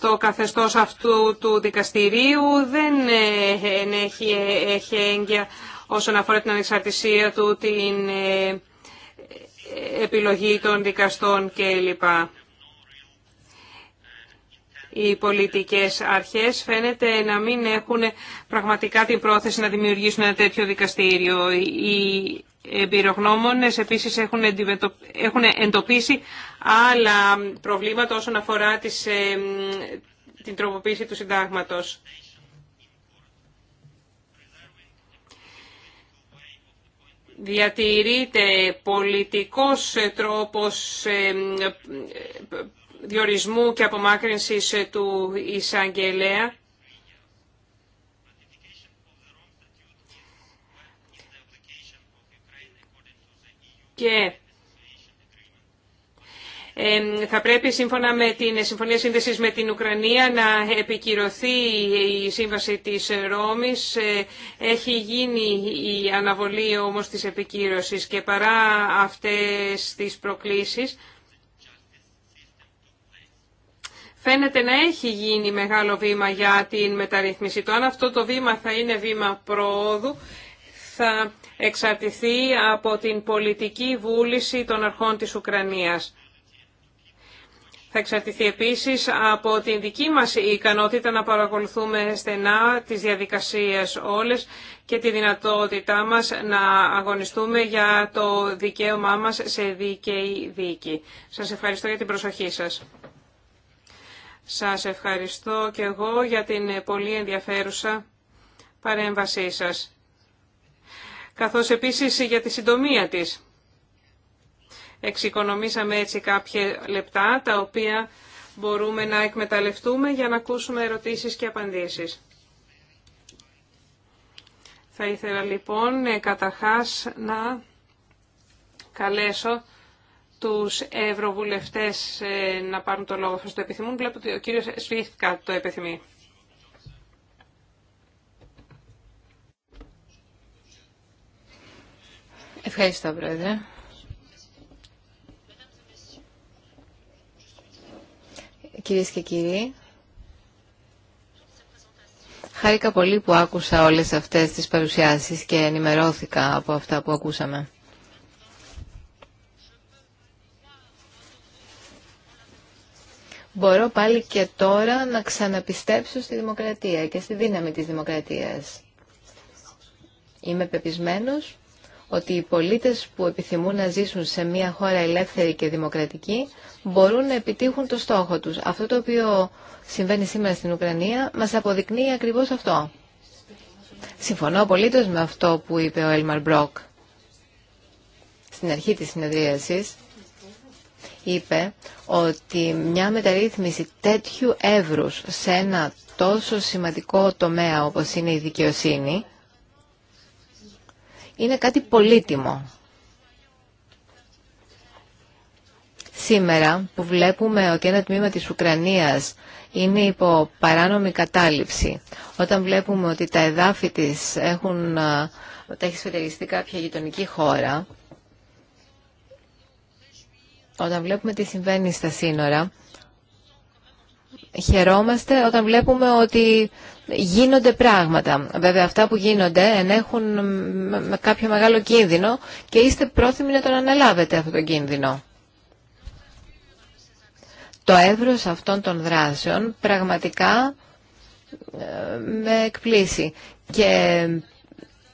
το καθεστώς αυτού του δικαστηρίου δεν ε, έχει, ε, έχει έγκαια όσον αφορά την ανεξαρτησία του, την ε, επιλογή των δικαστών κλπ οι πολιτικές αρχές φαίνεται να μην έχουν πραγματικά την πρόθεση να δημιουργήσουν ένα τέτοιο δικαστήριο. Οι εμπειρογνώμονες επίσης έχουν, έχουν εντοπίσει άλλα προβλήματα όσον αφορά τις, ε, την τροποποίηση του συντάγματος. διατηρείται πολιτικός ε, τρόπος ε, διορισμού και απομάκρυνσης ε, του Ισαγγελέα Και θα πρέπει σύμφωνα με την Συμφωνία Σύνδεσης με την Ουκρανία να επικυρωθεί η Σύμβαση της Ρώμης. Ε, έχει γίνει η αναβολή όμως της επικύρωσης και παρά αυτές τις προκλήσεις Φαίνεται να έχει γίνει μεγάλο βήμα για την μεταρρύθμιση. Το αν αυτό το βήμα θα είναι βήμα προόδου θα εξαρτηθεί από την πολιτική βούληση των αρχών της Ουκρανίας. Θα εξαρτηθεί επίσης από την δική μας ικανότητα να παρακολουθούμε στενά τις διαδικασίες όλες και τη δυνατότητά μας να αγωνιστούμε για το δικαίωμά μας σε δίκαιη δίκη. Σας ευχαριστώ για την προσοχή σας. Σας ευχαριστώ και εγώ για την πολύ ενδιαφέρουσα παρέμβασή σας, καθώς επίσης για τη συντομία της. Εξοικονομήσαμε έτσι κάποια λεπτά, τα οποία μπορούμε να εκμεταλλευτούμε για να ακούσουμε ερωτήσεις και απαντήσεις. Θα ήθελα λοιπόν ε, καταρχάς να καλέσω τους ευρωβουλευτές ε, να πάρουν το λόγο στο το επιθυμούν. Βλέπω ότι ο κύριος Σφίχτκα το επιθυμεί. Ευχαριστώ, Πρόεδρε. Κυρίες και κύριοι, χάρηκα πολύ που άκουσα όλες αυτές τις παρουσιάσεις και ενημερώθηκα από αυτά που ακούσαμε. μπορώ πάλι και τώρα να ξαναπιστέψω στη δημοκρατία και στη δύναμη της δημοκρατίας. Είμαι πεπισμένος ότι οι πολίτες που επιθυμούν να ζήσουν σε μια χώρα ελεύθερη και δημοκρατική μπορούν να επιτύχουν το στόχο τους. Αυτό το οποίο συμβαίνει σήμερα στην Ουκρανία μας αποδεικνύει ακριβώς αυτό. Συμφωνώ απολύτως με αυτό που είπε ο Έλμαρ Μπρόκ στην αρχή της συνεδρίασης είπε ότι μια μεταρρύθμιση τέτοιου εύρους σε ένα τόσο σημαντικό τομέα όπως είναι η δικαιοσύνη είναι κάτι πολύτιμο. Σήμερα που βλέπουμε ότι ένα τμήμα της Ουκρανίας είναι υπό παράνομη κατάληψη, όταν βλέπουμε ότι τα εδάφη της έχουν, τα έχει σφετεριστεί κάποια γειτονική χώρα, όταν βλέπουμε τι συμβαίνει στα σύνορα, χαιρόμαστε όταν βλέπουμε ότι γίνονται πράγματα. Βέβαια αυτά που γίνονται ενέχουν με κάποιο μεγάλο κίνδυνο και είστε πρόθυμοι να τον αναλάβετε αυτόν τον κίνδυνο. Το εύρος αυτών των δράσεων πραγματικά ε, με εκπλήσει και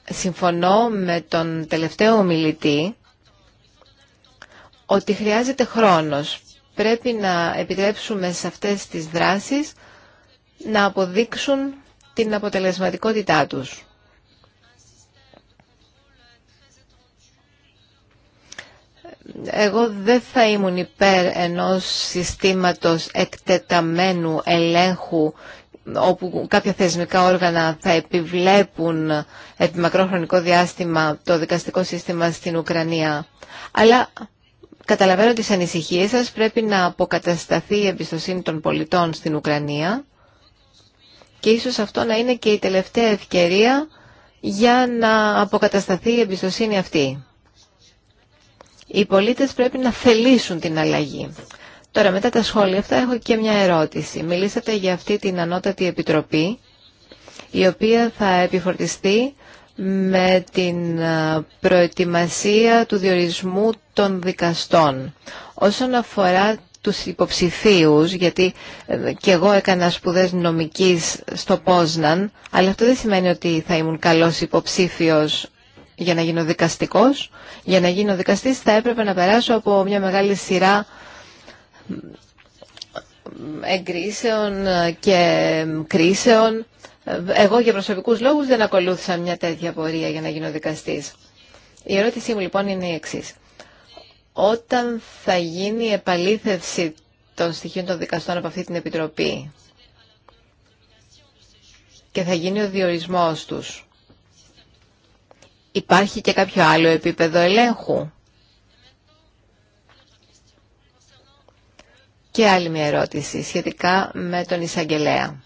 συμφωνώ με τον τελευταίο ομιλητή ότι χρειάζεται χρόνος. Πρέπει να επιτρέψουμε σε αυτές τις δράσεις να αποδείξουν την αποτελεσματικότητά τους. Εγώ δεν θα ήμουν υπέρ ενός συστήματος εκτεταμένου ελέγχου όπου κάποια θεσμικά όργανα θα επιβλέπουν επί μακρόχρονικό διάστημα το δικαστικό σύστημα στην Ουκρανία. Αλλά Καταλαβαίνω τις ανησυχίες σας, πρέπει να αποκατασταθεί η εμπιστοσύνη των πολιτών στην Ουκρανία και ίσως αυτό να είναι και η τελευταία ευκαιρία για να αποκατασταθεί η εμπιστοσύνη αυτή. Οι πολίτες πρέπει να θελήσουν την αλλαγή. Τώρα μετά τα σχόλια αυτά έχω και μια ερώτηση. Μιλήσατε για αυτή την ανώτατη επιτροπή η οποία θα επιφορτιστεί με την ε, προετοιμασία του διορισμού των δικαστών. Όσον αφορά τους υποψηφίους, γιατί ε, και εγώ έκανα σπουδές νομικής στο Πόσναν, αλλά αυτό δεν σημαίνει ότι θα ήμουν καλός υποψήφιος για να γίνω δικαστικός. Για να γίνω δικαστής θα έπρεπε να περάσω από μια μεγάλη σειρά εγκρίσεων ε, και κρίσεων. Εγώ για προσωπικούς λόγους δεν ακολούθησα μια τέτοια πορεία για να γίνω δικαστής. Η ερώτησή μου λοιπόν είναι η εξής όταν θα γίνει η επαλήθευση των στοιχείων των δικαστών από αυτή την Επιτροπή και θα γίνει ο διορισμός τους. Υπάρχει και κάποιο άλλο επίπεδο ελέγχου. Και άλλη μια ερώτηση σχετικά με τον εισαγγελέα.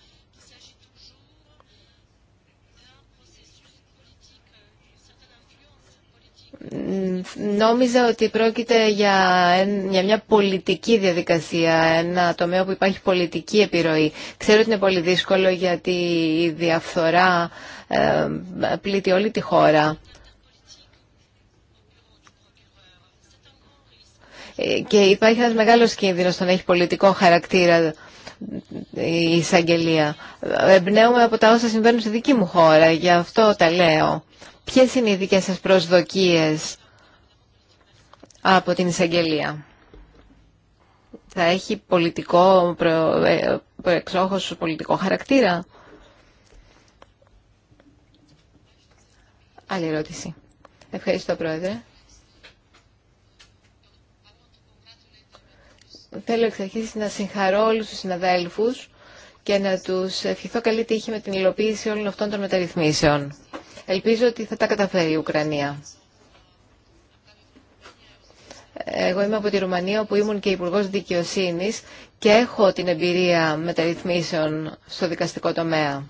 νόμιζα ότι πρόκειται για, μια πολιτική διαδικασία, ένα τομέα που υπάρχει πολιτική επιρροή. Ξέρω ότι είναι πολύ δύσκολο γιατί η διαφθορά ε, πλήττει όλη τη χώρα. Και υπάρχει ένας μεγάλος κίνδυνος στο να έχει πολιτικό χαρακτήρα η εισαγγελία. Εμπνέομαι από τα όσα συμβαίνουν στη δική μου χώρα, γι' αυτό τα λέω. Ποιες είναι οι δικές σας προσδοκίες από την εισαγγελία. Θα έχει πολιτικό, προ, ε, πολιτικό χαρακτήρα. Άλλη ερώτηση. Ευχαριστώ, Πρόεδρε. Θέλω εξ να συγχαρώ όλους τους συναδέλφους και να τους ευχηθώ καλή τύχη με την υλοποίηση όλων αυτών των μεταρρυθμίσεων. Ελπίζω ότι θα τα καταφέρει η Ουκρανία. Εγώ είμαι από τη Ρουμανία, όπου ήμουν και Υπουργό Δικαιοσύνη και έχω την εμπειρία μεταρρυθμίσεων στο δικαστικό τομέα.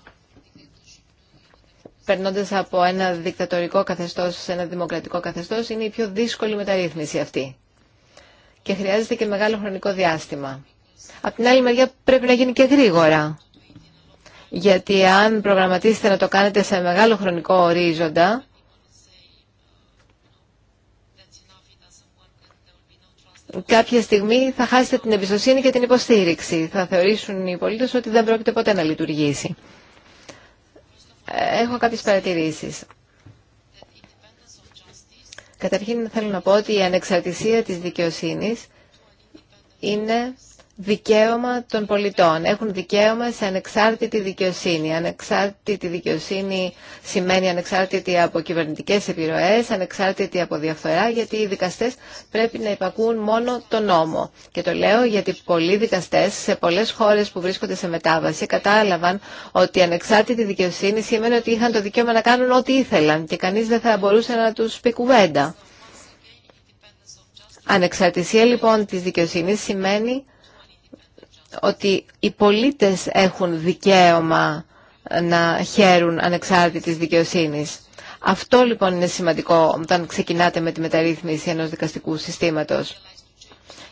Περνώντα από ένα δικτατορικό καθεστώ σε ένα δημοκρατικό καθεστώ, είναι η πιο δύσκολη μεταρρύθμιση αυτή. Και χρειάζεται και μεγάλο χρονικό διάστημα. Απ' την άλλη μεριά πρέπει να γίνει και γρήγορα γιατί αν προγραμματίσετε να το κάνετε σε μεγάλο χρονικό ορίζοντα, κάποια στιγμή θα χάσετε την εμπιστοσύνη και την υποστήριξη. Θα θεωρήσουν οι πολίτες ότι δεν πρόκειται ποτέ να λειτουργήσει. Έχω κάποιες παρατηρήσεις. Καταρχήν θέλω να πω ότι η ανεξαρτησία της δικαιοσύνης είναι δικαίωμα των πολιτών. Έχουν δικαίωμα σε ανεξάρτητη δικαιοσύνη. Ανεξάρτητη δικαιοσύνη σημαίνει ανεξάρτητη από κυβερνητικές επιρροές, ανεξάρτητη από διαφθορά, γιατί οι δικαστές πρέπει να υπακούν μόνο τον νόμο. Και το λέω γιατί πολλοί δικαστές σε πολλές χώρες που βρίσκονται σε μετάβαση κατάλαβαν ότι η ανεξάρτητη δικαιοσύνη σημαίνει ότι είχαν το δικαίωμα να κάνουν ό,τι ήθελαν και κανεί δεν θα μπορούσε να τους πει κουβέντα. Ανεξαρτησία λοιπόν της δικαιοσύνης σημαίνει ότι οι πολίτες έχουν δικαίωμα να χαίρουν ανεξάρτητης δικαιοσύνης. Αυτό λοιπόν είναι σημαντικό όταν ξεκινάτε με τη μεταρρύθμιση ενός δικαστικού συστήματος.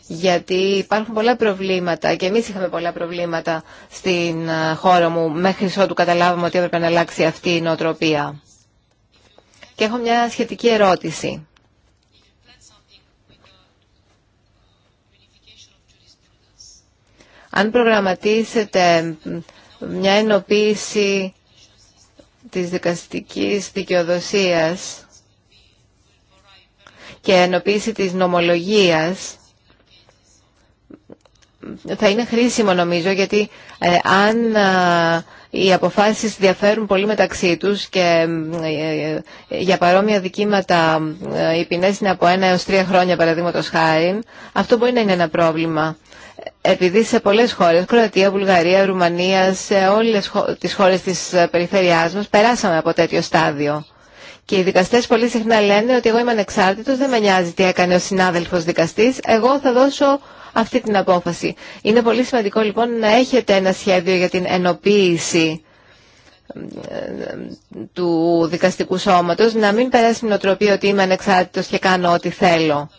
Γιατί υπάρχουν πολλά προβλήματα και εμείς είχαμε πολλά προβλήματα στην ε, χώρα μου μέχρι ότου καταλάβαμε ότι έπρεπε να αλλάξει αυτή η νοοτροπία. Και έχω μια σχετική ερώτηση. Αν προγραμματίσετε μια ενοποίηση της δικαστικής δικαιοδοσίας και ενοποίηση της νομολογίας, θα είναι χρήσιμο νομίζω γιατί ε, αν ε, οι αποφάσεις διαφέρουν πολύ μεταξύ τους και ε, για παρόμοια δικήματα οι ποινές είναι από ένα έως τρία χρόνια παραδείγματο χάρη, αυτό μπορεί να είναι ένα πρόβλημα επειδή σε πολλές χώρες, Κροατία, Βουλγαρία, Ρουμανία, σε όλες τις χώρες της ε, περιφερειάς μας, περάσαμε από τέτοιο στάδιο. Και οι δικαστές πολύ συχνά λένε ότι εγώ είμαι ανεξάρτητος, δεν με νοιάζει τι έκανε ο συνάδελφος δικαστής, εγώ θα δώσω αυτή την απόφαση. Είναι πολύ σημαντικό λοιπόν να έχετε ένα σχέδιο για την ενοποίηση ε, του δικαστικού σώματος, να μην περάσει την νοοτροπία ότι είμαι ανεξάρτητος και κάνω ό,τι θέλω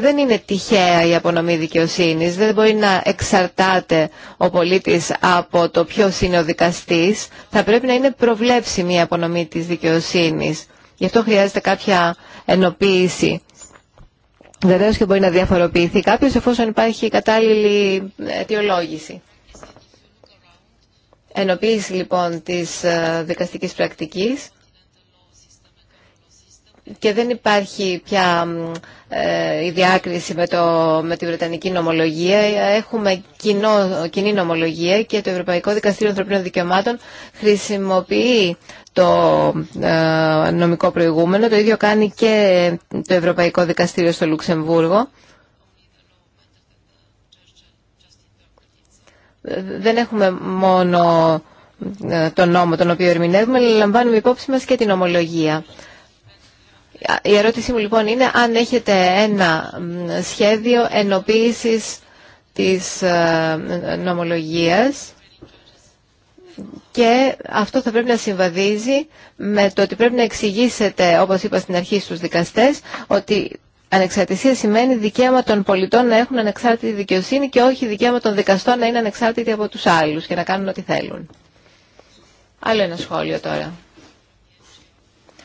δεν είναι τυχαία η απονομή δικαιοσύνης. Δεν μπορεί να εξαρτάται ο πολίτης από το ποιος είναι ο δικαστής. Θα πρέπει να είναι προβλέψιμη η απονομή της δικαιοσύνης. Γι' αυτό χρειάζεται κάποια ενοποίηση. Βεβαίω και μπορεί να διαφοροποιηθεί κάποιος εφόσον υπάρχει κατάλληλη αιτιολόγηση. Ενοποίηση λοιπόν της ε, δικαστικής πρακτικής και δεν υπάρχει πια ε, η διάκριση με, το, με τη Βρετανική νομολογία. Έχουμε κοινό, κοινή νομολογία και το Ευρωπαϊκό Δικαστήριο Ανθρωπίνων Δικαιωμάτων χρησιμοποιεί το ε, νομικό προηγούμενο. Το ίδιο κάνει και το Ευρωπαϊκό Δικαστήριο στο Λουξεμβούργο. Δεν έχουμε μόνο ε, τον νόμο τον οποίο ερμηνεύουμε, αλλά λαμβάνουμε υπόψη μας και την ομολογία. Η ερώτησή μου λοιπόν είναι αν έχετε ένα σχέδιο ενοποίησης της ε, νομολογίας και αυτό θα πρέπει να συμβαδίζει με το ότι πρέπει να εξηγήσετε, όπως είπα στην αρχή στους δικαστές, ότι ανεξαρτησία σημαίνει δικαίωμα των πολιτών να έχουν ανεξάρτητη δικαιοσύνη και όχι δικαίωμα των δικαστών να είναι ανεξάρτητοι από τους άλλους και να κάνουν ό,τι θέλουν. Άλλο ένα σχόλιο τώρα.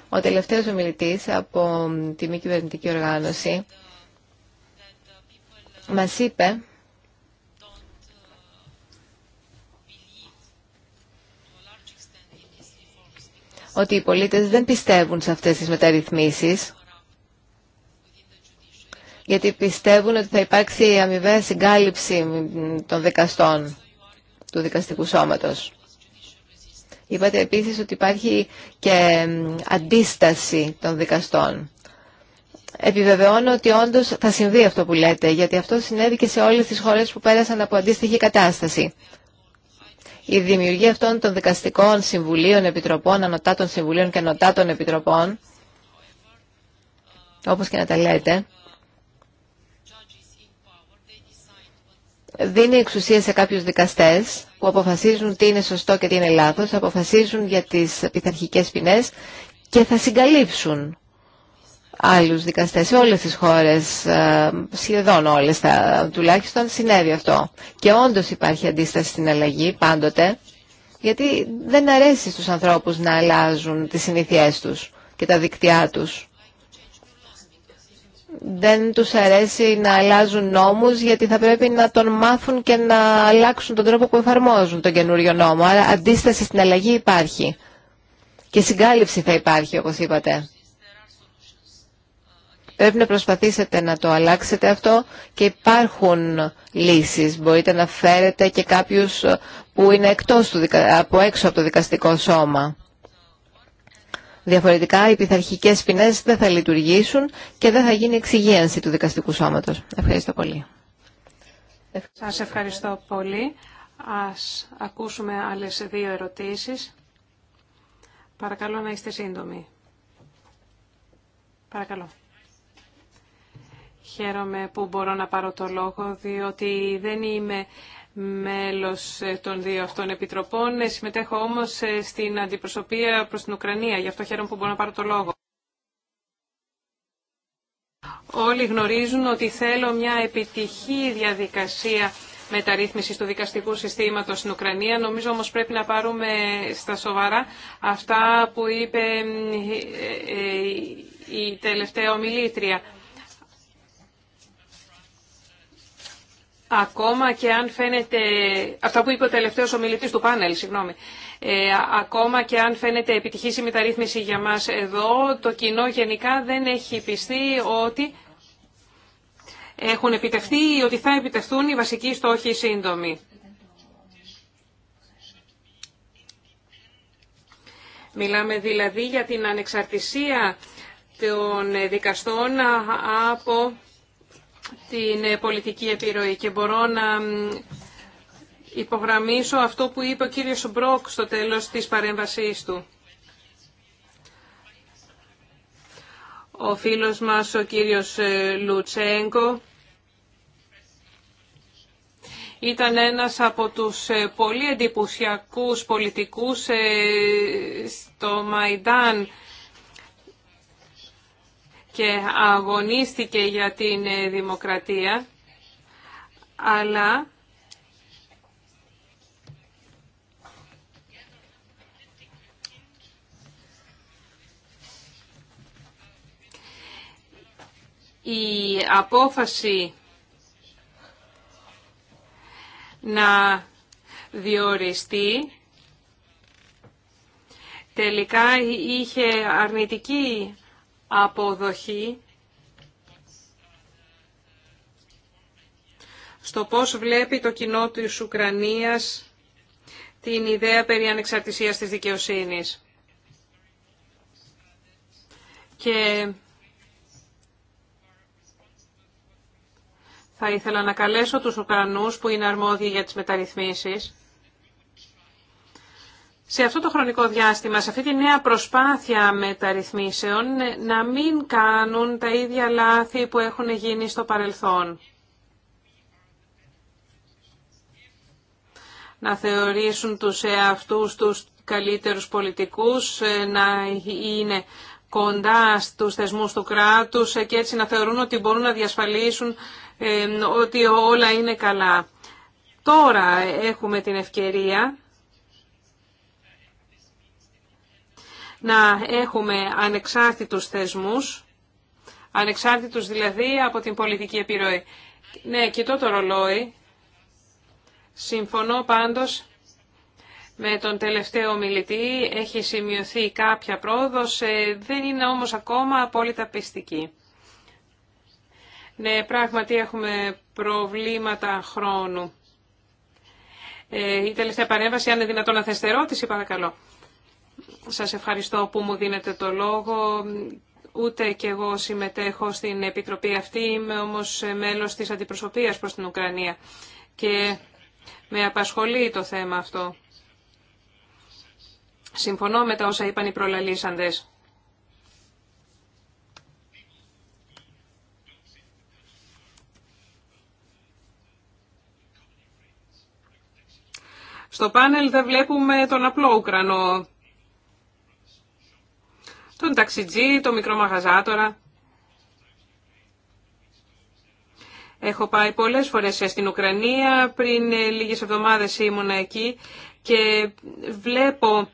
Ο τελευταίος ομιλητής από τη μη κυβερνητική οργάνωση μας είπε ότι οι πολίτες δεν πιστεύουν σε αυτές τις μεταρρυθμίσεις γιατί πιστεύουν ότι θα υπάρξει αμοιβαία συγκάλυψη των δικαστών του δικαστικού σώματος. Είπατε επίσης ότι υπάρχει και αντίσταση των δικαστών. Επιβεβαιώνω ότι όντως θα συμβεί αυτό που λέτε, γιατί αυτό συνέβη και σε όλες τις χώρες που πέρασαν από αντίστοιχη κατάσταση. Η δημιουργία αυτών των δικαστικών συμβουλίων, επιτροπών, ανωτάτων συμβουλίων και ανωτάτων επιτροπών, όπως και να τα λέτε, δίνει εξουσία σε κάποιους δικαστές που αποφασίζουν τι είναι σωστό και τι είναι λάθος, αποφασίζουν για τις πειθαρχικές ποινές και θα συγκαλύψουν άλλους δικαστές σε όλες τις χώρες, ε, σχεδόν όλες τα, τουλάχιστον συνέβη αυτό. Και όντως υπάρχει αντίσταση στην αλλαγή πάντοτε, γιατί δεν αρέσει στους ανθρώπους να αλλάζουν τις συνήθειές τους και τα δικτυά τους δεν τους αρέσει να αλλάζουν νόμους γιατί θα πρέπει να τον μάθουν και να αλλάξουν τον τρόπο που εφαρμόζουν τον καινούριο νόμο. Άρα αντίσταση στην αλλαγή υπάρχει και συγκάλυψη θα υπάρχει όπως είπατε. Πρέπει να προσπαθήσετε να το αλλάξετε αυτό και υπάρχουν λύσεις. Μπορείτε να φέρετε και κάποιους που είναι εκτός του, από έξω από το δικαστικό σώμα. Διαφορετικά οι πειθαρχικέ ποινέ δεν θα λειτουργήσουν και δεν θα γίνει εξυγίανση του δικαστικού σώματος. Ευχαριστώ πολύ. Σας ευχαριστώ πολύ. Ας ακούσουμε άλλες δύο ερωτήσεις. Παρακαλώ να είστε σύντομοι. Παρακαλώ. Χαίρομαι που μπορώ να πάρω το λόγο, διότι δεν είμαι μέλος ε, των δύο αυτών επιτροπών. Ε, συμμετέχω όμως ε, στην αντιπροσωπεία προς την Ουκρανία. Γι' αυτό χαίρομαι που μπορώ να πάρω το λόγο. Όλοι γνωρίζουν ότι θέλω μια επιτυχή διαδικασία μεταρρύθμισης του δικαστικού συστήματο στην Ουκρανία. Νομίζω όμω πρέπει να πάρουμε στα σοβαρά αυτά που είπε η τελευταία ομιλήτρια. ακόμα και αν φαίνεται, αυτά που είπε ο τελευταίος ομιλητής του πάνελ, ε, ακόμα και αν φαίνεται επιτυχής η μεταρρύθμιση για μας εδώ, το κοινό γενικά δεν έχει πιστεί ότι έχουν επιτευχθεί ή ότι θα επιτευχθούν οι βασικοί στόχοι σύντομοι. Μιλάμε δηλαδή για την ανεξαρτησία των δικαστών από την ε, πολιτική επιρροή και μπορώ να υπογραμμίσω αυτό που είπε ο κύριος Μπρόκ στο τέλος της παρέμβασής του. Ο φίλος μας, ο κύριος ε, Λουτσέγκο, ήταν ένας από τους ε, πολύ εντυπωσιακού πολιτικούς στο Μαϊντάν και αγωνίστηκε για την ε, δημοκρατία, αλλά η απόφαση να διοριστεί τελικά είχε αρνητική αποδοχή στο πώς βλέπει το κοινό της Ουκρανίας την ιδέα περί ανεξαρτησίας της δικαιοσύνης. Και θα ήθελα να καλέσω τους Ουκρανούς που είναι αρμόδιοι για τις μεταρρυθμίσεις σε αυτό το χρονικό διάστημα, σε αυτή τη νέα προσπάθεια μεταρρυθμίσεων, να μην κάνουν τα ίδια λάθη που έχουν γίνει στο παρελθόν. Να θεωρήσουν τους εαυτούς τους καλύτερους πολιτικούς, ε, να είναι κοντά στους θεσμούς του κράτους ε, και έτσι να θεωρούν ότι μπορούν να διασφαλίσουν ε, ότι όλα είναι καλά. Τώρα έχουμε την ευκαιρία να έχουμε ανεξάρτητους θεσμούς, ανεξάρτητους δηλαδή από την πολιτική επιρροή. Ναι, κοιτώ το ρολόι. Συμφωνώ πάντως με τον τελευταίο μιλητή. Έχει σημειωθεί κάποια πρόοδος, ε, δεν είναι όμως ακόμα απόλυτα πιστική. Ναι, πράγματι έχουμε προβλήματα χρόνου. Ε, η τελευταία παρέμβαση, αν είναι δυνατόν να παρακαλώ. Σας ευχαριστώ που μου δίνετε το λόγο. Ούτε κι εγώ συμμετέχω στην Επιτροπή αυτή, είμαι όμως μέλος της αντιπροσωπείας προς την Ουκρανία και με απασχολεί το θέμα αυτό. Συμφωνώ με τα όσα είπαν οι προλαλήσαντες. Στο πάνελ δεν βλέπουμε τον απλό Ουκρανό τον ταξιτζή, τον μικρό μαγαζάτορα. Έχω πάει πολλές φορές στην Ουκρανία, πριν λίγες εβδομάδες ήμουνα εκεί και βλέπω,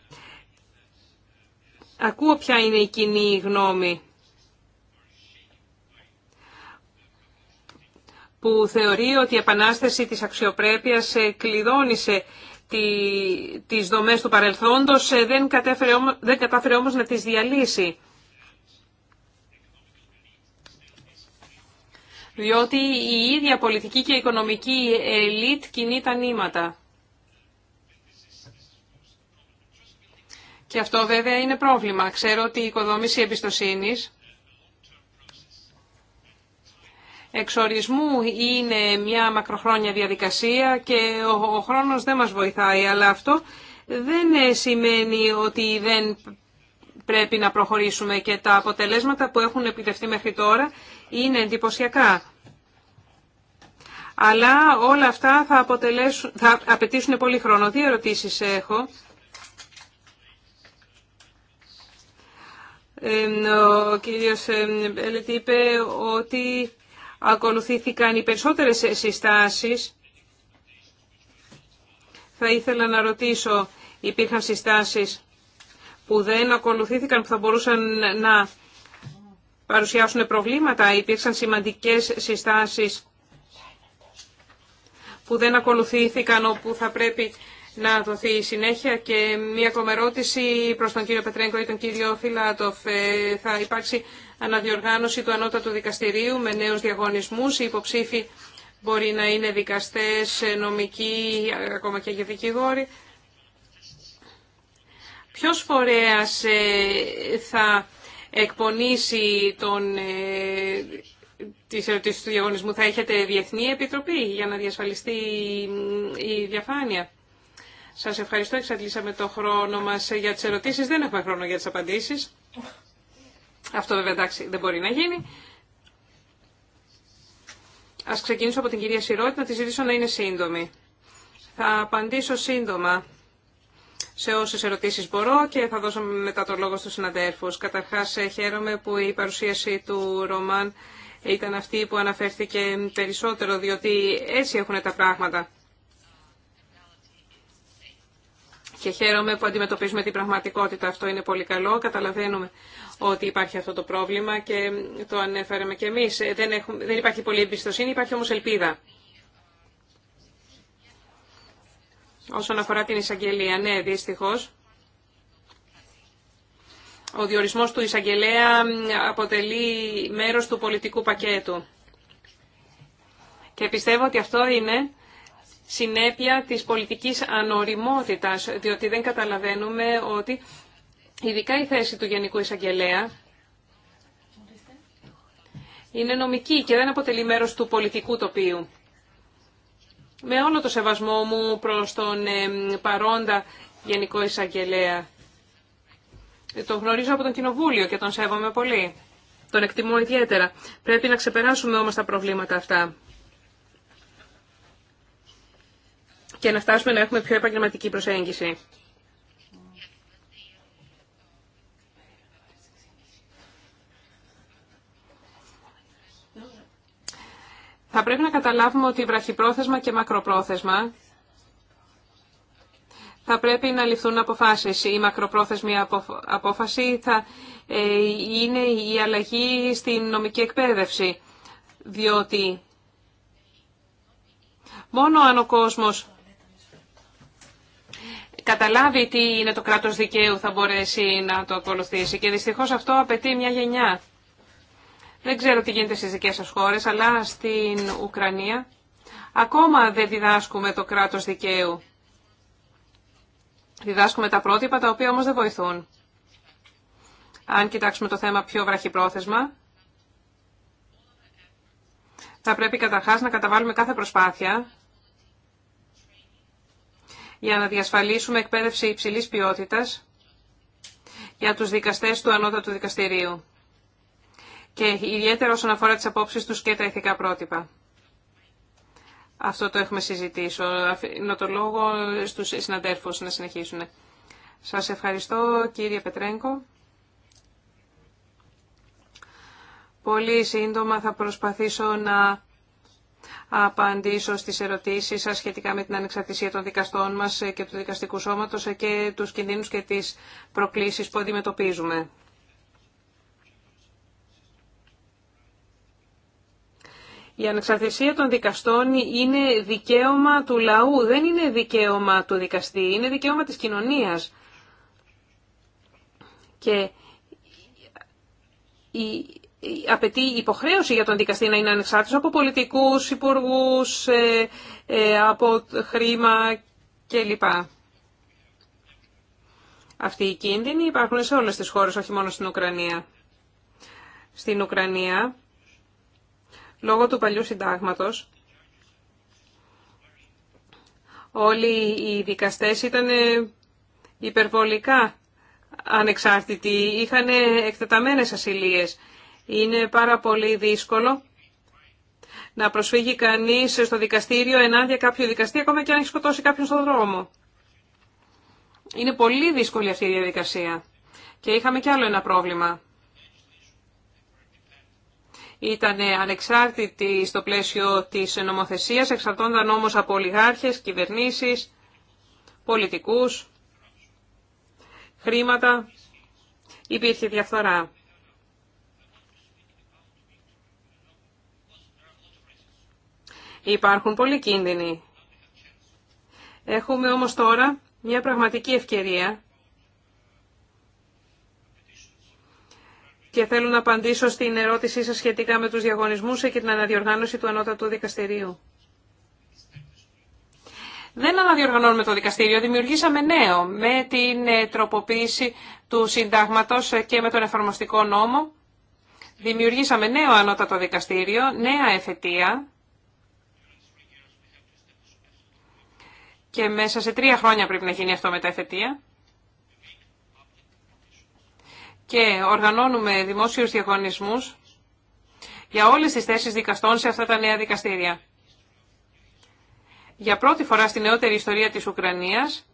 ακούω ποια είναι η κοινή γνώμη που θεωρεί ότι η επανάσταση της αξιοπρέπειας ε, κλειδώνησε τις δομές του παρελθόντος, ε, δεν κατάφερε δεν κατάφερε όμως να τις διαλύσει. Διότι η ίδια πολιτική και οικονομική ελίτ κινεί τα νήματα. Και αυτό βέβαια είναι πρόβλημα. Ξέρω ότι η οικοδόμηση εμπιστοσύνης εξορισμού είναι μια μακροχρόνια διαδικασία και ο, χρόνος δεν μας βοηθάει, αλλά αυτό δεν σημαίνει ότι δεν πρέπει να προχωρήσουμε και τα αποτελέσματα που έχουν επιτευχθεί μέχρι τώρα είναι εντυπωσιακά. Αλλά όλα αυτά θα, αποτελέσουν, θα απαιτήσουν πολύ χρόνο. Δύο ερωτήσεις έχω. Ο κύριος Μπέλετ είπε ότι ακολουθήθηκαν οι περισσότερες συστάσεις. Θα ήθελα να ρωτήσω, υπήρχαν συστάσεις που δεν ακολουθήθηκαν, που θα μπορούσαν να παρουσιάσουν προβλήματα. Υπήρξαν σημαντικές συστάσεις που δεν ακολουθήθηκαν, όπου θα πρέπει να δοθεί η συνέχεια. Και μία ακόμα ερώτηση προς τον κύριο Πετρέγκο ή τον κύριο Φιλάτοφ. Ε, θα υπάρξει αναδιοργάνωση του Ανώτατου Δικαστηρίου με νέους διαγωνισμούς. Οι υποψήφοι μπορεί να είναι δικαστές, νομικοί, ακόμα και για δικηγόροι. Ποιος φορέας ε, θα εκπονήσει τον, ε, τις ερωτήσεις του διαγωνισμού, θα έχετε διεθνή επιτροπή για να διασφαλιστεί η διαφάνεια. Σας ευχαριστώ, εξαντλήσαμε το χρόνο μας για τις ερωτήσεις. Δεν έχουμε χρόνο για τις απαντήσεις. Αυτό βέβαια εντάξει δεν μπορεί να γίνει. Ας ξεκινήσω από την κυρία Σιρότη να τη ζητήσω να είναι σύντομη. Θα απαντήσω σύντομα σε όσε ερωτήσει μπορώ και θα δώσω μετά το λόγο στου συναντέρφους. Καταρχά, ε, χαίρομαι που η παρουσίαση του Ρωμάν ήταν αυτή που αναφέρθηκε περισσότερο, διότι έτσι έχουν τα πράγματα. Και χαίρομαι που αντιμετωπίζουμε την πραγματικότητα. Αυτό είναι πολύ καλό. Καταλαβαίνουμε ότι υπάρχει αυτό το πρόβλημα και το ανέφεραμε και εμείς. Ε, δεν, δεν υπάρχει πολύ εμπιστοσύνη, υπάρχει όμως ελπίδα. Όσον αφορά την εισαγγελία, ναι, δυστυχώς. Ο διορισμός του εισαγγελέα αποτελεί μέρος του πολιτικού πακέτου. Και πιστεύω ότι αυτό είναι συνέπεια της πολιτικής ανοριμότητας, διότι δεν καταλαβαίνουμε ότι ειδικά η θέση του Γενικού Εισαγγελέα είναι νομική και δεν αποτελεί μέρος του πολιτικού τοπίου. Με όλο το σεβασμό μου προς τον παρόντα Γενικό Εισαγγελέα, τον γνωρίζω από τον Κοινοβούλιο και τον σέβομαι πολύ. Τον εκτιμώ ιδιαίτερα. Πρέπει να ξεπεράσουμε όμως τα προβλήματα αυτά. και να φτάσουμε να έχουμε πιο επαγγελματική προσέγγιση. Θα πρέπει να καταλάβουμε ότι βραχυπρόθεσμα και μακροπρόθεσμα θα πρέπει να ληφθούν αποφάσεις. Η μακροπρόθεσμη απόφαση θα ε, είναι η αλλαγή στην νομική εκπαίδευση, διότι μόνο αν ο κόσμος καταλάβει τι είναι το κράτος δικαίου θα μπορέσει να το ακολουθήσει. Και δυστυχώς αυτό απαιτεί μια γενιά. Δεν ξέρω τι γίνεται στις δικές σας χώρες, αλλά στην Ουκρανία ακόμα δεν διδάσκουμε το κράτος δικαίου. Διδάσκουμε τα πρότυπα, τα οποία όμως δεν βοηθούν. Αν κοιτάξουμε το θέμα πιο βραχυπρόθεσμα, θα πρέπει καταρχάς να καταβάλουμε κάθε προσπάθεια για να διασφαλίσουμε εκπαίδευση υψηλής ποιότητας για τους δικαστές του Ανώτατου Δικαστηρίου και ιδιαίτερα όσον αφορά τις απόψεις τους και τα ηθικά πρότυπα. Αυτό το έχουμε συζητήσει. Αφήνω το λόγο στους συναδέρφους να συνεχίσουν. Σας ευχαριστώ κύριε Πετρέγκο. Πολύ σύντομα θα προσπαθήσω να απαντήσω στις ερωτήσεις σας σχετικά με την ανεξαρτησία των δικαστών μας και του δικαστικού σώματος και τους κινδύνους και τις προκλήσεις που αντιμετωπίζουμε. Η ανεξαρτησία των δικαστών είναι δικαίωμα του λαού, δεν είναι δικαίωμα του δικαστή, είναι δικαίωμα της κοινωνίας. Και η απαιτεί υποχρέωση για τον δικαστή να είναι ανεξάρτητος από πολιτικούς, υπουργούς, ε, ε, από χρήμα κλπ. Αυτοί οι κίνδυνοι υπάρχουν σε όλες τις χώρες, όχι μόνο στην Ουκρανία. Στην Ουκρανία, λόγω του παλιού συντάγματος, όλοι οι δικαστές ήταν υπερβολικά ανεξάρτητοι, είχαν εκτεταμένες ασυλίες. Είναι πάρα πολύ δύσκολο να προσφύγει κανείς στο δικαστήριο ενάντια κάποιου δικαστή, ακόμα και αν έχει σκοτώσει κάποιον στον δρόμο. Είναι πολύ δύσκολη αυτή η διαδικασία. Και είχαμε κι άλλο ένα πρόβλημα. Ήταν ανεξάρτητη στο πλαίσιο της νομοθεσίας, εξαρτώνταν όμως από ολιγάρχες, κυβερνήσεις, πολιτικούς, χρήματα. Υπήρχε διαφθορά. Υπάρχουν πολλοί κίνδυνοι. Έχουμε όμως τώρα μια πραγματική ευκαιρία και θέλω να απαντήσω στην ερώτησή σας σχετικά με τους διαγωνισμούς και την αναδιοργάνωση του Ανώτατου Δικαστηρίου. Δεν αναδιοργανώνουμε το δικαστήριο, δημιουργήσαμε νέο με την ε, τροποποίηση του συντάγματος και με τον εφαρμοστικό νόμο. Δημιουργήσαμε νέο ανώτατο δικαστήριο, νέα εφετεία και μέσα σε τρία χρόνια πρέπει να γίνει αυτό με τα Και οργανώνουμε δημόσιους διαγωνισμούς για όλες τις θέσεις δικαστών σε αυτά τα νέα δικαστήρια. Για πρώτη φορά στη νεότερη ιστορία της Ουκρανίας,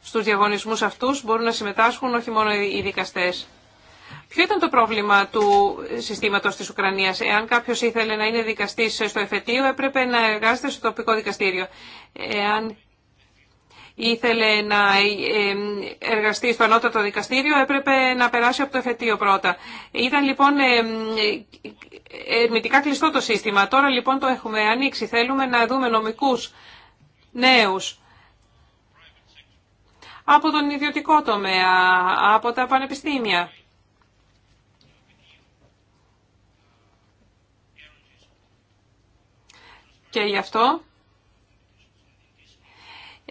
στους διαγωνισμούς αυτούς μπορούν να συμμετάσχουν όχι μόνο οι δικαστές, Ποιο ήταν το πρόβλημα του συστήματος της Ουκρανίας. Εάν κάποιος ήθελε να είναι δικαστής στο εφετείο έπρεπε να εργάζεται στο τοπικό δικαστήριο. Εάν ήθελε να ε, εργαστεί στο ανώτατο δικαστήριο έπρεπε να περάσει από το εφετείο πρώτα. Ήταν λοιπόν ε, ε, ερμητικά κλειστό το σύστημα. Τώρα λοιπόν το έχουμε ανοίξει. Θέλουμε να δούμε νομικούς νέους από τον ιδιωτικό τομέα, από τα πανεπιστήμια. Και γι' αυτό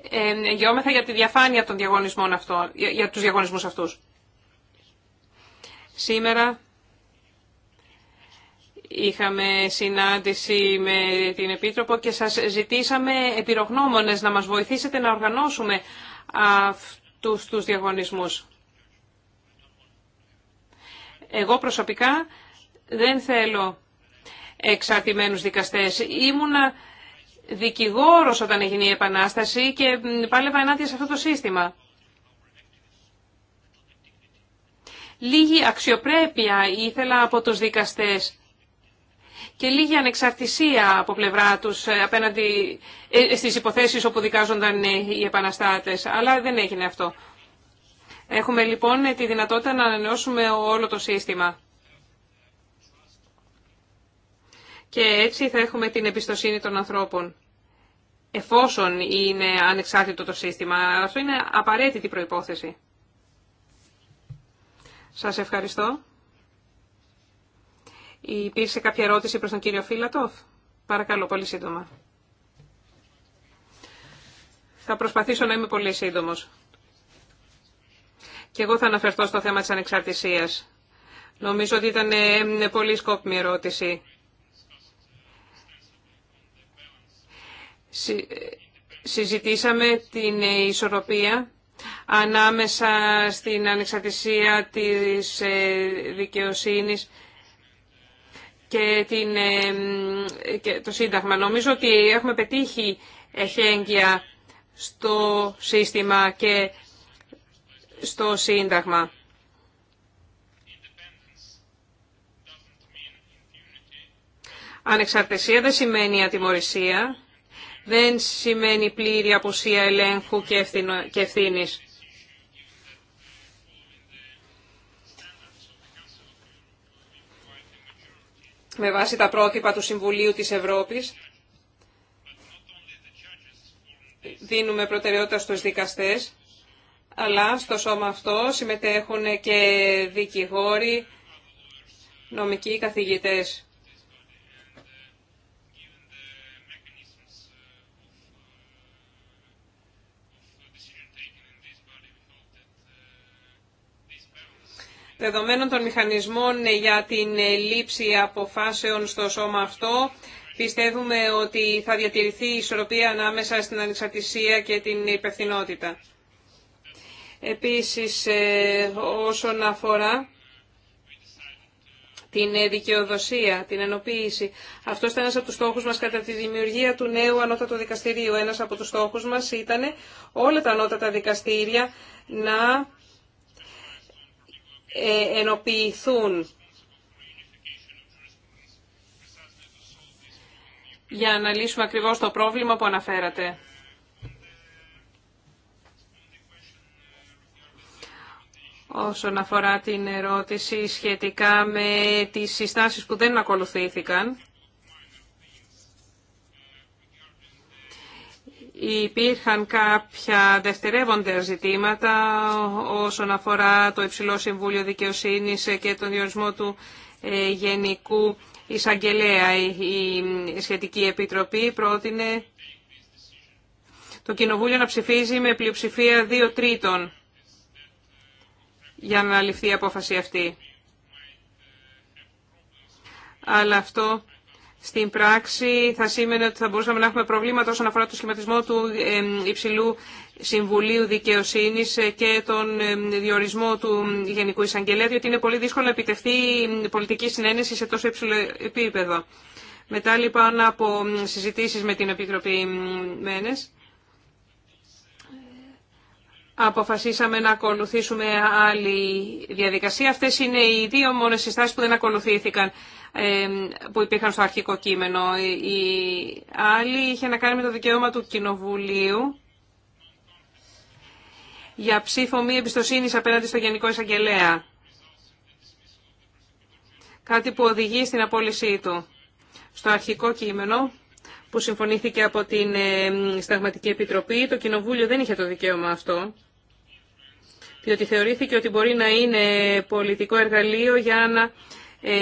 ε, για τη διαφάνεια των διαγωνισμών αυτών, για, τους διαγωνισμούς αυτούς. Σήμερα είχαμε συνάντηση με την Επίτροπο και σας ζητήσαμε επιρογνώμονες να μας βοηθήσετε να οργανώσουμε αυτούς τους διαγωνισμούς. Εγώ προσωπικά δεν θέλω εξαρτημένους δικαστές. Ήμουνα δικηγόρος όταν έγινε η Επανάσταση και πάλευα ενάντια σε αυτό το σύστημα. Λίγη αξιοπρέπεια ήθελα από τους δικαστές και λίγη ανεξαρτησία από πλευρά τους ε, απέναντι ε, στις υποθέσεις όπου δικάζονταν ε, οι επαναστάτες. Αλλά δεν έγινε αυτό. Έχουμε λοιπόν τη δυνατότητα να ανανεώσουμε όλο το σύστημα. και έτσι θα έχουμε την εμπιστοσύνη των ανθρώπων. Εφόσον είναι ανεξάρτητο το σύστημα, αυτό είναι απαραίτητη προϋπόθεση. Σας ευχαριστώ. Υπήρξε κάποια ερώτηση προς τον κύριο Φίλατοφ. Παρακαλώ, πολύ σύντομα. Θα προσπαθήσω να είμαι πολύ σύντομος. Και εγώ θα αναφερθώ στο θέμα της ανεξαρτησίας. Νομίζω ότι ήταν ε, πολύ σκόπιμη ερώτηση. συζητήσαμε την ισορροπία ανάμεσα στην ανεξαρτησία της ε, δικαιοσύνης και, την, ε, και το Σύνταγμα. Νομίζω ότι έχουμε πετύχει εχέγγυα στο σύστημα και στο Σύνταγμα. Ανεξαρτησία δεν σημαίνει ατιμορρησία δεν σημαίνει πλήρη απουσία ελέγχου και ευθύνη. Με βάση τα πρότυπα του Συμβουλίου της Ευρώπης, δίνουμε προτεραιότητα στους δικαστές, αλλά στο σώμα αυτό συμμετέχουν και δικηγόροι, νομικοί καθηγητές. Δεδομένων των μηχανισμών ε, για την ε, λήψη αποφάσεων στο σώμα αυτό, πιστεύουμε ότι θα διατηρηθεί η ισορροπία ανάμεσα στην ανεξαρτησία και την υπευθυνότητα. Επίσης, ε, όσον αφορά την δικαιοδοσία, την ενοποίηση. Αυτό ήταν ένας από τους στόχου μας κατά τη δημιουργία του νέου ανώτατου δικαστηρίου. Ένας από τους στόχους μας ήταν όλα τα ανώτατα δικαστήρια να ε, ενοποιηθούν για να λύσουμε ακριβώς το πρόβλημα που αναφέρατε. Όσον αφορά την ερώτηση σχετικά με τις συστάσεις που δεν ακολουθήθηκαν, Υπήρχαν κάποια δευτερεύοντα ζητήματα όσον αφορά το Υψηλό Συμβούλιο Δικαιοσύνης και τον διορισμό του ε, Γενικού Εισαγγελέα. Η σχετική επιτροπή πρότεινε το Κοινοβούλιο να ψηφίζει με πλειοψηφία δύο τρίτων για να ληφθεί η απόφαση αυτή. Αλλά αυτό στην πράξη θα σήμαινε ότι θα μπορούσαμε να έχουμε προβλήματα όσον αφορά το σχηματισμό του υψηλού Συμβουλίου Δικαιοσύνη και τον διορισμό του Γενικού Εισαγγελέα, διότι είναι πολύ δύσκολο να επιτευχθεί πολιτική συνένεση σε τόσο υψηλό επίπεδο. Μετά λοιπόν από συζητήσεις με την Επιτροπή Μένες, αποφασίσαμε να ακολουθήσουμε άλλη διαδικασία. Αυτές είναι οι δύο μόνες συστάσεις που δεν ακολουθήθηκαν που υπήρχαν στο αρχικό κείμενο. Η άλλη είχε να κάνει με το δικαίωμα του Κοινοβουλίου για ψήφο μη εμπιστοσύνης απέναντι στο Γενικό Εισαγγελέα. Κάτι που οδηγεί στην απόλυσή του. Στο αρχικό κείμενο που συμφωνήθηκε από την Σταγματική Επιτροπή, το Κοινοβούλιο δεν είχε το δικαίωμα αυτό, διότι θεωρήθηκε ότι μπορεί να είναι πολιτικό εργαλείο για να ε,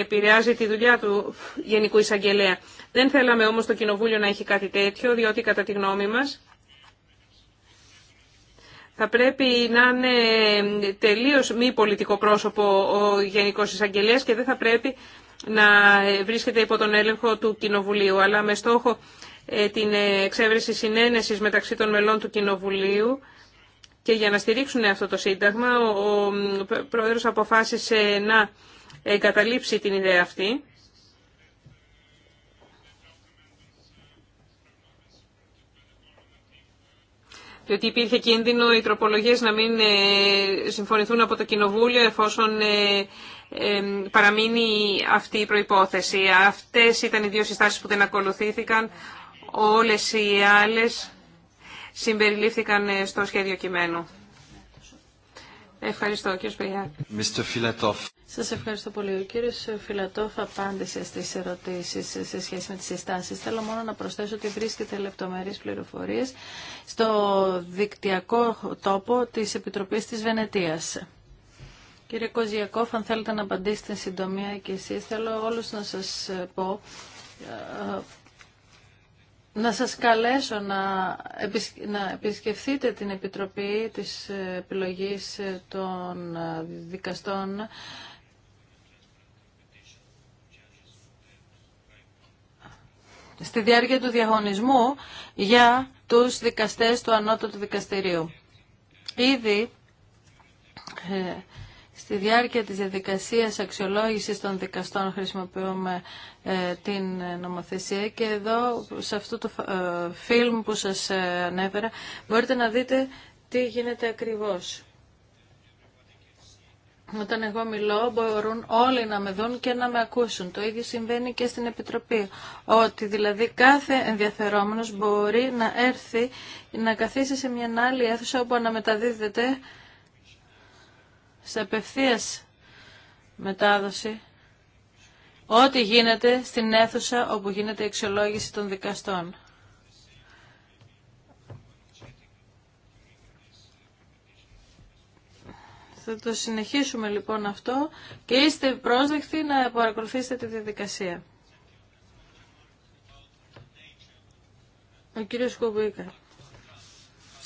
επηρεάζει τη δουλειά του Γενικού Εισαγγελέα. Δεν θέλαμε όμως το Κοινοβούλιο να έχει κάτι τέτοιο, διότι κατά τη γνώμη μας θα πρέπει να είναι τελείως μη πολιτικό πρόσωπο ο Γενικός Εισαγγελέας και δεν θα πρέπει να βρίσκεται υπό τον έλεγχο του Κοινοβουλίου, αλλά με στόχο ε, την εξέβρεση συνένεσης μεταξύ των μελών του Κοινοβουλίου και για να στηρίξουν αυτό το Σύνταγμα, ο Πρόεδρος αποφάσισε να εγκαταλείψει την ιδέα αυτή. διότι υπήρχε κίνδυνο οι τροπολογίε να μην ε, συμφωνηθούν από το Κοινοβούλιο εφόσον ε, ε, παραμείνει αυτή η προϋπόθεση. Αυτές ήταν οι δύο συστάσεις που δεν ακολουθήθηκαν. Όλες οι άλλες συμπεριλήφθηκαν στο σχέδιο κειμένου. Ευχαριστώ, κύριε Φιλατόφ. Σας ευχαριστώ πολύ. Ο κύριο Φιλατόφ απάντησε στις ερωτήσει σε σχέση με τι συστάσει. Θέλω μόνο να προσθέσω ότι βρίσκεται λεπτομερεί πληροφορίε στο δικτυακό τόπο τη Επιτροπή τη Βενετία. Κύριε Κοζιακόφ, αν θέλετε να απαντήσετε συντομία και εσεί, θέλω όλου να σα πω να σας καλέσω να, επισκεφθείτε την Επιτροπή της Επιλογής των Δικαστών στη διάρκεια του διαγωνισμού για τους δικαστές του Ανώτατου Δικαστηρίου. Ήδη ε, Στη διάρκεια της διαδικασίας αξιολόγησης των δικαστών χρησιμοποιούμε ε, την ε, νομοθεσία και εδώ σε αυτό το ε, φιλμ που σας ανέφερα μπορείτε να δείτε τι γίνεται ακριβώς. Όταν εγώ μιλώ μπορούν όλοι να με δουν και να με ακούσουν. Το ίδιο συμβαίνει και στην Επιτροπή. Ότι δηλαδή κάθε ενδιαφερόμενος μπορεί να έρθει να καθίσει σε μια άλλη αίθουσα όπου αναμεταδίδεται σε απευθείας μετάδοση ό,τι γίνεται στην αίθουσα όπου γίνεται η αξιολόγηση των δικαστών. Θα το συνεχίσουμε λοιπόν αυτό και είστε πρόσδεκτοι να παρακολουθήσετε τη διαδικασία. Ο κύριος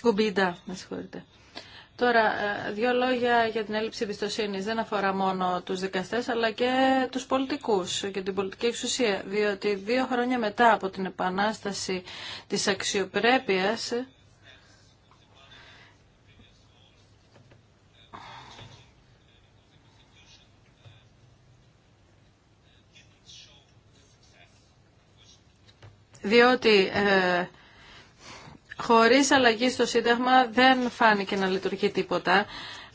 Κουμπίκα. με συγχωρείτε. Τώρα, ε, δύο λόγια για την έλλειψη εμπιστοσύνη. Δεν αφορά μόνο του δικαστέ, αλλά και του πολιτικού και την πολιτική εξουσία. Διότι δύο χρόνια μετά από την επανάσταση τη αξιοπρέπεια. Διότι ε, χωρίς αλλαγή στο Σύνταγμα δεν φάνηκε να λειτουργεί τίποτα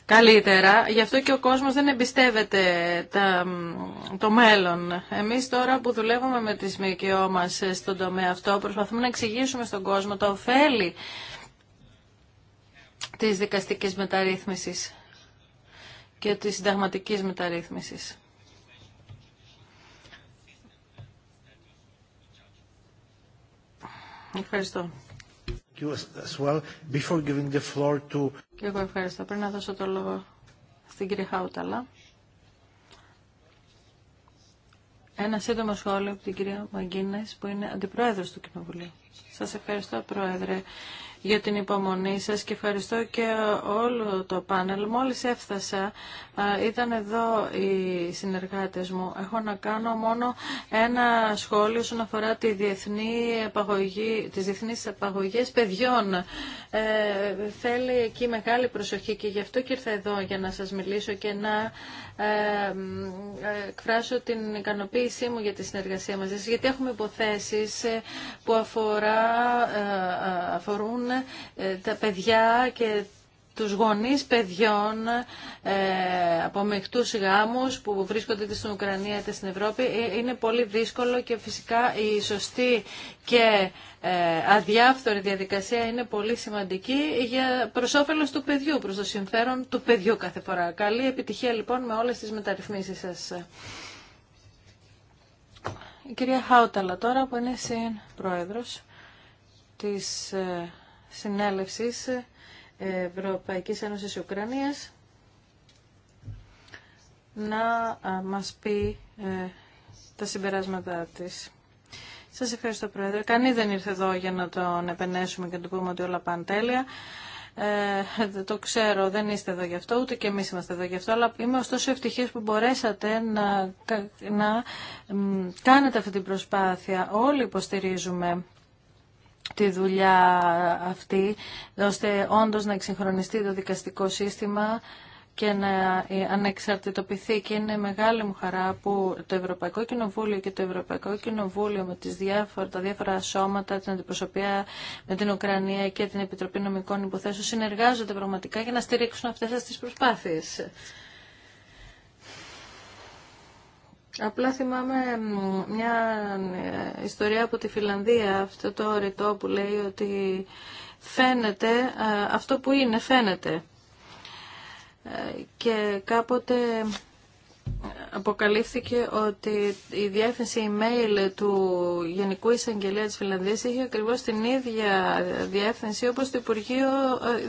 καλύτερα. Γι' αυτό και ο κόσμος δεν εμπιστεύεται το μέλλον. Εμείς τώρα που δουλεύουμε με τις ΜΚΟ μας στον τομέα αυτό, προσπαθούμε να εξηγήσουμε στον κόσμο το ωφέλη της δικαστικής μεταρρύθμισης και της συνταγματικής μεταρρύθμισης. Ευχαριστώ. Και εγώ ευχαριστώ. Πριν να δώσω το λόγο στην κυρία Χάουταλα. Ένα σύντομο σχόλιο από την κυρία Μαγκίνες που είναι αντιπρόεδρος του Κοινοβουλίου. Σας ευχαριστώ Πρόεδρε για την υπομονή σας και ευχαριστώ και όλο το πάνελ. Μόλις έφτασα, ήταν εδώ οι συνεργάτες μου. Έχω να κάνω μόνο ένα σχόλιο όσον αφορά τη διεθνή απαγωγή, τις διεθνείς απαγωγές παιδιών. Ε, θέλει εκεί μεγάλη προσοχή και γι' αυτό και ήρθα εδώ για να σας μιλήσω και να ε, ε εκφράσω την ικανοποίησή μου για τη συνεργασία μαζί γιατί έχουμε υποθέσεις ε, που αφορούν αφορά, ε, ε, αφορούν ε, τα παιδιά και τους γονείς παιδιών από μεχτούς γάμους που βρίσκονται είτε στην Ουκρανία είτε στην Ευρώπη είναι πολύ δύσκολο και φυσικά η σωστή και αδιάφθορη διαδικασία είναι πολύ σημαντική για προς του παιδιού, προς το συμφέρον του παιδιού κάθε φορά. Καλή επιτυχία λοιπόν με όλες τις μεταρρυθμίσεις σας. Η κυρία Χάουταλα τώρα που είναι συν πρόεδρος της ε, συνέλευσης Ευρωπαϊκής Ένωσης Ουκρανίας να ε, μας πει ε, τα συμπεράσματά της. Σας ευχαριστώ Πρόεδρε. Κανεί δεν ήρθε εδώ για να τον επενέσουμε και να του πούμε ότι όλα πάνε τέλεια. Ε, το ξέρω, δεν είστε εδώ γι' αυτό, ούτε και εμείς είμαστε εδώ γι' αυτό, αλλά είμαι ωστόσο ευτυχής που μπορέσατε να, να κάνετε αυτή την προσπάθεια. Όλοι υποστηρίζουμε τη δουλειά αυτή, ώστε όντως να εξυγχρονιστεί το δικαστικό σύστημα και να ανεξαρτητοποιηθεί και είναι μεγάλη μου χαρά που το Ευρωπαϊκό Κοινοβούλιο και το Ευρωπαϊκό Κοινοβούλιο με τις διάφορα, τα διάφορα σώματα, την αντιπροσωπεία με την Ουκρανία και την Επιτροπή Νομικών Υποθέσεων συνεργάζονται πραγματικά για να στηρίξουν αυτές τις προσπάθειες. Απλά θυμάμαι μια ε, ιστορία από τη Φιλανδία, αυτό το ρητό που λέει ότι φαίνεται, ε, αυτό που είναι φαίνεται. Ε, και κάποτε αποκαλύφθηκε ότι η διεύθυνση email του Γενικού Εισαγγελία της Φιλανδίας είχε ακριβώς την ίδια διεύθυνση όπως το Υπουργείο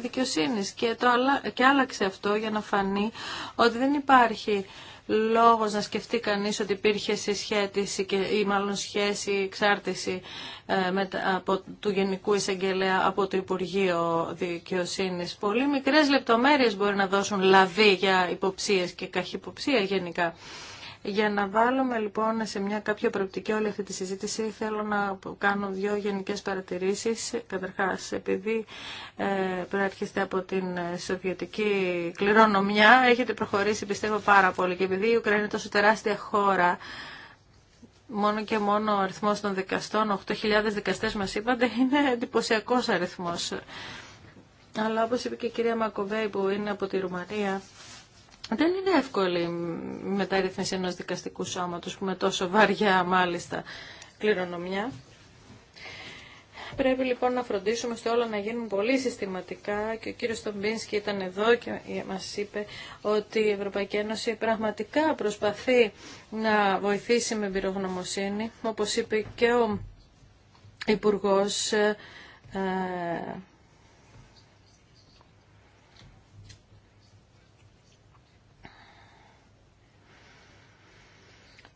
Δικαιοσύνης και, το, και άλλαξε αυτό για να φανεί ότι δεν υπάρχει λόγος να σκεφτεί κανείς ότι υπήρχε συσχέτιση και, ή μάλλον σχέση, εξάρτηση ε, με, από, του Γενικού Εισαγγελέα από το Υπουργείο Δικαιοσύνη. Πολύ μικρές λεπτομέρειες μπορεί να δώσουν λαβή για υποψίες και καχυποψία γενικά. Για να βάλουμε λοιπόν σε μια κάποια προοπτική όλη αυτή τη συζήτηση, θέλω να κάνω δύο γενικές παρατηρήσεις. καταρχά, επειδή ε, προέρχεστε από την ε, σοβιετική κληρονομιά, έχετε προχωρήσει πιστεύω πάρα πολύ και επειδή η Ουκρανία είναι τόσο τεράστια χώρα, μόνο και μόνο ο αριθμός των δικαστών, 8.000 δικαστές μας είπατε, είναι εντυπωσιακό αριθμός. Αλλά όπως είπε και η κυρία Μακοβέη που είναι από τη Ρουμανία, δεν είναι εύκολη η μεταρρύθμιση ενός δικαστικού σώματος που με τόσο βαριά μάλιστα κληρονομιά. Πρέπει λοιπόν να φροντίσουμε στο όλα να γίνουν πολύ συστηματικά και ο κύριος Στομπίνσκι ήταν εδώ και μας είπε ότι η Ευρωπαϊκή Ένωση πραγματικά προσπαθεί να βοηθήσει με εμπειρογνωμοσύνη. Όπως είπε και ο Υπουργός, ε,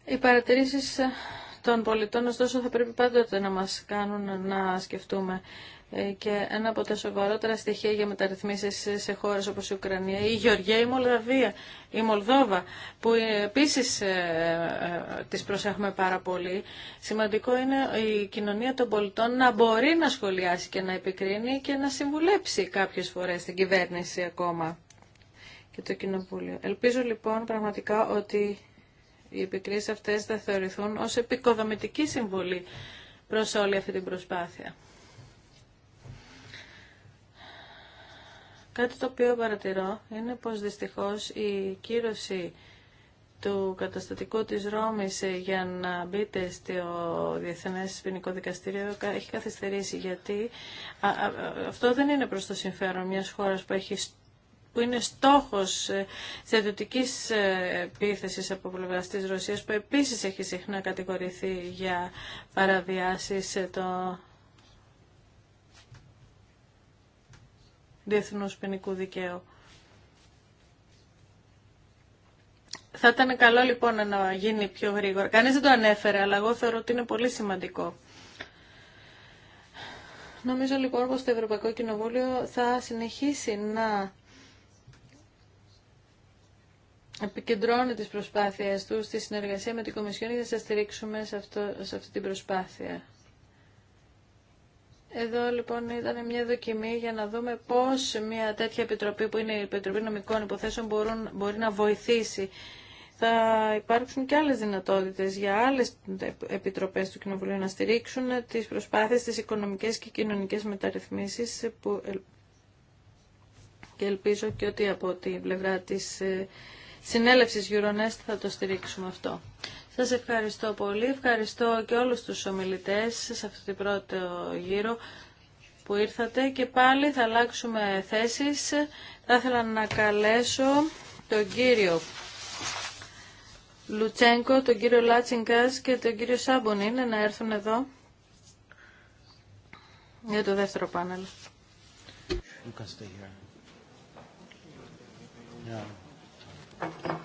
Οι παρατηρήσεις ε, των πολιτών, ωστόσο, θα πρέπει πάντοτε να μας κάνουν να σκεφτούμε ε, και ένα από τα σοβαρότερα στοιχεία για μεταρρυθμίσει σε χώρε όπω η Ουκρανία, η Γεωργία, η Μολδαβία, η Μολδόβα, που επίσης ε, τις προσέχουμε πάρα πολύ. Σημαντικό είναι η κοινωνία των πολιτών να μπορεί να σχολιάσει και να επικρίνει και να συμβουλέψει κάποιε φορέ την κυβέρνηση ακόμα και το Κοινοβούλιο. Ελπίζω λοιπόν πραγματικά ότι οι επικρίσεις αυτές θα θεωρηθούν ως επικοδομητική συμβολή προς όλη αυτή την προσπάθεια. Κάτι το οποίο παρατηρώ είναι πως δυστυχώς η κύρωση του καταστατικού της Ρώμης για να μπείτε στο Διεθνές Ποινικό Δικαστήριο έχει καθυστερήσει γιατί αυτό δεν είναι προς το συμφέρον μιας χώρας που έχει που είναι στόχος ε, στρατιωτικής ε, επίθεσης από πλευρά της Ρωσίας που επίσης έχει συχνά κατηγορηθεί για παραβιάσεις ε, το διεθνούς ποινικού δικαίου. Θα ήταν καλό λοιπόν να γίνει πιο γρήγορα. Κανεί δεν το ανέφερε, αλλά εγώ θεωρώ ότι είναι πολύ σημαντικό. Νομίζω λοιπόν πως το Ευρωπαϊκό Κοινοβούλιο θα συνεχίσει να επικεντρώνει τις προσπάθειες του στη συνεργασία με την Κομισιόν για να σας στηρίξουμε σε, αυτό, αυτή την προσπάθεια. Εδώ λοιπόν ήταν μια δοκιμή για να δούμε πώς μια τέτοια επιτροπή που είναι η Επιτροπή Νομικών Υποθέσεων μπορούν, μπορεί να βοηθήσει. Θα υπάρξουν και άλλες δυνατότητες για άλλες επιτροπές του Κοινοβουλίου να στηρίξουν τις προσπάθειες της οικονομικές και κοινωνικές μεταρρυθμίσεις που και ελπίζω και ότι από την πλευρά της ε, Συνέλευση Euronest θα το στηρίξουμε αυτό. Σας ευχαριστώ πολύ. Ευχαριστώ και όλους τους ομιλητέ σε αυτό το πρώτο γύρο που ήρθατε και πάλι θα αλλάξουμε θέσεις. Θα ήθελα να καλέσω τον κύριο Λουτσέγκο, τον κύριο Λάτσιγκας και τον κύριο Σάμπονιν να έρθουν εδώ για το δεύτερο πάνελ. Thank you.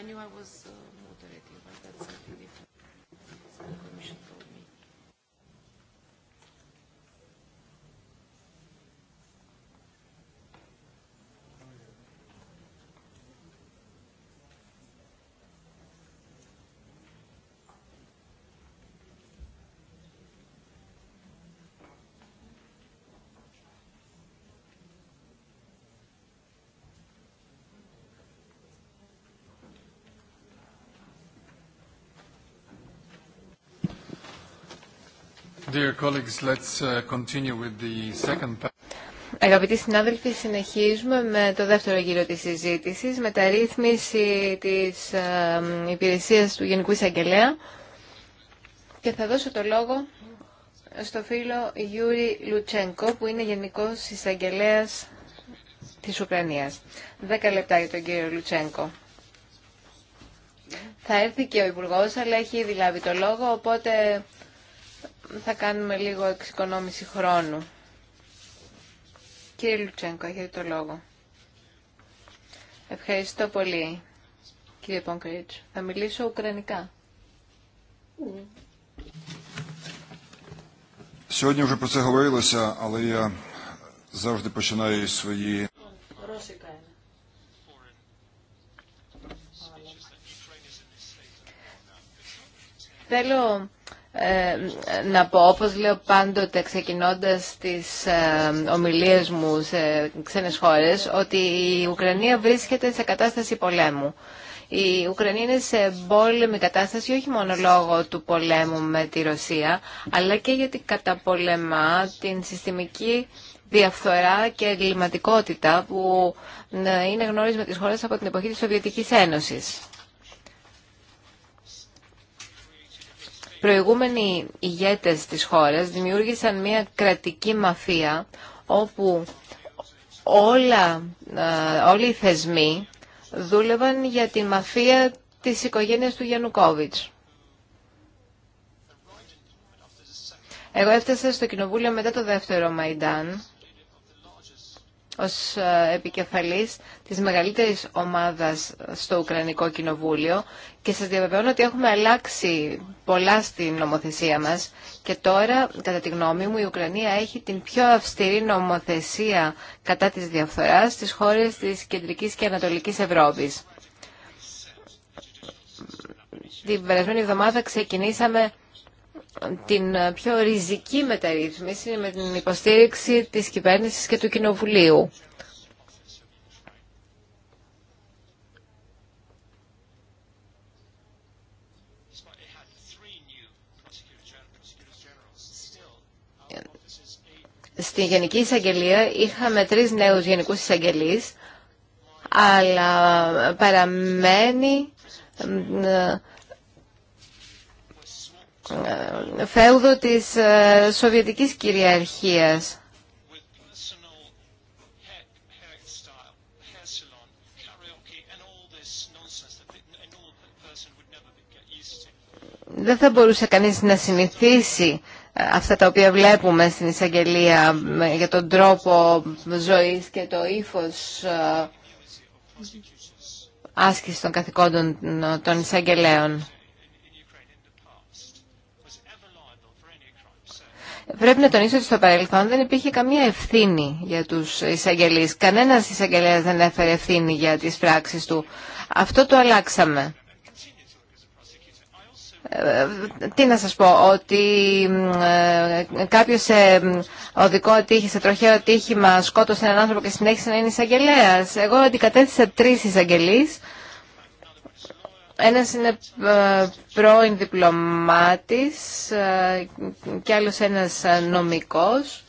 I knew I was Uh, Αγαπητοί συνάδελφοι, συνεχίζουμε με το δεύτερο γύρο της συζήτησης, μεταρρύθμιση της ε, υπηρεσίας του Γενικού Εισαγγελέα και θα δώσω το λόγο στο φίλο Γιούρι Λουτσένκο που είναι Γενικός εισαγγελέα της Ουκρανίας. Δέκα λεπτά για τον κύριο Λουτσένκο. Θα έρθει και ο Υπουργός, αλλά έχει ήδη λάβει το λόγο, οπότε θα κάνουμε λίγο εξοικονόμηση χρόνου. Κύριε Λουτσένκο, έχετε το λόγο. Ευχαριστώ πολύ, κύριε Πονκρίτς. Θα μιλήσω ουκρανικά. Сьогодні вже про це говорилося, але я завжди починаю свої. Θέλω ε, να πω, όπως λέω πάντοτε ξεκινώντας τις ε, ομιλίες μου σε ξένες χώρες, ότι η Ουκρανία βρίσκεται σε κατάσταση πολέμου. Η Ουκρανία είναι σε πόλεμη κατάσταση όχι μόνο λόγω του πολέμου με τη Ρωσία, αλλά και γιατί καταπολεμά την συστημική διαφθορά και εγκληματικότητα που ε, είναι γνώρισμα της χώρας από την εποχή της Σοβιετικής Ένωσης. προηγούμενοι ηγέτες της χώρας δημιούργησαν μια κρατική μαφία όπου όλα, όλοι οι θεσμοί δούλευαν για τη μαφία της οικογένειας του Γιαννουκόβιτς. Εγώ έφτασα στο κοινοβούλιο μετά το δεύτερο Μαϊντάν ως ε, επικεφαλής της μεγαλύτερης ομάδας στο Ουκρανικό Κοινοβούλιο και σας διαβεβαιώνω ότι έχουμε αλλάξει πολλά στην νομοθεσία μας και τώρα, κατά τη γνώμη μου, η Ουκρανία έχει την πιο αυστηρή νομοθεσία κατά της διαφθοράς στις χώρες της Κεντρικής και Ανατολικής Ευρώπης. Την περασμένη εβδομάδα ξεκινήσαμε την ε, πιο ριζική μεταρρύθμιση με την υποστήριξη της κυβέρνησης και του Κοινοβουλίου. Στη Γενική Εισαγγελία είχαμε τρεις νέους γενικούς εισαγγελείς, αλλά παραμένει ε, φέουδο της ε, Σοβιετικής κυριαρχίας. Δεν θα μπορούσε κανείς να συνηθίσει ε, αυτά τα οποία βλέπουμε στην εισαγγελία για τον τρόπο ζωής και το ύφος άσκηση των καθηκόντων των εισαγγελέων. Πρέπει να τονίσω ότι στο παρελθόν δεν υπήρχε καμία ευθύνη για τους εισαγγελείς. Κανένας εισαγγελέας δεν έφερε ευθύνη για τις πράξεις του. Αυτό το αλλάξαμε. Ε, τι να σας πω, ότι ε, κάποιος σε οδικό ατύχη, σε τροχαίο ατύχημα σκότωσε έναν άνθρωπο και συνέχισε να είναι εισαγγελέα. Εγώ αντικατέστησα τρεις εισαγγελείς ένας είναι ε, πρώην διπλωμάτης ε, και άλλος ένας ε, νομικός.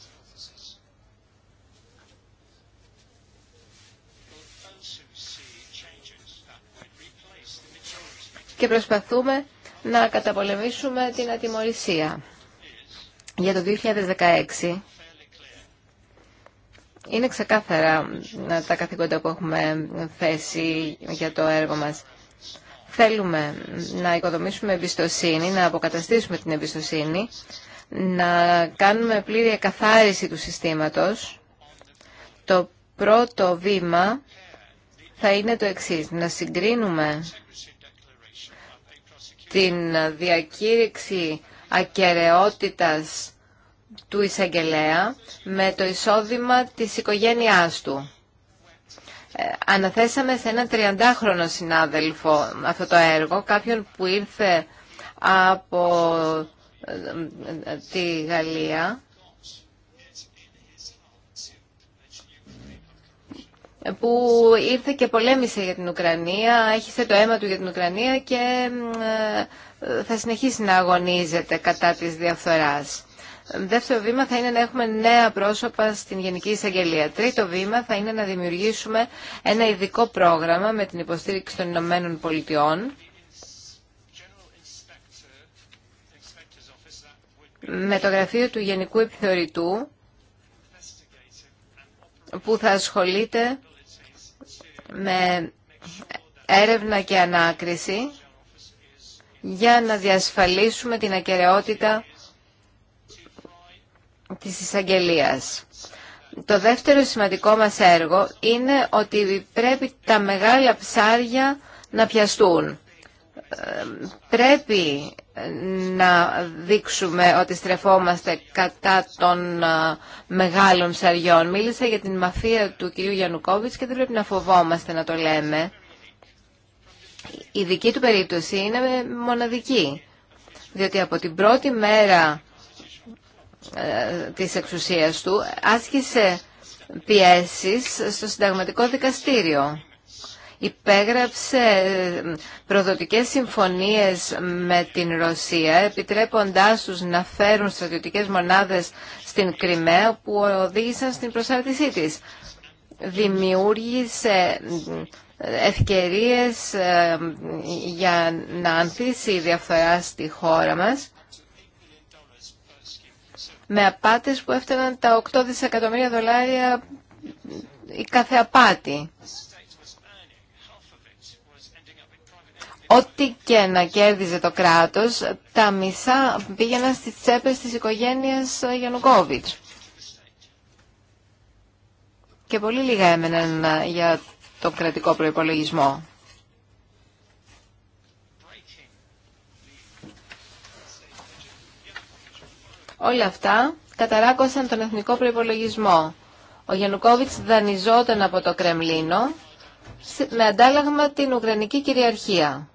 Και προσπαθούμε να καταπολεμήσουμε την ατιμορρησία. Για το 2016 είναι ξεκάθαρα τα καθήκοντα που έχουμε θέσει για το έργο μας. Θέλουμε να οικοδομήσουμε εμπιστοσύνη, να αποκαταστήσουμε την εμπιστοσύνη, να κάνουμε πλήρη εκαθάριση του συστήματος. Το πρώτο βήμα θα είναι το εξής, να συγκρίνουμε την διακήρυξη ακαιρεότητας του εισαγγελέα με το εισόδημα της οικογένειάς του. Ε, αναθέσαμε σε έναν 30 30χρονο συνάδελφο αυτό το έργο, κάποιον που ήρθε από ε, ε, τη Γαλλία που ήρθε και πολέμησε για την Ουκρανία, έχισε το αίμα του για την Ουκρανία και θα συνεχίσει να αγωνίζεται κατά της διαφθοράς. Δεύτερο βήμα θα είναι να έχουμε νέα πρόσωπα στην Γενική Εισαγγελία. Τρίτο βήμα θα είναι να δημιουργήσουμε ένα ειδικό πρόγραμμα με την υποστήριξη των Ηνωμένων Πολιτειών με το γραφείο του Γενικού Επιθεωρητού που θα ασχολείται με έρευνα και ανάκριση για να διασφαλίσουμε την ακεραιότητα της εισαγγελίας. Το δεύτερο σημαντικό μας έργο είναι ότι πρέπει τα μεγάλα ψάρια να πιαστούν. Πρέπει να δείξουμε ότι στρεφόμαστε κατά των ε, μεγάλων ψαριών. Μίλησα για την μαφία του κυρίου Γιαννουκόβιτς και δεν πρέπει να φοβόμαστε να το λέμε. Η δική του περίπτωση είναι μοναδική, διότι από την πρώτη μέρα ε, της εξουσίας του άσκησε πιέσεις στο συνταγματικό δικαστήριο. Υπέγραψε ε, προδοτικές συμφωνίες με την Ρωσία, επιτρέποντάς τους να φέρουν στρατιωτικές μονάδες στην Κρυμαία που οδήγησαν στην προσάρτησή της. Δημιούργησε ε, ευκαιρίες για να ανθίσει η διαφθορά στη χώρα μας με απάτες που έφταναν τα 8 δισεκατομμύρια δολάρια η κάθε απάτη. Ό,τι και να κέρδιζε το κράτος, τα μισά πήγαιναν στις τσέπες της οικογένειας Γιανουκόβιτς. Και πολύ λίγα έμεναν για το κρατικό προϋπολογισμό. Όλα αυτά καταράκωσαν τον εθνικό προϋπολογισμό. Ο Γιαννουκόβιτς δανειζόταν από το Κρεμλίνο με αντάλλαγμα την Ουκρανική κυριαρχία.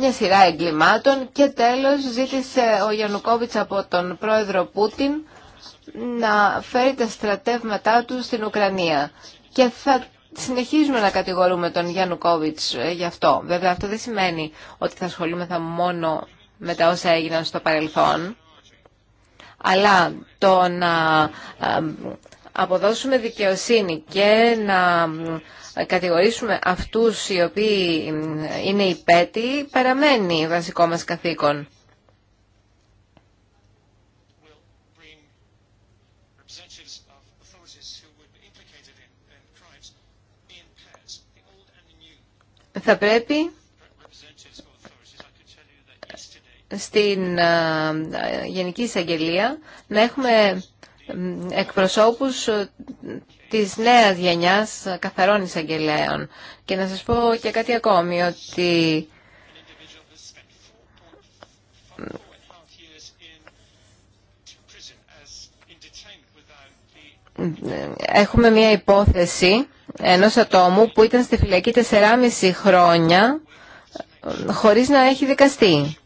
μια σειρά εγκλημάτων και τέλος ζήτησε ο Γιαννουκόβιτς από τον πρόεδρο Πούτιν να φέρει τα στρατεύματά του στην Ουκρανία. Και θα συνεχίζουμε να κατηγορούμε τον Γιάννου Κόβιτς ε, γι' αυτό. Βέβαια αυτό δεν σημαίνει ότι θα ασχολούμεθα μόνο με τα όσα έγιναν στο παρελθόν, αλλά το να ε, αποδώσουμε δικαιοσύνη και να ε, κατηγορήσουμε αυτούς οι οποίοι είναι υπέτοιοι παραμένει βασικό μας καθήκον. θα πρέπει στην ε, Γενική Εισαγγελία να έχουμε εκπροσώπους ε, της νέας γενιάς καθαρών εισαγγελέων. Και να σας πω και κάτι ακόμη, ότι ε, έχουμε μια υπόθεση ενός ατόμου που ήταν στη φυλακή 4,5 χρόνια ε, χωρίς να έχει δικαστεί.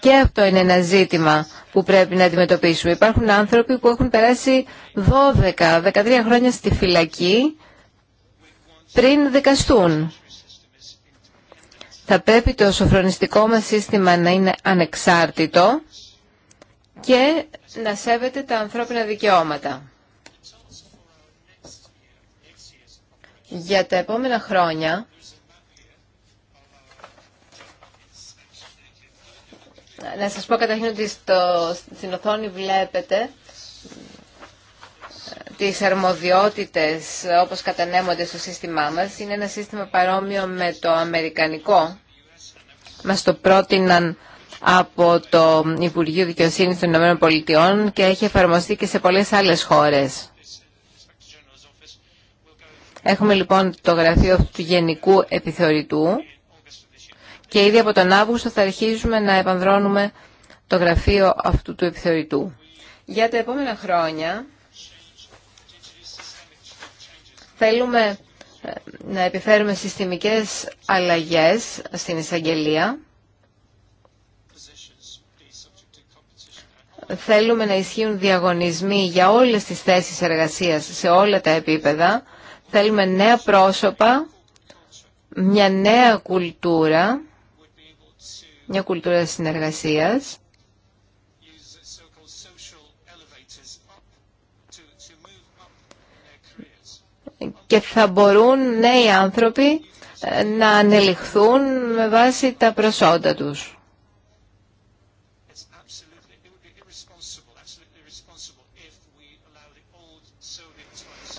Και αυτό είναι ένα ζήτημα που πρέπει να αντιμετωπίσουμε. Υπάρχουν άνθρωποι που έχουν περάσει 12-13 χρόνια στη φυλακή πριν δικαστούν. Θα πρέπει το σοφρονιστικό μας σύστημα να είναι ανεξάρτητο και να σέβεται τα ανθρώπινα δικαιώματα. για τα επόμενα χρόνια να σας πω καταρχήν ότι στο, στην οθόνη βλέπετε ε, τις αρμοδιότητες όπως κατανέμονται στο σύστημά μας. Είναι ένα σύστημα παρόμοιο με το αμερικανικό. Μας το πρότειναν από το Υπουργείο Δικαιοσύνης των Ηνωμένων Πολιτειών και έχει εφαρμοστεί και σε πολλές άλλες χώρες. Έχουμε λοιπόν το γραφείο του Γενικού Επιθεωρητού και ήδη από τον Αύγουστο θα αρχίζουμε να επανδρώνουμε το γραφείο αυτού του επιθεωρητού. Για τα επόμενα χρόνια θέλουμε ε, να επιφέρουμε συστημικές αλλαγές στην εισαγγελία. Θέλουμε να ισχύουν διαγωνισμοί για όλες τις θέσεις εργασίας σε όλα τα επίπεδα Θέλουμε νέα πρόσωπα, μια νέα κουλτούρα, μια κουλτούρα συνεργασίας. και θα μπορούν νέοι άνθρωποι ε, να ανελιχθούν με βάση τα προσόντα τους.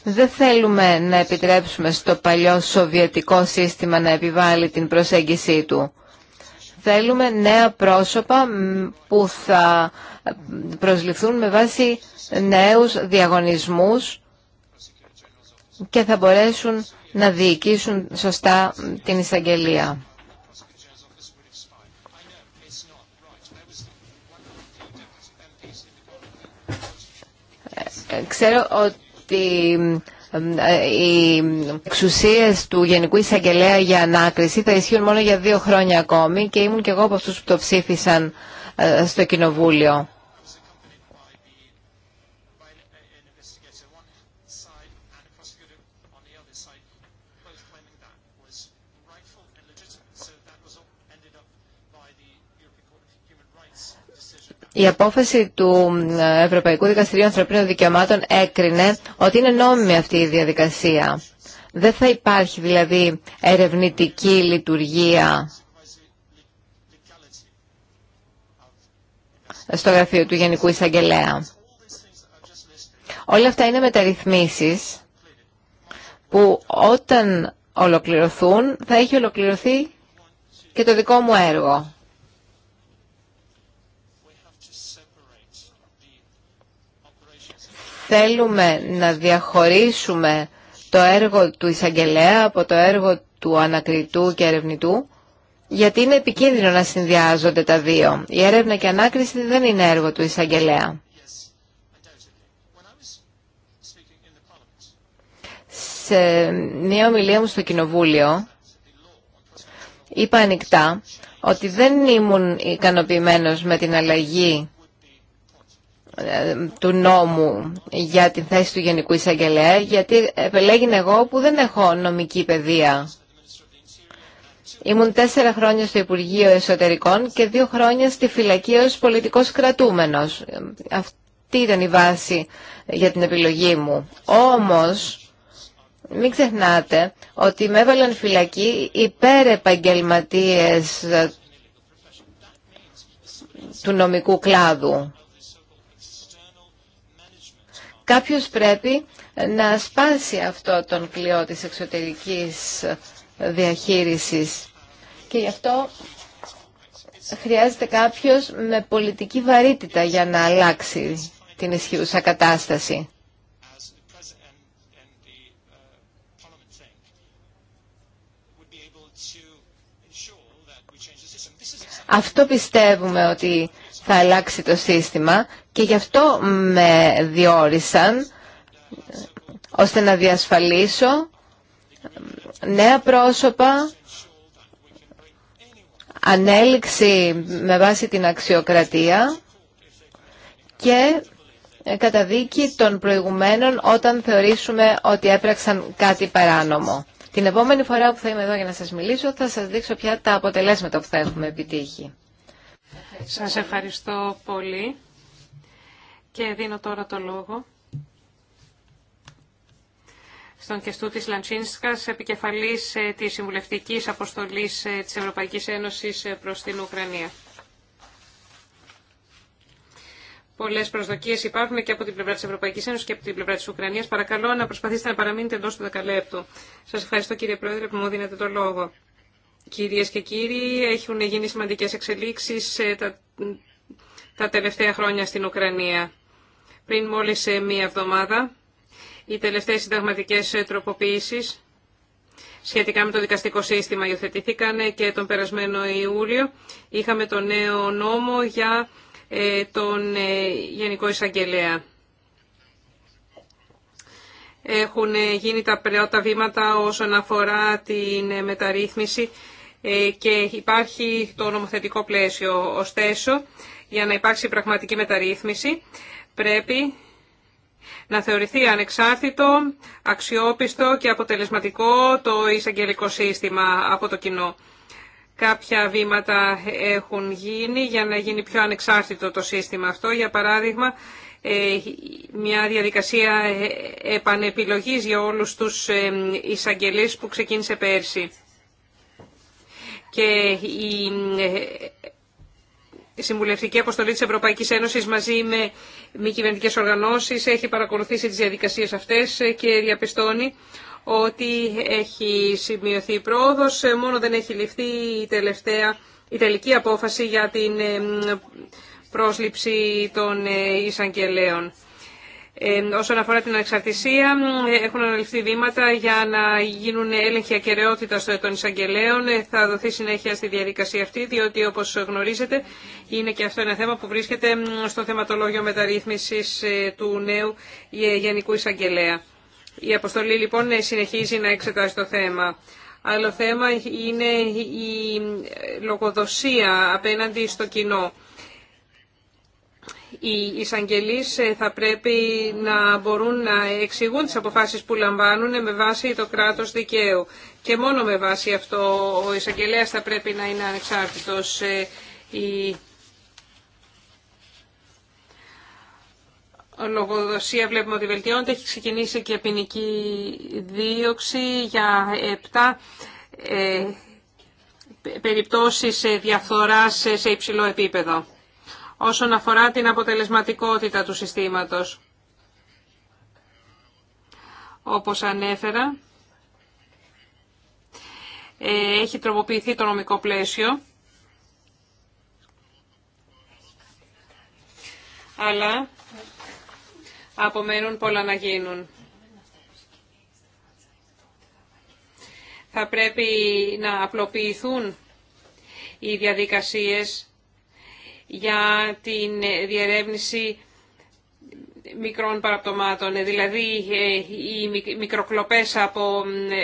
Δεν θέλουμε να επιτρέψουμε στο παλιό σοβιετικό σύστημα να επιβάλλει την προσέγγιση του. Θέλουμε νέα πρόσωπα που θα προσληφθούν με βάση νέους διαγωνισμούς και θα μπορέσουν να διοικήσουν σωστά την εισαγγελία. Ε, ε, ξέρω ότι ότι ε, οι εξουσίες του Γενικού Εισαγγελέα για ανάκριση θα ισχύουν μόνο για δύο χρόνια ακόμη και ήμουν και εγώ από αυτούς που το ψήφισαν ε, στο Κοινοβούλιο. Η απόφαση του ε, Ευρωπαϊκού Δικαστηρίου Ανθρωπίνων Δικαιωμάτων έκρινε ότι είναι νόμιμη αυτή η διαδικασία. Δεν θα υπάρχει δηλαδή ερευνητική λειτουργία στο γραφείο του Γενικού Εισαγγελέα. Όλα αυτά είναι μεταρρυθμίσεις που όταν ολοκληρωθούν θα έχει ολοκληρωθεί και το δικό μου έργο. θέλουμε να διαχωρίσουμε το έργο του εισαγγελέα από το έργο του ανακριτού και ερευνητού, γιατί είναι επικίνδυνο να συνδυάζονται τα δύο. Η έρευνα και η ανάκριση δεν είναι έργο του εισαγγελέα. Σε μια ομιλία μου στο Κοινοβούλιο, είπα ανοιχτά ότι δεν ήμουν ικανοποιημένος με την αλλαγή ε, του νόμου για την θέση του Γενικού Εισαγγελέα, γιατί επελέγην εγώ που δεν έχω νομική παιδεία. Ήμουν τέσσερα χρόνια στο Υπουργείο Εσωτερικών και δύο χρόνια στη φυλακή ως πολιτικός κρατούμενος. Αυτή ήταν η βάση για την επιλογή μου. Όμως, μην ξεχνάτε ότι με έβαλαν φυλακή υπέρ επαγγελματίες του νομικού κλάδου. Κάποιος πρέπει να σπάσει αυτό τον κλειό της εξωτερικής διαχείρισης. Και γι' αυτό χρειάζεται κάποιος με πολιτική βαρύτητα για να αλλάξει την ισχύουσα κατάσταση. Αυτό πιστεύουμε ότι θα αλλάξει το σύστημα και γι' αυτό με διόρισαν ώστε να διασφαλίσω νέα πρόσωπα, ανέλυξη με βάση την αξιοκρατία και ε, καταδίκη των προηγουμένων όταν θεωρήσουμε ότι έπραξαν κάτι παράνομο. Την επόμενη φορά που θα είμαι εδώ για να σας μιλήσω θα σας δείξω πια τα αποτελέσματα που θα έχουμε επιτύχει. Σας ευχαριστώ πολύ. Και δίνω τώρα το λόγο στον Κεστού της Λαντσίνσκας, επικεφαλής ε, της Συμβουλευτικής Αποστολής ε, της Ευρωπαϊκής Ένωσης ε, προς την Ουκρανία. Πολλέ προσδοκίε υπάρχουν και από την πλευρά τη Ευρωπαϊκή Ένωση και από την πλευρά τη Ουκρανία. Παρακαλώ να προσπαθήσετε να παραμείνετε εντό του δεκαλέπτου. Σα ευχαριστώ κύριε Πρόεδρε που μου δίνετε το λόγο. Κυρίε και κύριοι, έχουν γίνει σημαντικέ εξελίξει τα, τα τελευταία χρόνια στην Ουκρανία πριν μόλις ε, μία εβδομάδα οι τελευταίες συνταγματικές ε, τροποποιήσεις σχετικά με το δικαστικό σύστημα υιοθετηθήκαν ε, και τον περασμένο Ιούλιο είχαμε το νέο νόμο για τον Γενικό Εισαγγελέα. Έχουν γίνει τα πρώτα βήματα όσον αφορά την μεταρρύθμιση και υπάρχει το νομοθετικό πλαίσιο. Ωστέσο, για να υπάρξει πραγματική μεταρρύθμιση, πρέπει να θεωρηθεί ανεξάρτητο, αξιόπιστο και αποτελεσματικό το εισαγγελικό σύστημα από το κοινό. Κάποια βήματα έχουν γίνει για να γίνει πιο ανεξάρτητο το σύστημα αυτό. Για παράδειγμα, ε, μια διαδικασία ε, επανεπιλογής για όλους τους ε, εισαγγελείς που ξεκίνησε πέρσι. Και η η Συμβουλευτική Αποστολή της Ευρωπαϊκής Ένωσης μαζί με μη κυβερνητικές οργανώσεις έχει παρακολουθήσει τις διαδικασίες αυτές και διαπιστώνει ότι έχει σημειωθεί η πρόοδος, μόνο δεν έχει ληφθεί η, τελευταία, η τελική απόφαση για την πρόσληψη των ε, εισαγγελέων. Ε, όσον αφορά την ανεξαρτησία, ε, έχουν αναλυφθεί βήματα για να γίνουν έλεγχοι ακαιρεότητα των εισαγγελέων. Ε, θα δοθεί συνέχεια στη διαδικασία αυτή, διότι όπω γνωρίζετε, είναι και αυτό ένα θέμα που βρίσκεται στο θεματολόγιο μεταρρύθμιση του νέου Γενικού Εισαγγελέα. Η αποστολή λοιπόν συνεχίζει να εξετάζει το θέμα. Άλλο θέμα είναι η λογοδοσία απέναντι στο κοινό οι εισαγγελεί ε, θα πρέπει να μπορούν να εξηγούν τις αποφάσεις που λαμβάνουν με βάση το κράτος δικαίου. Και μόνο με βάση αυτό ο εισαγγελέα θα πρέπει να είναι ανεξάρτητος. Ε, η λογοδοσία βλέπουμε ότι βελτιώνεται. Έχει ξεκινήσει και ποινική δίωξη για 7 ε, περιπτώσεις διαφθοράς σε υψηλό επίπεδο όσον αφορά την αποτελεσματικότητα του συστήματος. Όπως ανέφερα, ε, έχει τροποποιηθεί το νομικό πλαίσιο, αλλά απομένουν πολλά να γίνουν. Θα πρέπει να απλοποιηθούν οι διαδικασίες για την διερεύνηση μικρών παραπτωμάτων. Δηλαδή ε, οι μικροκλοπές από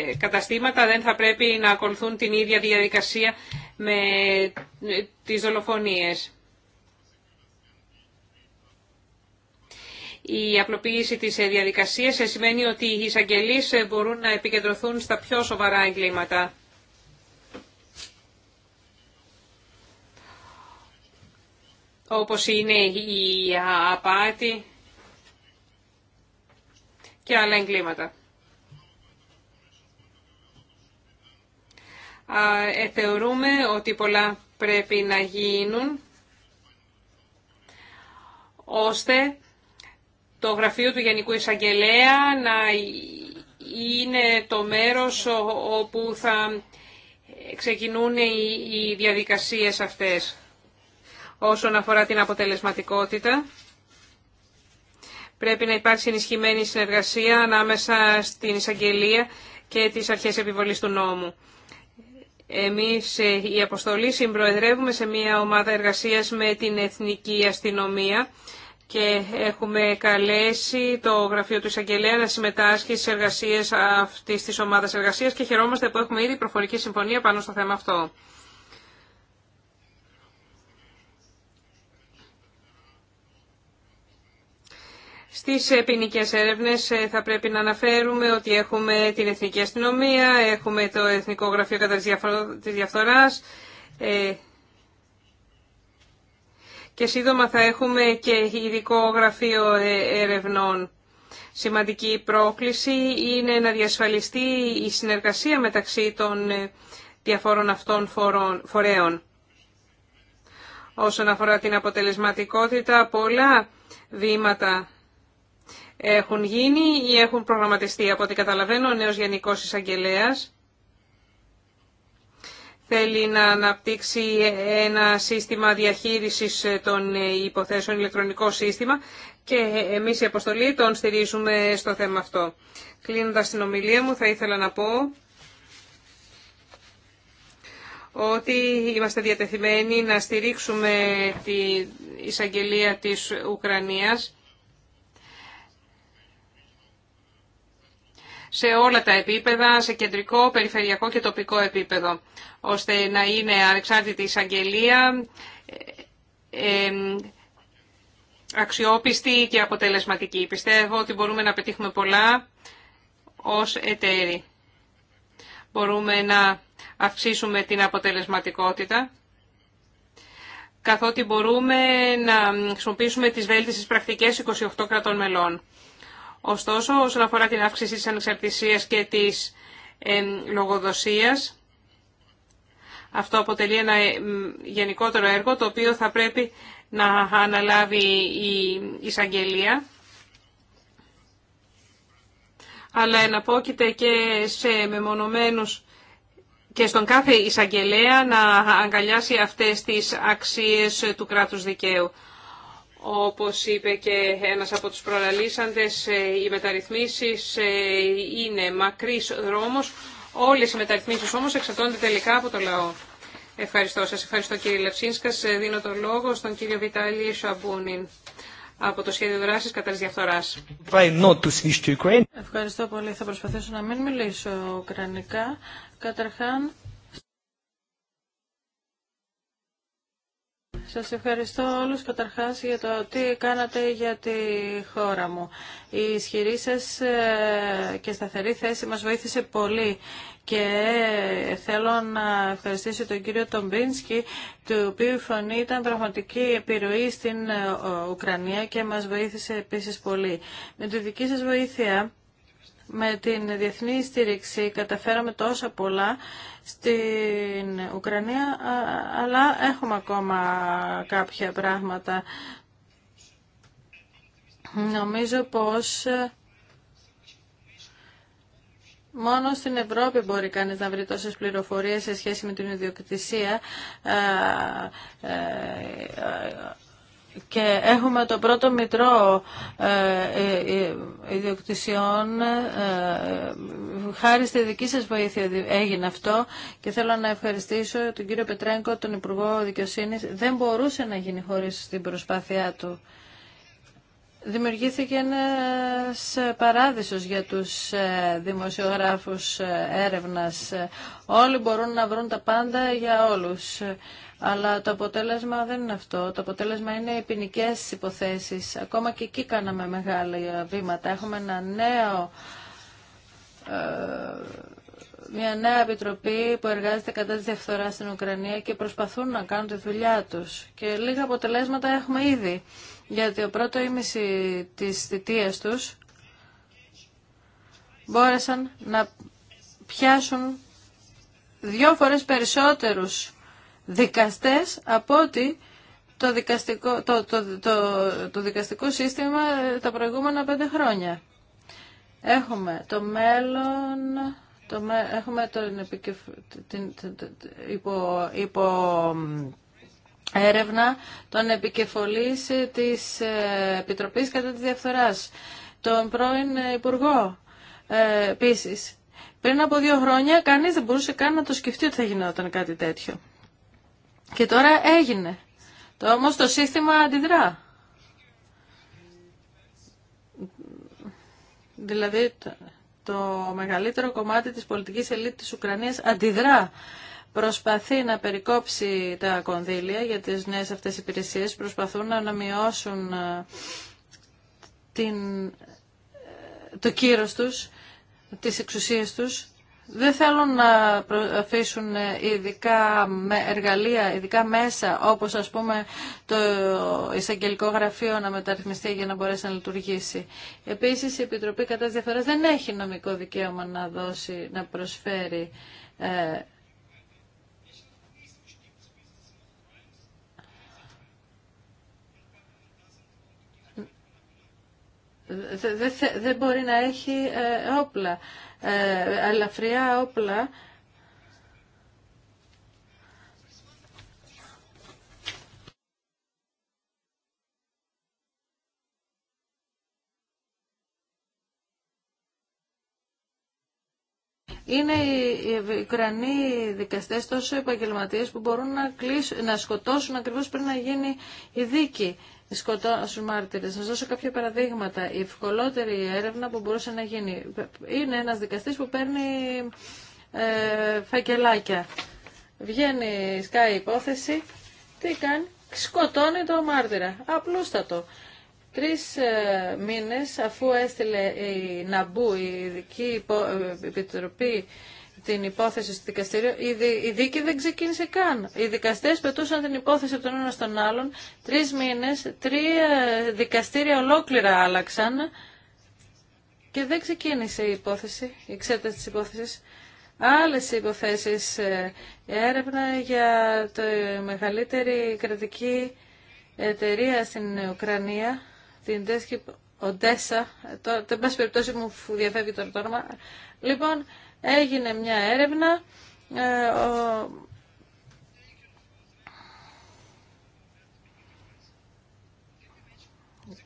ε, καταστήματα δεν θα πρέπει να ακολουθούν την ίδια διαδικασία με ε, τις δολοφονίες. Η απλοποίηση της διαδικασίας σημαίνει ότι οι εισαγγελείς μπορούν να επικεντρωθούν στα πιο σοβαρά εγκλήματα. όπως είναι η απάτη και άλλα εγκλήματα. Ε, θεωρούμε ότι πολλά πρέπει να γίνουν ώστε το γραφείο του Γενικού Εισαγγελέα να είναι το μέρος όπου θα ξεκινούν οι διαδικασίες αυτές όσον αφορά την αποτελεσματικότητα. Πρέπει να υπάρξει ενισχυμένη συνεργασία ανάμεσα στην εισαγγελία και τις αρχές επιβολής του νόμου. Εμείς ε, η αποστολή συμπροεδρεύουμε σε μια ομάδα εργασίας με την Εθνική Αστυνομία και έχουμε καλέσει το Γραφείο του Εισαγγελέα να συμμετάσχει στις εργασίες αυτής της ομάδας εργασίας και χαιρόμαστε που έχουμε ήδη προφορική συμφωνία πάνω στο θέμα αυτό. Στις ε, ποινικέ έρευνες ε, θα πρέπει να αναφέρουμε ότι έχουμε την Εθνική Αστυνομία, έχουμε το Εθνικό Γραφείο κατά της Διαφθοράς ε, και σύντομα θα έχουμε και ειδικό γραφείο ερευνών. Σημαντική πρόκληση είναι να διασφαλιστεί η συνεργασία μεταξύ των διαφόρων αυτών φορέων. Όσον αφορά την αποτελεσματικότητα, πολλά βήματα έχουν γίνει ή έχουν προγραμματιστεί. Από ό,τι καταλαβαίνω, ο νέος Γενικός Εισαγγελέας θέλει να αναπτύξει ένα σύστημα διαχείρισης των υποθέσεων, ηλεκτρονικό σύστημα και εμείς η αποστολή τον στηρίζουμε στο θέμα αυτό. Κλείνοντας την ομιλία μου θα ήθελα να πω ότι είμαστε διατεθειμένοι να στηρίξουμε την εισαγγελία της Ουκρανίας σε όλα τα επίπεδα, σε κεντρικό, περιφερειακό και τοπικό επίπεδο, ώστε να είναι ανεξάρτητη εισαγγελία, ε, ε, αξιόπιστη και αποτελεσματική. Πιστεύω ότι μπορούμε να πετύχουμε πολλά ως εταίροι. Μπορούμε να αυξήσουμε την αποτελεσματικότητα καθότι μπορούμε να χρησιμοποιήσουμε τις βέλτιστες πρακτικές 28 κρατών μελών. Ωστόσο, όσον αφορά την αύξηση της ανεξαρτησίας και της λογοδοσίας, αυτό αποτελεί ένα γενικότερο έργο το οποίο θα πρέπει να αναλάβει η εισαγγελία. Αλλά εναπόκειται και σε μεμονωμένους και στον κάθε εισαγγελέα να αγκαλιάσει αυτές τις αξίες του κράτους δικαίου. Όπως είπε και ένας από τους προαναλύσαντες, ε, οι μεταρρυθμίσεις ε, είναι μακρύς δρόμος. Όλες οι μεταρρυθμίσεις όμως εξαρτώνται τελικά από το λαό. Ευχαριστώ σας. Ευχαριστώ κύριε Λευσίνσκας. Δίνω το λόγο στον κύριο Βιτάλη Σαμπούνιν από το σχέδιο δράση κατά τη διαφθορά. Ευχαριστώ πολύ. Θα προσπαθήσω να μην μιλήσω ουκρανικά. Καταρχάν, Σας ευχαριστώ όλους καταρχάς για το τι κάνατε για τη χώρα μου. Η ισχυρή σας ε, και σταθερή θέση μας βοήθησε πολύ και θέλω να ευχαριστήσω τον κύριο Τομπίνσκι του οποίου η φωνή ήταν πραγματική επιρροή στην ε, Ουκρανία και μας βοήθησε επίσης πολύ. Με τη δική σας βοήθεια με την διεθνή στήριξη καταφέραμε τόσα πολλά στην Ουκρανία, αλλά έχουμε ακόμα κάποια πράγματα. Νομίζω πως ε, Μόνο στην Ευρώπη μπορεί κανείς να βρει τόσες πληροφορίες σε σχέση με την ιδιοκτησία ε, ε, και έχουμε το πρώτο μητρό ε, ε, ε, ιδιοκτησιών. Χάρη στη δική σας βοήθεια έγινε αυτό και θέλω να ευχαριστήσω τον κύριο Πετρέγκο, τον Υπουργό Δικαιοσύνης. Δεν μπορούσε να γίνει χωρίς την προσπάθειά του. Δημιουργήθηκε ένας παράδεισος για τους δημοσιογράφους έρευνας. Όλοι μπορούν να βρουν τα πάντα για όλους. Αλλά το αποτέλεσμα δεν είναι αυτό. Το αποτέλεσμα είναι οι ποινικέ υποθέσει. Ακόμα και εκεί κάναμε μεγάλα βήματα. Έχουμε ένα νέο. Ε, μια νέα επιτροπή που εργάζεται κατά τη διαφθορά στην Ουκρανία και προσπαθούν να κάνουν τη δουλειά τους. Και λίγα αποτελέσματα έχουμε ήδη, γιατί ο πρώτο ήμιση της θητείας τους μπόρεσαν να πιάσουν δυο φορές περισσότερους δικαστές από ότι το δικαστικό, το, το, το, δικαστικό σύστημα τα προηγούμενα πέντε χρόνια. Έχουμε το μέλλον, το, έχουμε τον, την, υπο, υπο έρευνα των επικεφαλής της ε, Επιτροπής κατά τη Διαφθοράς, τον πρώην Υπουργό ε, επίσης. Πριν από δύο χρόνια κανείς δεν μπορούσε καν να το σκεφτεί ότι θα γινόταν κάτι τέτοιο. Και τώρα έγινε. Το όμως το σύστημα αντιδρά. Δηλαδή το μεγαλύτερο κομμάτι της πολιτικής ελίτ της Ουκρανίας αντιδρά. Προσπαθεί να περικόψει τα κονδύλια για τις νέες αυτές υπηρεσίες. Προσπαθούν να μειώσουν ε, την, ε, το κύρος τους, τις εξουσίες τους δεν θέλουν να αφήσουν ειδικά εργαλεία, ειδικά μέσα, όπως ας πούμε το εισαγγελικό γραφείο να μεταρρυθμιστεί για να μπορέσει να λειτουργήσει. Επίσης, η Επιτροπή κατά Διαφοράς δεν έχει νομικό δικαίωμα να δώσει, να προσφέρει ε, δεν μπορεί να έχει ε, όπλα. Ε, ελαφριά όπλα είναι οι Ουκρανοί δικαστές τόσο επαγγελματίες που μπορούν να, κλείσουν, να σκοτώσουν ακριβώς πριν να γίνει η δίκη σκοτώσουν μάρτυρε. Να σα δώσω κάποια παραδείγματα. Η ευκολότερη έρευνα που μπορούσε να γίνει είναι ένα δικαστή που παίρνει ε, φακελάκια. Βγαίνει, σκάει υπόθεση. Τι κάνει, σκοτώνει το μάρτυρα. Απλούστατο. Τρεις ε, μήνες αφού έστειλε η Ναμπού, η Ειδική ε, Επιτροπή την υπόθεση στο δικαστήριο, η, δίκη δεν ξεκίνησε καν. Οι δικαστέ πετούσαν την υπόθεση από τον ένα στον άλλον. Τρει μήνες, τρία δικαστήρια ολόκληρα άλλαξαν και δεν ξεκίνησε η υπόθεση, η εξέταση τη υπόθεση. Άλλε υποθέσει ε, έρευνα για το μεγαλύτερη κρατική εταιρεία στην Ουκρανία, την Οντέσα, ε, το, εν πάση περιπτώσει μου διαφεύγει το όνομα. Λοιπόν, έγινε μια έρευνα ε,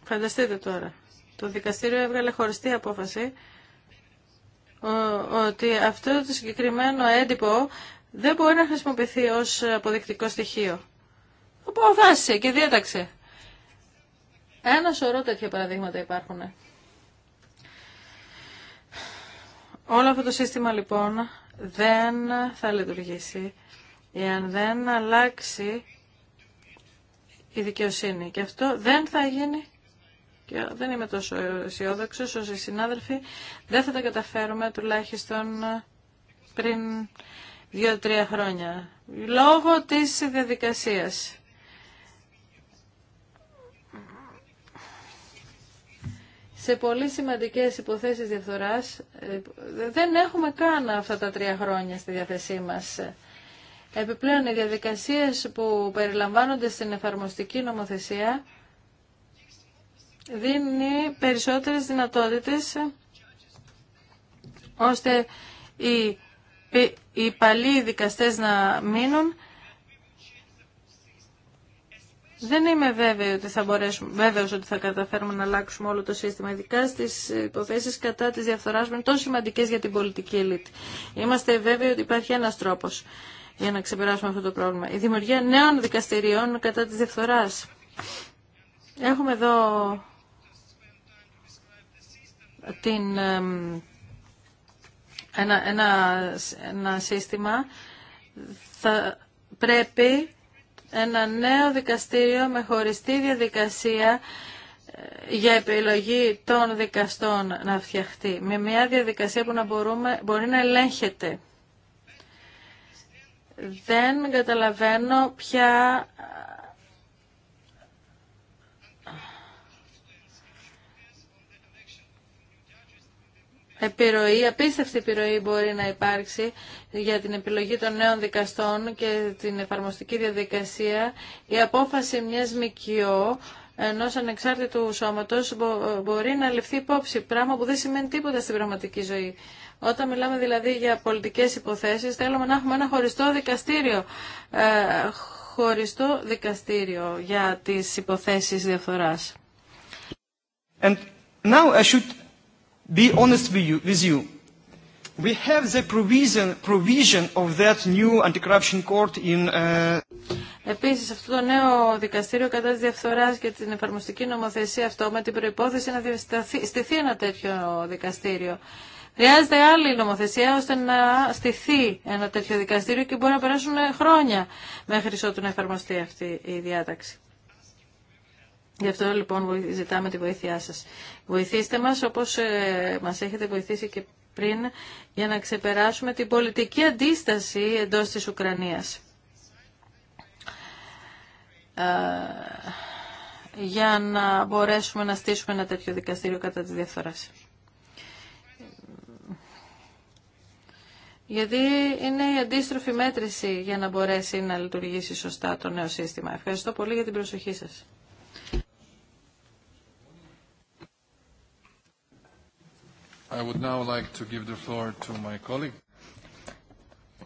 Φανταστείτε τώρα. Το δικαστήριο έβγαλε χωριστή απόφαση ότι αυτό το συγκεκριμένο έντυπο δεν μπορεί να χρησιμοποιηθεί ως αποδεικτικό στοιχείο. Αποφάσισε και διέταξε. Ένα σωρό τέτοια παραδείγματα υπάρχουν. Όλο αυτό το σύστημα λοιπόν δεν θα λειτουργήσει εάν δεν αλλάξει η δικαιοσύνη. Και αυτό δεν θα γίνει και δεν είμαι τόσο αισιόδοξο όσο οι συνάδελφοι. Δεν θα τα καταφέρουμε τουλάχιστον πριν δύο-τρία χρόνια. Λόγω της διαδικασίας. σε πολύ σημαντικές υποθέσεις διαφθοράς ε, δεν έχουμε καν αυτά τα τρία χρόνια στη διάθεσή μας. Επιπλέον οι διαδικασίες που περιλαμβάνονται στην εφαρμοστική νομοθεσία δίνει περισσότερες δυνατότητες ώστε οι, οι παλιοί δικαστές να μείνουν δεν είμαι βέβαιο ότι θα μπορέσουμε, βέβαιος ότι θα καταφέρουμε να αλλάξουμε όλο το σύστημα, ειδικά στις υποθέσεις κατά της διαφθοράς που είναι τόσο σημαντικές για την πολιτική ελίτ. Είμαστε βέβαιοι ότι υπάρχει ένας τρόπος για να ξεπεράσουμε αυτό το πρόβλημα. Η δημιουργία νέων δικαστηριών κατά της διαφθοράς. Έχουμε εδώ την, ένα, ένα σύστημα. Θα πρέπει ένα νέο δικαστήριο με χωριστή διαδικασία ε, για επιλογή των δικαστών να φτιαχτεί. Με μια διαδικασία που να μπορούμε, μπορεί να ελέγχεται. Δεν καταλαβαίνω ποια επιρροή, απίστευτη επιρροή μπορεί να υπάρξει για την επιλογή των νέων δικαστών και την εφαρμοστική διαδικασία. Η απόφαση μιας ΜΚΟ ενό ανεξάρτητου σώματο μπορεί να ληφθεί υπόψη, πράγμα που δεν σημαίνει τίποτα στην πραγματική ζωή. Όταν μιλάμε δηλαδή για πολιτικές υποθέσεις, θέλουμε να έχουμε ένα χωριστό δικαστήριο. Ε, χωριστό δικαστήριο για τις υποθέσεις διαφθοράς. And now I should be Επίσης, αυτό το νέο δικαστήριο κατά τη διαφθοράς και την εφαρμοστική νομοθεσία αυτό με την προϋπόθεση να στηθεί ένα τέτοιο δικαστήριο. Χρειάζεται άλλη νομοθεσία ώστε να στηθεί ένα τέτοιο δικαστήριο και μπορεί να περάσουν χρόνια μέχρι ότου να εφαρμοστεί αυτή η διάταξη. Γι' αυτό λοιπόν ζητάμε τη βοήθειά σας. Βοηθήστε μας όπως ε, μας έχετε βοηθήσει και πριν για να ξεπεράσουμε την πολιτική αντίσταση εντός της Ουκρανίας. Ε, για να μπορέσουμε να στήσουμε ένα τέτοιο δικαστήριο κατά τη διαφθοράς. Γιατί είναι η αντίστροφη μέτρηση για να μπορέσει να λειτουργήσει σωστά το νέο σύστημα. Ευχαριστώ πολύ για την προσοχή σας.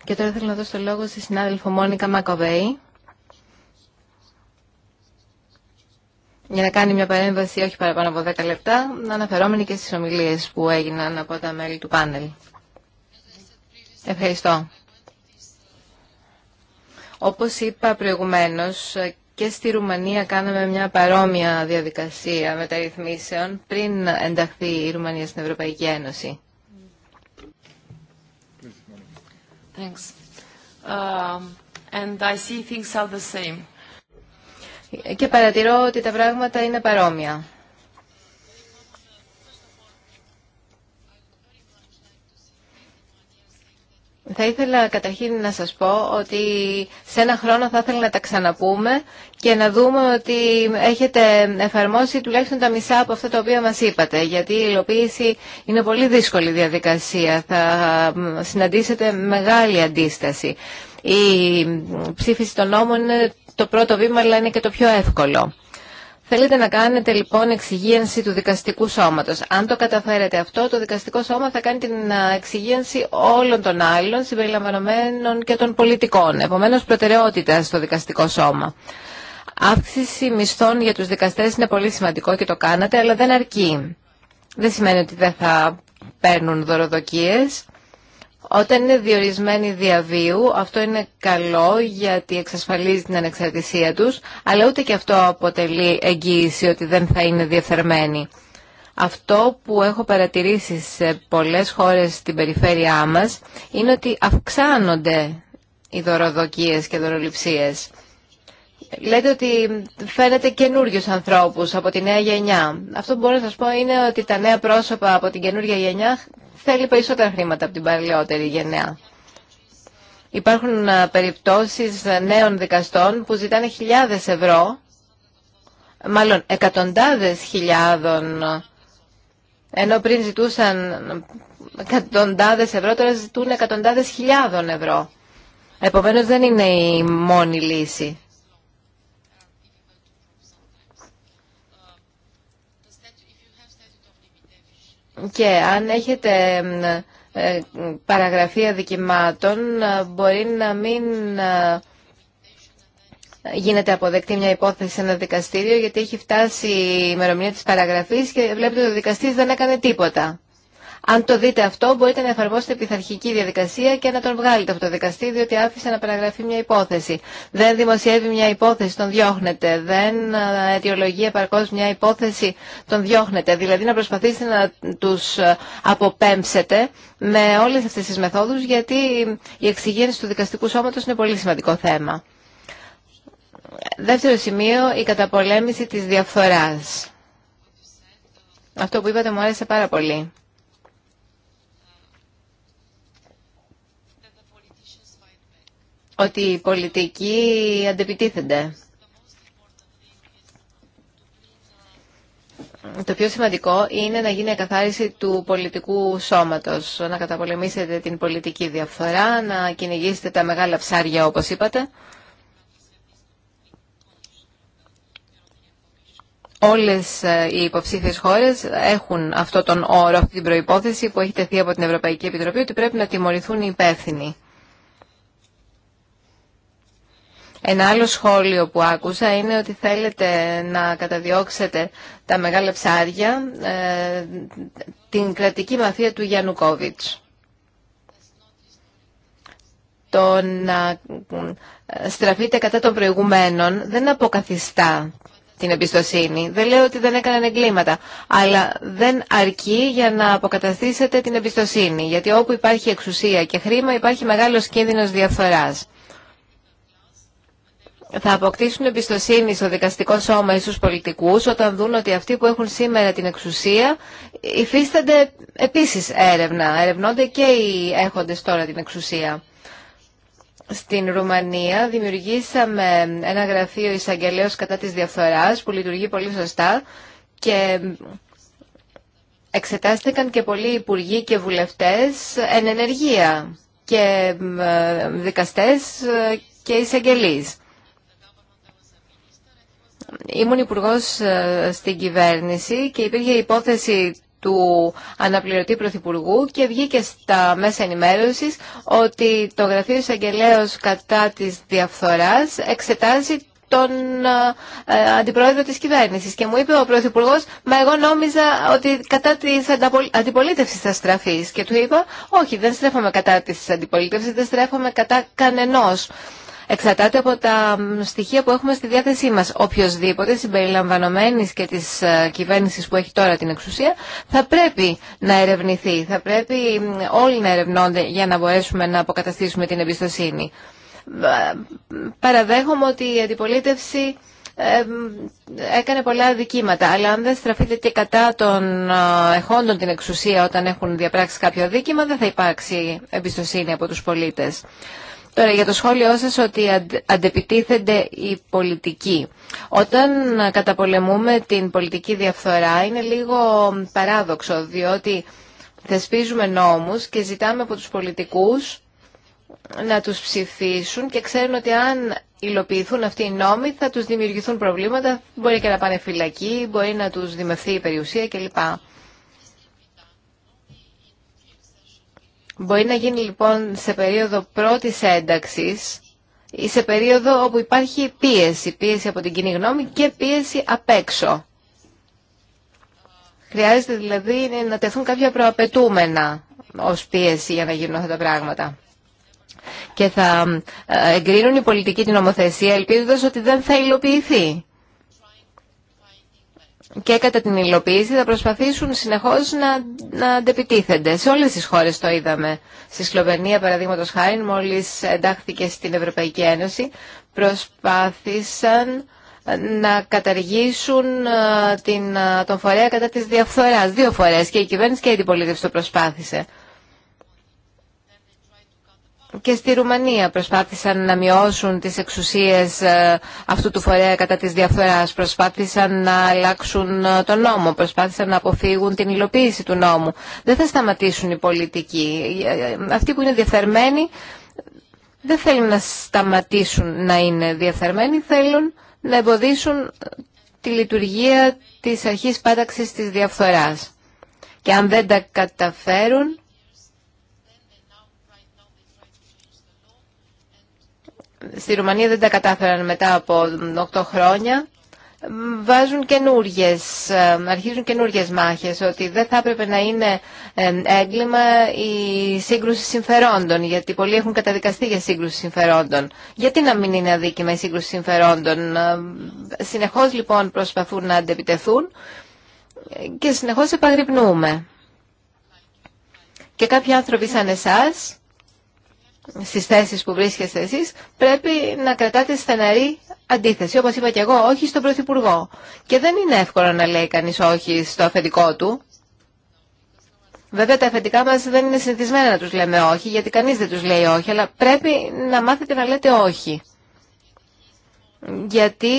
Και τώρα θέλω να δώσω το λόγο στη συνάδελφο Μόνικα Μακοβέη για να κάνει μια παρέμβαση όχι παραπάνω από 10 λεπτά, αναφερόμενη και στις ομιλίες που έγιναν από τα μέλη του πάνελ. Ευχαριστώ. Όπως είπα προηγουμένως και στη Ρουμανία κάναμε μια παρόμοια διαδικασία μεταρρυθμίσεων πριν ενταχθεί η Ρουμανία στην Ευρωπαϊκή Ένωση. Um, Και παρατηρώ ότι τα πράγματα είναι παρόμοια. Θα ήθελα καταρχήν να σας πω ότι σε ένα χρόνο θα ήθελα να τα ξαναπούμε και να δούμε ότι έχετε εφαρμόσει τουλάχιστον τα μισά από αυτά τα οποία μας είπατε, γιατί η υλοποίηση είναι πολύ δύσκολη διαδικασία, θα συναντήσετε μεγάλη αντίσταση. Η ψήφιση των νόμων είναι το πρώτο βήμα, αλλά είναι και το πιο εύκολο. Θέλετε να κάνετε λοιπόν εξυγίανση του δικαστικού σώματος. Αν το καταφέρετε αυτό, το δικαστικό σώμα θα κάνει την εξυγίανση όλων των άλλων, συμπεριλαμβανομένων και των πολιτικών. Επομένως, προτεραιότητα στο δικαστικό σώμα. Αύξηση μισθών για τους δικαστές είναι πολύ σημαντικό και το κάνατε, αλλά δεν αρκεί. Δεν σημαίνει ότι δεν θα παίρνουν δωροδοκίες. Όταν είναι διορισμένοι διαβίου, αυτό είναι καλό γιατί εξασφαλίζει την ανεξαρτησία τους, αλλά ούτε και αυτό αποτελεί εγγύηση ότι δεν θα είναι διεφθαρμένοι. Αυτό που έχω παρατηρήσει σε πολλές χώρες στην περιφέρειά μας είναι ότι αυξάνονται οι δωροδοκίες και δωροληψίες. Λέτε ότι φαίνεται καινούριου ανθρώπους από τη νέα γενιά. Αυτό που μπορώ να σα πω είναι ότι τα νέα πρόσωπα από την καινούργια γενιά θέλει περισσότερα χρήματα από την παλαιότερη γενιά. Υπάρχουν περιπτώσεις νέων δικαστών που ζητάνε χιλιάδες ευρώ, μάλλον εκατοντάδες χιλιάδων, ενώ πριν ζητούσαν εκατοντάδες ευρώ, τώρα ζητούν εκατοντάδε χιλιάδων ευρώ. Επομένως δεν είναι η μόνη λύση. Και αν έχετε ε, παραγραφή αδικημάτων ε, μπορεί να μην ε, γίνεται αποδεκτή μια υπόθεση σε ένα δικαστήριο γιατί έχει φτάσει η ημερομηνία της παραγραφής και βλέπετε ότι ο δικαστής δεν έκανε τίποτα. Αν το δείτε αυτό, μπορείτε να εφαρμόσετε πειθαρχική διαδικασία και να τον βγάλετε από το δικαστή, διότι άφησε να παραγραφεί μια υπόθεση. Δεν δημοσιεύει μια υπόθεση, τον διώχνετε. Δεν ε, αιτιολογεί επαρκώ μια υπόθεση, τον διώχνετε. Δηλαδή να προσπαθήσετε να του ε, αποπέμψετε με όλε αυτέ τι μεθόδου, γιατί η εξυγίανση του δικαστικού σώματο είναι πολύ σημαντικό θέμα. Δεύτερο σημείο, η καταπολέμηση της διαφθοράς. Αυτό που είπατε μου άρεσε πάρα πολύ. ότι οι πολιτικοί αντεπιτίθενται. Το πιο σημαντικό είναι να γίνει η του πολιτικού σώματος, να καταπολεμήσετε την πολιτική διαφθορά, να κυνηγήσετε τα μεγάλα ψάρια όπως είπατε. Όλες ε, οι υποψήφιες χώρες έχουν αυτό τον όρο, αυτή την προϋπόθεση που έχει τεθεί από την Ευρωπαϊκή Επιτροπή ότι πρέπει να τιμωρηθούν οι υπεύθυνοι. Ένα άλλο σχόλιο που άκουσα είναι ότι θέλετε να καταδιώξετε τα μεγάλα ψάρια, ε, την κρατική μαφία του Κόβιτς. Το να ε, στραφείτε κατά των προηγουμένων δεν αποκαθιστά την εμπιστοσύνη. Δεν λέω ότι δεν έκαναν εγκλήματα, αλλά δεν αρκεί για να αποκαταστήσετε την εμπιστοσύνη, γιατί όπου υπάρχει εξουσία και χρήμα υπάρχει μεγάλος κίνδυνος διαφθοράς θα αποκτήσουν εμπιστοσύνη στο δικαστικό σώμα ή στους πολιτικούς όταν δουν ότι αυτοί που έχουν σήμερα την εξουσία υφίστανται επίσης έρευνα. Ερευνώνται και οι έχοντες τώρα την εξουσία. Στην Ρουμανία δημιουργήσαμε ένα γραφείο εισαγγελέως κατά της διαφθοράς που λειτουργεί πολύ σωστά και εξετάστηκαν και πολλοί υπουργοί και βουλευτές εν ενεργεία και ε, δικαστές ε, και εισαγγελείς. Ήμουν υπουργό ε, στην κυβέρνηση και υπήρχε υπόθεση του αναπληρωτή πρωθυπουργού και βγήκε στα μέσα ενημέρωσης ότι το Γραφείο Εισαγγελέως κατά της διαφθοράς εξετάζει τον ε, ε, αντιπρόεδρο της κυβέρνησης και μου είπε ο Πρωθυπουργό, μα εγώ νόμιζα ότι κατά της αντιπολίτευσης θα στραφείς και του είπα όχι δεν στρέφομαι κατά της αντιπολίτευσης δεν στρέφομαι κατά κανενός εξαρτάται από τα στοιχεία που έχουμε στη διάθεσή μας. οποιοδήποτε συμπεριλαμβανομένης και της ε, κυβέρνησης που έχει τώρα την εξουσία θα πρέπει να ερευνηθεί, θα πρέπει όλοι να ερευνώνται για να μπορέσουμε να αποκαταστήσουμε την εμπιστοσύνη. Παραδέχομαι ότι η αντιπολίτευση ε, έκανε πολλά αδικήματα. Αλλά αν δεν στραφείτε και κατά των ε, εχόντων την εξουσία όταν έχουν διαπράξει κάποιο αδίκημα, δεν θα υπάρξει εμπιστοσύνη από τους πολίτες. Τώρα για το σχόλιο σας ότι αντεπιτίθενται οι πολιτικοί. Όταν καταπολεμούμε την πολιτική διαφθορά είναι λίγο παράδοξο διότι θεσπίζουμε νόμους και ζητάμε από τους πολιτικούς να τους ψηφίσουν και ξέρουν ότι αν υλοποιηθούν αυτοί οι νόμοι θα τους δημιουργηθούν προβλήματα, μπορεί και να πάνε φυλακή, μπορεί να τους δημευθεί η περιουσία κλπ. Μπορεί να γίνει λοιπόν σε περίοδο πρώτης ένταξης ή σε περίοδο όπου υπάρχει πίεση, πίεση από την κοινή γνώμη και πίεση απ' έξω. Χρειάζεται δηλαδή να τεθούν κάποια προαπαιτούμενα ως πίεση για να γίνουν αυτά τα πράγματα. Και θα ε, εγκρίνουν η πολιτική την νομοθεσία ελπίζοντας ότι δεν θα υλοποιηθεί και κατά την υλοποίηση θα προσπαθήσουν συνεχώς να, να αντεπιτίθενται. Σε όλες τις χώρες το είδαμε. Στη Σλοβενία, παραδείγματος χάρη, μόλις εντάχθηκε στην Ευρωπαϊκή Ένωση, προσπάθησαν να καταργήσουν ε, την, ε, τον φορέα κατά της διαφθοράς δύο φορές και η κυβέρνηση και η αντιπολίτευση το προσπάθησε και στη Ρουμανία προσπάθησαν να μειώσουν τις εξουσίες ε, αυτού του φορέα κατά της διαφθοράς, προσπάθησαν να αλλάξουν ε, τον νόμο, προσπάθησαν να αποφύγουν την υλοποίηση του νόμου. Δεν θα σταματήσουν οι πολιτικοί. Ε, αυτοί που είναι διαφθαρμένοι δεν θέλουν να σταματήσουν να είναι διαφθαρμένοι, θέλουν να εμποδίσουν τη λειτουργία της αρχής πάταξης της διαφθοράς. Και αν δεν τα καταφέρουν, στη Ρουμανία δεν τα κατάφεραν μετά από 8 χρόνια βάζουν καινούργιες, αρχίζουν καινούργιες μάχες, ότι δεν θα έπρεπε να είναι έγκλημα η σύγκρουση συμφερόντων, γιατί πολλοί έχουν καταδικαστεί για σύγκρουση συμφερόντων. Γιατί να μην είναι αδίκημα η σύγκρουση συμφερόντων. Συνεχώς λοιπόν προσπαθούν να αντεπιτεθούν και συνεχώς επαγρυπνούμε. Και κάποιοι άνθρωποι σαν εσάς, στις θέσεις που βρίσκεστε εσείς, πρέπει να κρατάτε στεναρή αντίθεση. Όπως είπα και εγώ, όχι στον Πρωθυπουργό. Και δεν είναι εύκολο να λέει κανείς όχι στο αφεντικό του. Βέβαια τα αφεντικά μας δεν είναι συνηθισμένα να τους λέμε όχι, γιατί κανείς δεν τους λέει όχι, αλλά πρέπει να μάθετε να λέτε όχι. Γιατί,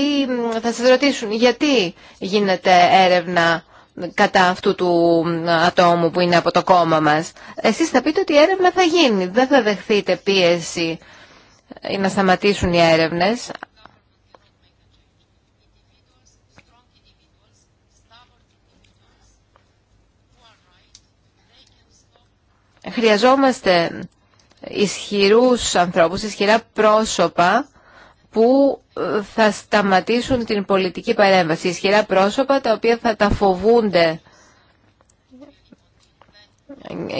θα σας ρωτήσουν, γιατί γίνεται έρευνα κατά αυτού του ατόμου που είναι από το κόμμα μας. Εσείς θα πείτε ότι η έρευνα θα γίνει, δεν θα δεχθείτε πίεση ή να σταματήσουν οι έρευνες. Χρειαζόμαστε ισχυρούς ανθρώπους, ισχυρά πρόσωπα που ε, θα σταματήσουν την πολιτική παρέμβαση. Ισχυρά πρόσωπα τα οποία θα τα φοβούνται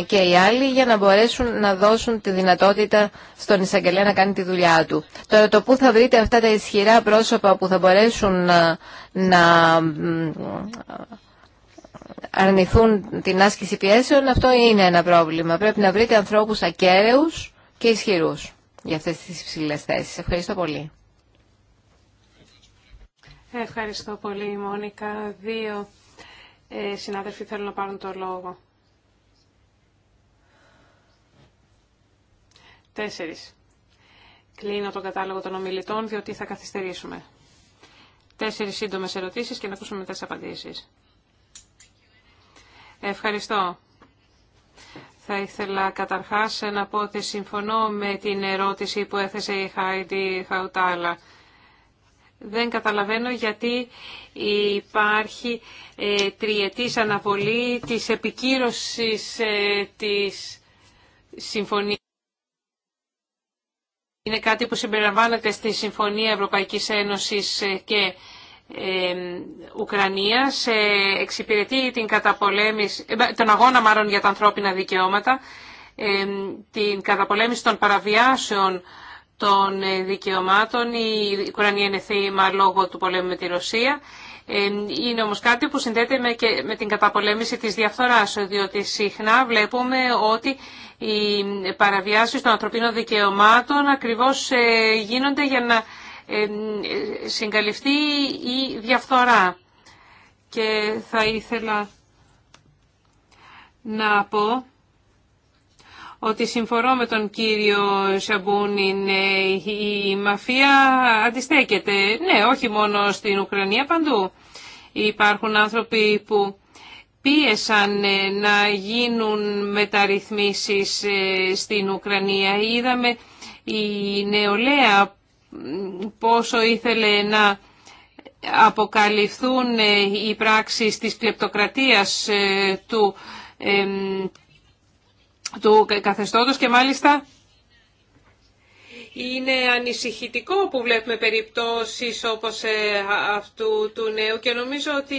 και οι άλλοι για να μπορέσουν να δώσουν τη δυνατότητα στον εισαγγελέα να κάνει τη δουλειά του. Τώρα το πού θα βρείτε αυτά τα ισχυρά πρόσωπα που θα μπορέσουν ε, να, αρνηθούν την άσκηση πιέσεων, αυτό είναι ένα πρόβλημα. Πρέπει να βρείτε ανθρώπους ακέραιους και ισχυρούς για αυτές τις υψηλές θέσεις. Ευχαριστώ πολύ. Ευχαριστώ πολύ, Μόνικα. Δύο ε, συνάδελφοι θέλουν να πάρουν το λόγο. Τέσσερις. Κλείνω τον κατάλογο των ομιλητών, διότι θα καθυστερήσουμε. Τέσσερις σύντομες ερωτήσεις και να ακούσουμε μετά τις απαντήσεις. Ευχαριστώ. Θα ήθελα καταρχάς να πω ότι συμφωνώ με την ερώτηση που έθεσε η Χάιντι Χαουτάλα δεν καταλαβαίνω γιατί υπάρχει ε, τριετής αναβολή της επικύρωσης ε, της συμφωνίας. Είναι κάτι που συμπεριλαμβάνεται στη Συμφωνία Ευρωπαϊκής Ένωσης ε, και ε, Ουκρανίας. εξυπηρετεί την καταπολέμηση, τον αγώνα μάλλον για τα ανθρώπινα δικαιώματα, την καταπολέμηση των παραβιάσεων των ε, δικαιωμάτων. Η Ουκρανία είναι θύμα λόγω του πολέμου με τη Ρωσία. Ε, είναι όμως κάτι που συνδέεται με, και με την καταπολέμηση της διαφθοράς, διότι συχνά βλέπουμε ότι οι παραβιάσεις των ανθρωπίνων δικαιωμάτων ακριβώς ε, γίνονται για να συγκαλυφθεί η διαφθορά. Και θα ήθελα να πω ότι συμφορώ με τον κύριο Σαμπούνιν, η μαφία αντιστέκεται. Ναι, όχι μόνο στην Ουκρανία, παντού. Υπάρχουν άνθρωποι που πίεσαν ε, να γίνουν μεταρρυθμίσεις ε, στην Ουκρανία. Είδαμε η νεολαία πόσο ήθελε να αποκαλυφθούν ε, οι πράξεις της κλεπτοκρατίας του του καθεστώτος και μάλιστα είναι ανησυχητικό που βλέπουμε περιπτώσεις όπως ε, αυτού του νέου και νομίζω ότι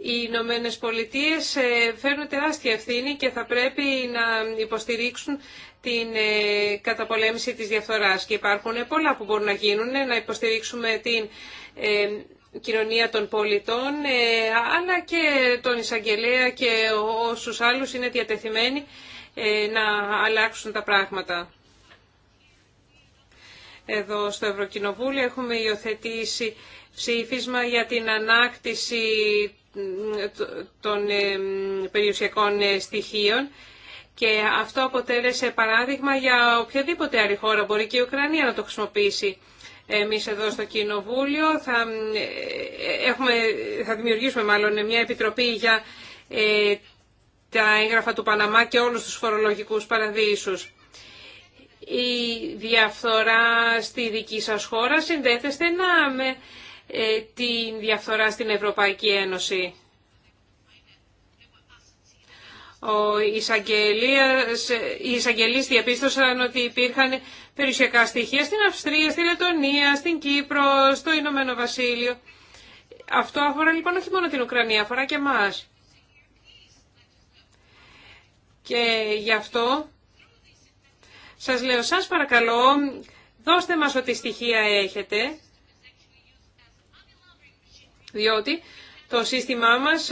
οι Ηνωμένε Πολιτείε ε, φέρνουν τεράστια ευθύνη και θα πρέπει να υποστηρίξουν την ε, καταπολέμηση της διαφθοράς. Και υπάρχουν πολλά που μπορούν να γίνουν, να υποστηρίξουμε την κοινωνία των πολιτών, αλλά και τον εισαγγελέα και όσους άλλους είναι διατεθειμένοι ε, να αλλάξουν τα πράγματα. Εδώ στο Ευρωκοινοβούλιο έχουμε υιοθετήσει ψήφισμα για την ανάκτηση ε, των ε, περιουσιακών στοιχείων και αυτό αποτέλεσε παράδειγμα για οποιαδήποτε άλλη χώρα μπορεί και η Ουκρανία να το χρησιμοποιήσει. Εμείς εδώ στο Κοινοβούλιο θα, έχουμε, θα δημιουργήσουμε μάλλον μια επιτροπή για τα έγγραφα του Παναμά και όλους τους φορολογικούς παραδείσους. Η διαφθορά στη δική σας χώρα συνδέεται στενά με ε, την διαφθορά στην Ευρωπαϊκή Ένωση. Ο ε, οι εισαγγελείς διαπίστωσαν ότι υπήρχαν περιουσιακά στοιχεία στην Αυστρία, στην Λετωνία, στην Κύπρο, στο Ηνωμένο Βασίλειο. Αυτό αφορά λοιπόν όχι μόνο την Ουκρανία, αφορά και εμάς. Και γι' αυτό σας λέω, σας παρακαλώ, δώστε μας ό,τι στοιχεία έχετε, διότι το σύστημά μας,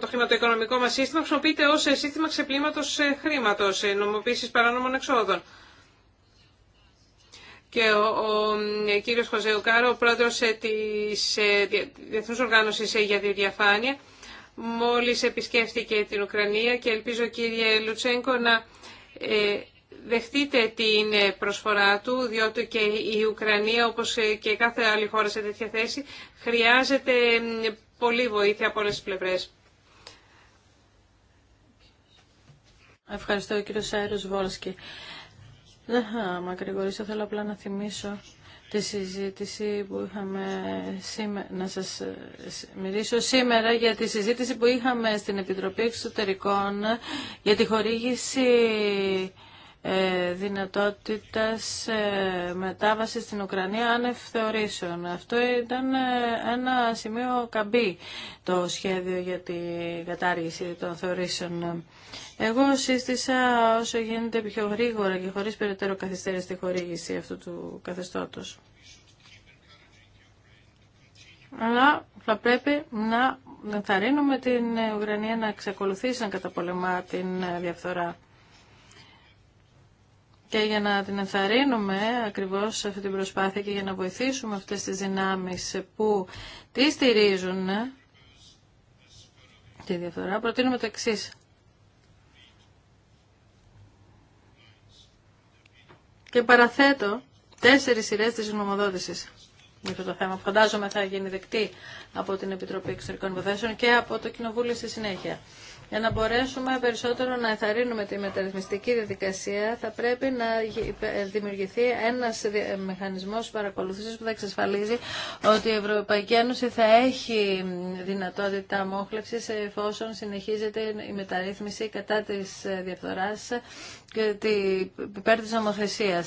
το χρηματοοικονομικό μας σύστημα χρησιμοποιείται ως σύστημα ξεπλήματος ε, χρήματος, ε, νομοποίησης παράνομων εξόδων. Και ο, ο, ο ε, κύριος ο πρόεδρος της Διεθνούς Οργάνωσης για τη Διαφάνεια, μόλις επισκέφθηκε την Ουκρανία και ελπίζω κύριε Λουτσέγκο να ε, δεχτείτε την προσφορά του, διότι και η Ουκρανία, όπως ε, και κάθε άλλη χώρα σε τέτοια θέση, χρειάζεται πολύ βοήθεια από όλες τις πλευρές. Ευχαριστώ κύριο Σάιρος Βόλσκι. Δεν θα θέλω απλά να θυμίσω τη συζήτηση που είχαμε σήμερα, να σας ε, μιλήσω σήμερα για τη συζήτηση που είχαμε στην Επιτροπή Εξωτερικών για τη χορήγηση ε, δυνατότητας ε, μετάβασης στην Ουκρανία άνευ θεωρήσεων. Αυτό ήταν ένα σημείο καμπή το σχέδιο για τη κατάργηση των θεωρήσεων. Εγώ σύστησα όσο γίνεται πιο γρήγορα και χωρίς περαιτέρω καθυστέρηση τη χορήγηση αυτού του καθεστώτος. Αλλά θα πρέπει να ενθαρρύνουμε την Ουκρανία να εξακολουθήσει να καταπολεμά την διαφθορά. Και για να την ενθαρρύνουμε ακριβώς σε αυτή την προσπάθεια και για να βοηθήσουμε αυτές τις δυνάμεις που τη στηρίζουν τη διαφθορά, προτείνουμε το εξή. και παραθέτω τέσσερις σειρές της γνωμοδότησης για αυτό το θέμα. Φαντάζομαι θα γίνει δεκτή από την Επιτροπή Εξωτερικών Υποθέσεων και από το Κοινοβούλιο στη συνέχεια. Για να μπορέσουμε περισσότερο να εθαρρύνουμε τη μεταρρυθμιστική διαδικασία, θα πρέπει να δημιουργηθεί ένας μηχανισμός παρακολουθήσεως που θα εξασφαλίζει ότι η Ευρωπαϊκή Ένωση θα έχει δυνατότητα μόχλευση εφόσον συνεχίζεται η μεταρρύθμιση κατά της διαφθοράς και υπέρ της νομοθεσία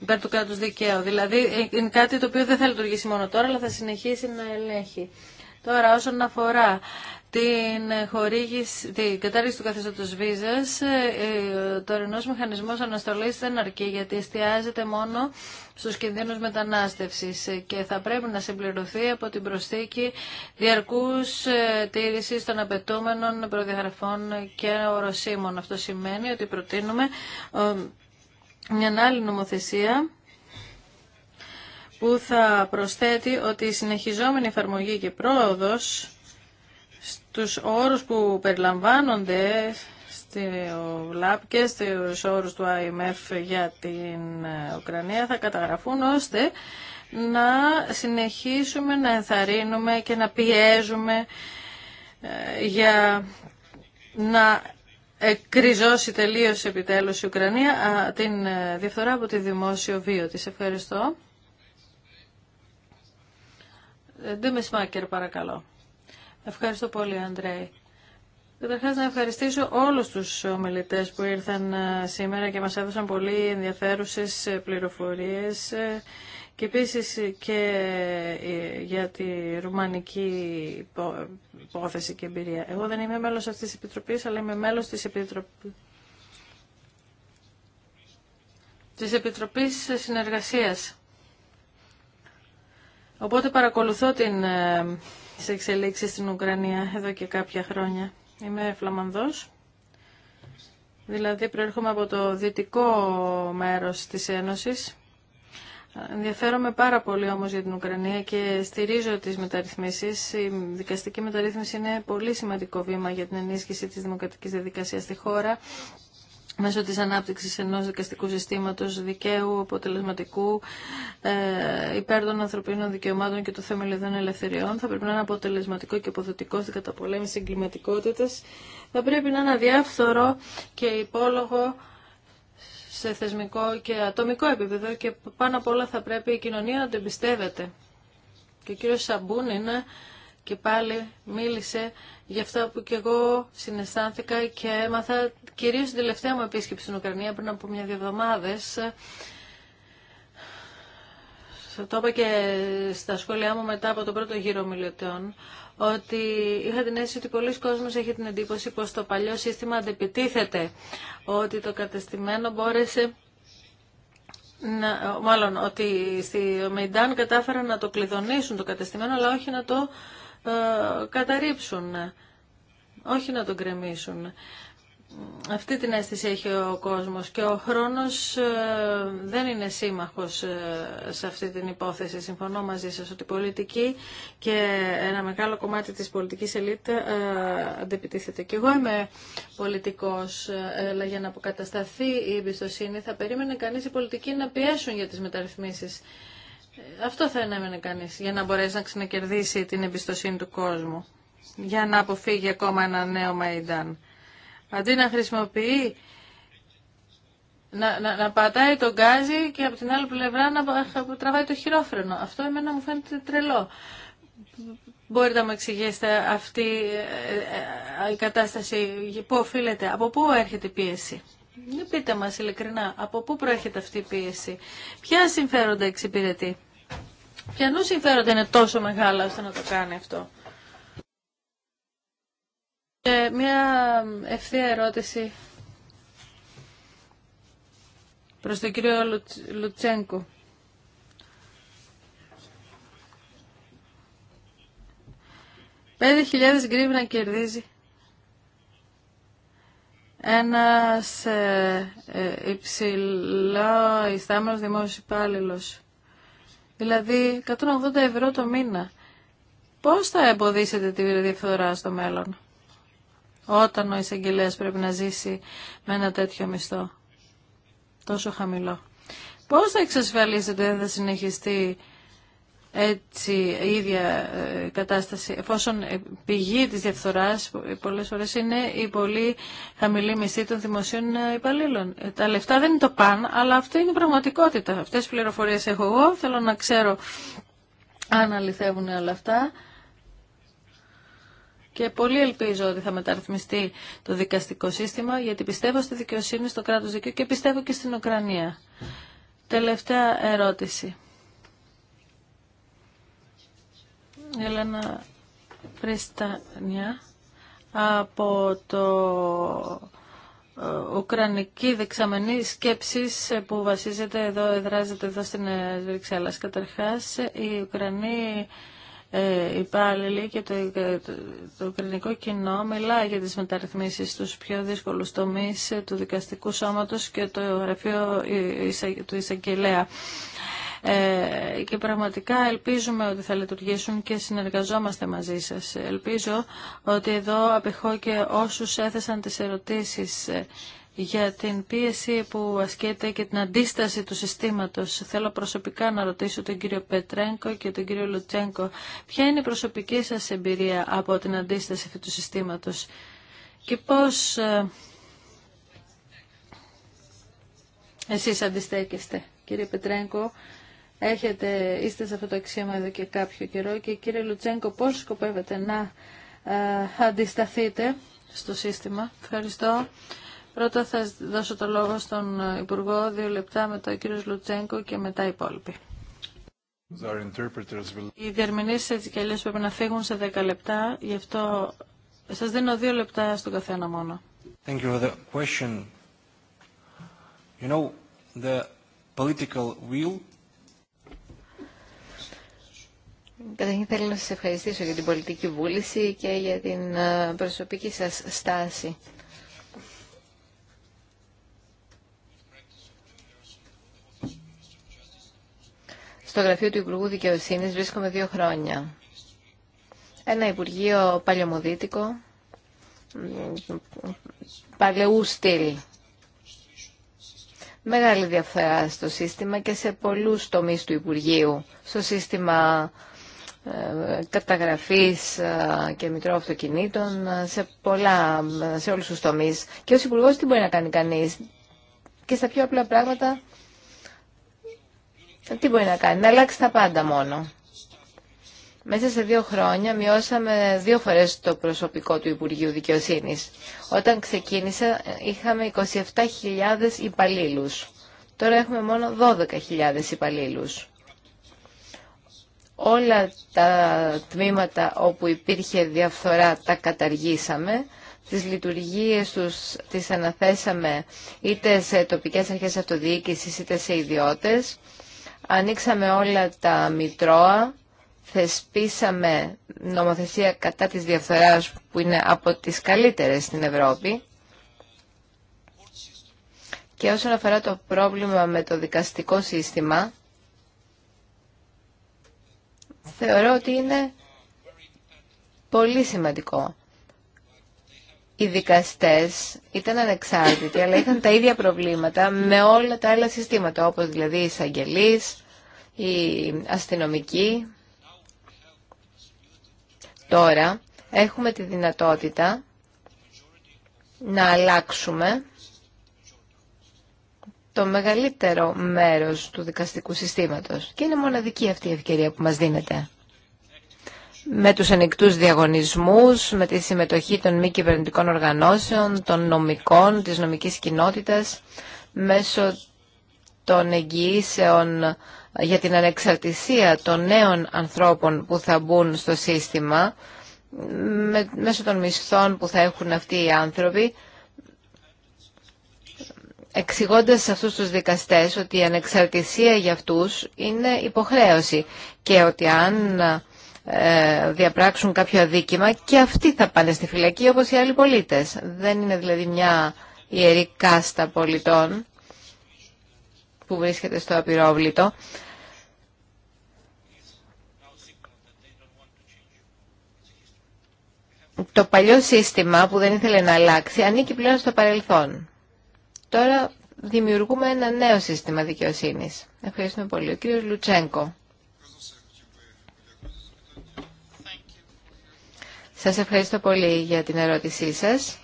υπέρ του κράτου δικαίου. Δηλαδή είναι κάτι το οποίο δεν θα λειτουργήσει μόνο τώρα, αλλά θα συνεχίσει να ελέγχει. Τώρα όσον αφορά την χορήγηση, την κατάργηση του καθεστώτος βίζας, το ε, ε, ορεινός μηχανισμός αναστολής δεν αρκεί γιατί εστιάζεται μόνο στους κινδύνους μετανάστευσης ε, και θα πρέπει να συμπληρωθεί από την προσθήκη διαρκούς τήρησης των απαιτούμενων προδιαγραφών και οροσίμων. Αυτό σημαίνει ότι προτείνουμε μια άλλη νομοθεσία που θα προσθέτει ότι η συνεχιζόμενη εφαρμογή και πρόοδος στους όρους που περιλαμβάνονται στη ΛΑΠ και στους όρους του IMF για την ε, Ουκρανία θα καταγραφούν ώστε να συνεχίσουμε να ενθαρρύνουμε και να πιέζουμε ε, για να εκκριζώσει τελείως επιτέλους η Ουκρανία την ε, διαφθορά από τη δημόσιο βίο της. Ευχαριστώ. σμάκερ παρακαλώ. Ευχαριστώ πολύ, Αντρέη. Καταρχά, να ευχαριστήσω όλου του ομιλητέ που ήρθαν ε, σήμερα και μα έδωσαν πολύ ενδιαφέρουσε ε, πληροφορίε ε, και επίση και για τη ρουμανική υπόθεση και εμπειρία. Εγώ δεν είμαι μέλο αυτή τη επιτροπή, αλλά είμαι μέλο τη επιτροπή. Της Επιτροπής Συνεργασίας. Οπότε παρακολουθώ την τις εξελίξεις στην Ουκρανία εδώ και κάποια χρόνια. Είμαι Φλαμανδός, δηλαδή προέρχομαι από το δυτικό μέρος της Ένωσης. Ενδιαφέρομαι πάρα πολύ όμως για την Ουκρανία και στηρίζω τις μεταρρυθμίσεις. Η δικαστική μεταρρύθμιση είναι πολύ σημαντικό βήμα για την ενίσχυση της δημοκρατικής διαδικασίας στη χώρα μέσω της ανάπτυξης ενός δικαστικού συστήματος δικαίου, αποτελεσματικού, ε, υπέρ των ανθρωπίνων δικαιωμάτων και των θεμελιωδών ελευθεριών. Θα πρέπει να είναι αποτελεσματικό και αποδοτικό στην καταπολέμηση εγκληματικότητα. Θα πρέπει να είναι αδιάφθορο και υπόλογο σε θεσμικό και ατομικό επίπεδο και πάνω απ' όλα θα πρέπει η κοινωνία να το εμπιστεύεται. Και ο κύριος Σαμπούν είναι και πάλι μίλησε για αυτά που και εγώ συναισθάνθηκα και έμαθα κυρίως την τελευταία μου επίσκεψη στην Ουκρανία πριν από μια-δύο εβδομάδες. Το είπα και στα σχόλιά μου μετά από τον πρώτο γύρο μιλωτών ότι είχα την αίσθηση ότι πολλοί κόσμοι έχει την εντύπωση πως το παλιό σύστημα αντεπιτίθεται, ότι το κατεστημένο μπόρεσε να, μάλλον ότι στη Μεϊντάν κατάφεραν να το κλειδονίσουν το κατεστημένο αλλά όχι να το ε, καταρρύψουν, όχι να τον κρεμίσουν. Αυτή την αίσθηση έχει ο κόσμος και ο χρόνος ε, δεν είναι σύμμαχος ε, σε αυτή την υπόθεση. Συμφωνώ μαζί σας ότι η πολιτική και ένα μεγάλο κομμάτι της πολιτικής ελίτ αντιπιτίθεται Και εγώ είμαι πολιτικός, αλλά για να αποκατασταθεί η εμπιστοσύνη θα περίμενε κανείς οι πολιτικοί να πιέσουν για τις μεταρρυθμίσεις. Αυτό θα ανέμενε κανεί για να μπορέσει να ξανακερδίσει την εμπιστοσύνη του κόσμου. Για να αποφύγει ακόμα ένα νέο Μαϊντάν. Αντί να χρησιμοποιεί, να, να, να πατάει τον γκάζι και από την άλλη πλευρά να τραβάει το χειρόφρενο. Αυτό εμένα μου φαίνεται τρελό. Μπορείτε να μου εξηγήσετε αυτή ε, ε, ε, η κατάσταση, πού οφείλεται, από πού έρχεται η πίεση. Ναι, πείτε μας ειλικρινά, από πού προέρχεται αυτή η πίεση, ποια συμφέροντα εξυπηρετεί, ποιανού συμφέροντα είναι τόσο μεγάλα ώστε να το κάνει αυτό. Και μια ευθεία ερώτηση προς τον κύριο Λουτσένκο. 5.000 χιλιάδες κερδίζει ένας ε, ε, υψηλό ιστάμενος δημόσιος Δηλαδή 180 ευρώ το μήνα. Πώς θα εμποδίσετε τη διαφθορά στο μέλλον όταν ο εισαγγελέα πρέπει να ζήσει με ένα τέτοιο μισθό τόσο χαμηλό. Πώς θα εξασφαλίσετε δεν θα συνεχιστεί έτσι η ίδια ε, κατάσταση, εφόσον ε, πηγή της διαφθοράς ε, πολλές φορές είναι η πολύ χαμηλή μισθή των δημοσίων υπαλλήλων. Τα λεφτά δεν είναι το παν, αλλά αυτή είναι η πραγματικότητα. Αυτές τις πληροφορίες έχω εγώ, θέλω να ξέρω αν αληθεύουν όλα αυτά. Και πολύ ελπίζω ότι θα μεταρρυθμιστεί το δικαστικό σύστημα, γιατί πιστεύω στη δικαιοσύνη, στο κράτος δικαίου και πιστεύω και στην Ουκρανία. Τελευταία ερώτηση. Ελένα Πριστάνια από το ε, Ουκρανική δεξαμενή σκέψη ε, που βασίζεται εδώ, εδράζεται εδώ στην ε, Βρυξέλλα. Καταρχά, οι Ουκρανοί ε, υπάλληλοι και το, το, κοινό μιλάει για τις μεταρρυθμίσει, στους πιο δύσκολους τομεί του δικαστικού σώματος και το γραφείο του εισαγγελέα. Ε, και πραγματικά ελπίζουμε ότι θα λειτουργήσουν και συνεργαζόμαστε μαζί σας. Ελπίζω ότι εδώ απεχώ και όσους έθεσαν τις ερωτήσεις ε, για την πίεση που ασκείται και την αντίσταση του συστήματος. Θέλω προσωπικά να ρωτήσω τον κύριο Πετρένκο και τον κύριο Λουτσένκο ποια είναι η προσωπική σας εμπειρία από την αντίσταση του συστήματος και πώς ε, εσείς αντιστέκεστε. Κύριε Πετρένκο, έχετε, είστε σε αυτό το αξίωμα εδώ και κάποιο καιρό και κύριε Λουτσέγκο πώς σκοπεύετε να ε, αντισταθείτε στο σύστημα. Ευχαριστώ. Πρώτα θα δώσω το λόγο στον Υπουργό, δύο λεπτά, μετά ο κύριο Λουτσέγκο και μετά οι υπόλοιποι. Οι διερμηνήσεις έτσι και αλλιώς πρέπει να φύγουν σε δέκα λεπτά, γι' αυτό σας δίνω δύο λεπτά στον καθένα μόνο. Καταρχήν θέλω να σας ευχαριστήσω για την πολιτική βούληση και για την ε, προσωπική σας στάση. Στο γραφείο του Υπουργού Δικαιοσύνης βρίσκομαι δύο χρόνια. Ένα Υπουργείο παλαιομοδίτικο, παλαιού στυλ. Μεγάλη διαφορά στο σύστημα και σε πολλούς τομείς του Υπουργείου. Στο σύστημα καταγραφής ε, και μητρώου αυτοκινήτων ε, σε, πολλά, ε, σε όλους τους τομείς. Και ως υπουργό τι μπορεί να κάνει κανείς και στα πιο απλά πράγματα τι μπορεί να κάνει, να αλλάξει τα πάντα μόνο. Μέσα σε δύο χρόνια μειώσαμε δύο φορές το προσωπικό του Υπουργείου Δικαιοσύνης. Όταν ξεκίνησα είχαμε 27.000 υπαλλήλους. Τώρα έχουμε μόνο 12.000 υπαλλήλους. Όλα τα τμήματα όπου υπήρχε διαφθορά τα καταργήσαμε. Τις λειτουργίες τους τις αναθέσαμε είτε σε τοπικές αρχές αυτοδιοίκησης είτε σε ιδιώτες. Ανοίξαμε όλα τα μητρώα, θεσπίσαμε νομοθεσία κατά της διαφθοράς που είναι από τις καλύτερες στην Ευρώπη. Και όσον αφορά το πρόβλημα με το δικαστικό σύστημα, θεωρώ ότι είναι πολύ σημαντικό. Οι δικαστές ήταν ανεξάρτητοι, αλλά είχαν τα ίδια προβλήματα με όλα τα άλλα συστήματα, όπως δηλαδή οι εισαγγελείς, οι αστυνομικοί. Τώρα έχουμε τη δυνατότητα να αλλάξουμε το μεγαλύτερο μέρος του δικαστικού συστήματος και είναι μοναδική αυτή η ευκαιρία που μας δίνεται. Με τους ανοιχτού διαγωνισμούς, με τη συμμετοχή των μη κυβερνητικών οργανώσεων, των νομικών, της νομικής κοινότητας, μέσω των εγγυήσεων για την ανεξαρτησία των νέων ανθρώπων που θα μπουν στο σύστημα, μέσω των μισθών που θα έχουν αυτοί οι άνθρωποι, εξηγώντας σε αυτούς τους δικαστές ότι η ανεξαρτησία για αυτούς είναι υποχρέωση και ότι αν ε, διαπράξουν κάποιο αδίκημα και αυτοί θα πάνε στη φυλακή όπως οι άλλοι πολίτες. Δεν είναι δηλαδή μια ιερή κάστα πολιτών που βρίσκεται στο απειρόβλητο. Το παλιό σύστημα που δεν ήθελε να αλλάξει ανήκει πλέον στο παρελθόν. Τώρα δημιουργούμε ένα νέο σύστημα δικαιοσύνης. Ευχαριστούμε πολύ. Ο κύριος Λουτσέγκο. Σας ευχαριστώ πολύ για την ερώτησή σας.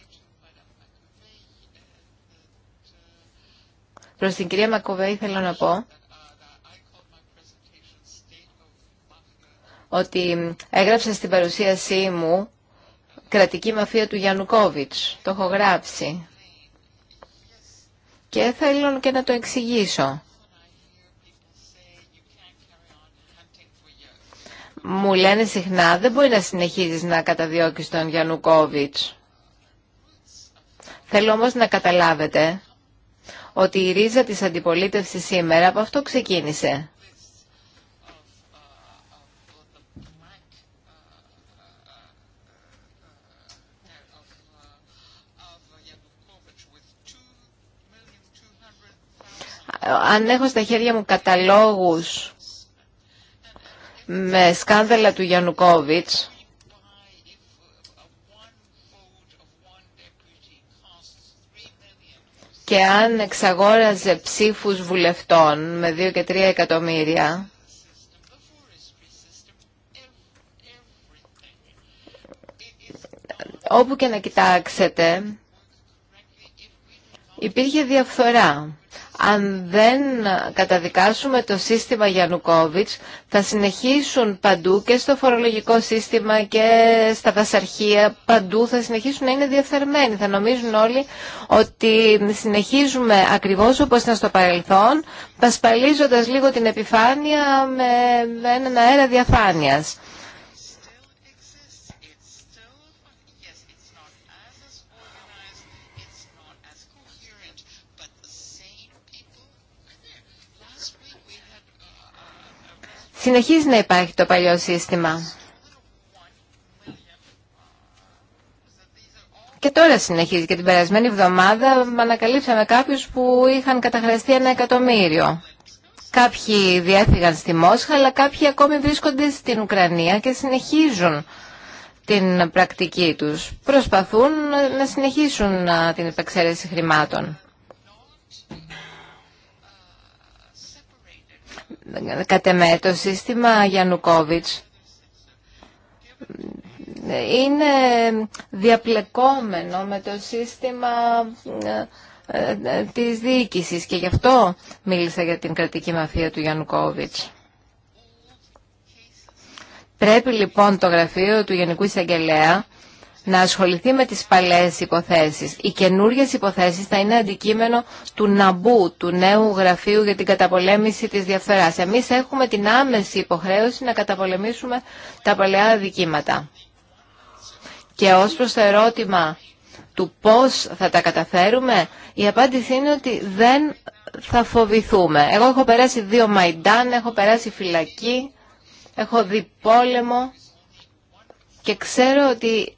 Προς την κυρία Μακοβέη θέλω να πω ότι έγραψα στην παρουσίασή μου κρατική μαφία του Γιαννουκόβιτς. Το έχω γράψει. Και θέλω και να το εξηγήσω. Μου λένε συχνά, δεν μπορεί να συνεχίζεις να καταδιώκεις τον Γιαννουκόβιτς. Θέλω όμως να καταλάβετε ότι η ρίζα της αντιπολίτευσης σήμερα από αυτό ξεκίνησε. Αν έχω στα χέρια μου καταλόγους με σκάνδαλα του Γιαννουκόβιτς, και αν εξαγόραζε ψήφους βουλευτών με 2 και 3 εκατομμύρια, όπου και να κοιτάξετε, υπήρχε διαφθορά αν δεν καταδικάσουμε το σύστημα Γιαννουκόβιτς θα συνεχίσουν παντού και στο φορολογικό σύστημα και στα δασαρχεία, παντού θα συνεχίσουν να είναι διαφθαρμένοι. Θα νομίζουν όλοι ότι συνεχίζουμε ακριβώς όπως ήταν στο παρελθόν πασπαλίζοντας λίγο την επιφάνεια με έναν αέρα διαφάνειας. Συνεχίζει να υπάρχει το παλιό σύστημα. Και τώρα συνεχίζει και την περασμένη εβδομάδα ανακαλύψαμε κάποιους που είχαν καταχρεστεί ένα εκατομμύριο. Κάποιοι διέφυγαν στη Μόσχα, αλλά κάποιοι ακόμη βρίσκονται στην Ουκρανία και συνεχίζουν την πρακτική τους. Προσπαθούν να συνεχίσουν την επεξαίρεση χρημάτων. κατ' το σύστημα Γιαννουκόβιτς είναι διαπλεκόμενο με το σύστημα ε, ε, της διοίκησης και γι' αυτό μίλησα για την κρατική μαφία του Γιαννουκόβιτς. Πρέπει λοιπόν το γραφείο του Γενικού Εισαγγελέα να ασχοληθεί με τις παλαιές υποθέσεις. Οι καινούριε υποθέσεις θα είναι αντικείμενο του ΝΑΜΠΟΥ, του νέου γραφείου για την καταπολέμηση της διαφθοράς. Εμείς έχουμε την άμεση υποχρέωση να καταπολεμήσουμε τα παλαιά δικήματα. Και ως προς το ερώτημα του πώς θα τα καταφέρουμε, η απάντηση είναι ότι δεν θα φοβηθούμε. Εγώ έχω περάσει δύο Μαϊντάν, έχω περάσει φυλακή, έχω δει πόλεμο. Και ξέρω ότι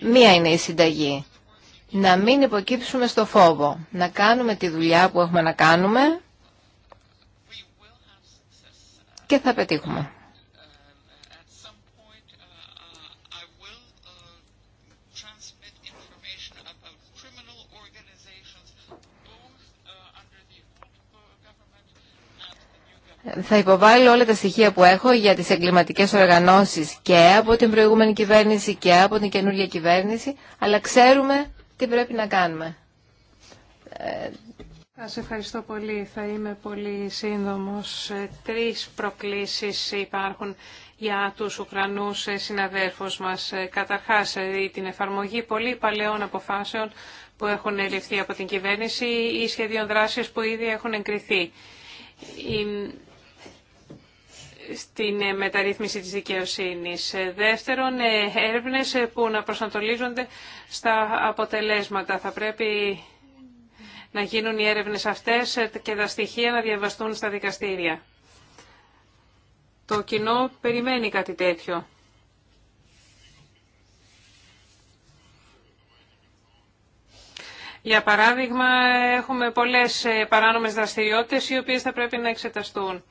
μία είναι η συνταγή. Να μην υποκύψουμε στο φόβο. Να κάνουμε τη δουλειά που έχουμε να κάνουμε και θα πετύχουμε. Θα υποβάλω όλα τα στοιχεία που έχω για τις εγκληματικέ οργανώσεις και από την προηγούμενη κυβέρνηση και από την καινούργια κυβέρνηση, αλλά ξέρουμε τι πρέπει να κάνουμε. Ε, σας ευχαριστώ πολύ. Θα είμαι πολύ σύντομος. Ε, τρεις προκλήσεις υπάρχουν για τους Ουκρανούς ε, συναδέρφους μας. Καταρχάς, την εφαρμογή πολύ παλαιών αποφάσεων που έχουν ληφθεί από την κυβέρνηση ή σχεδίων δράσης που ήδη έχουν εγκριθεί. η σχεδιων δρασης που ηδη εχουν εγκριθει στην ε, μεταρρύθμιση της δικαιοσύνης. Ε, δεύτερον, ε, έρευνες που να προσανατολίζονται στα αποτελέσματα. Θα πρέπει να γίνουν οι έρευνες αυτές και τα στοιχεία να διαβαστούν στα δικαστήρια. Το κοινό περιμένει κάτι τέτοιο. Για παράδειγμα, έχουμε πολλές παράνομες δραστηριότητες οι οποίες θα πρέπει να εξεταστούν.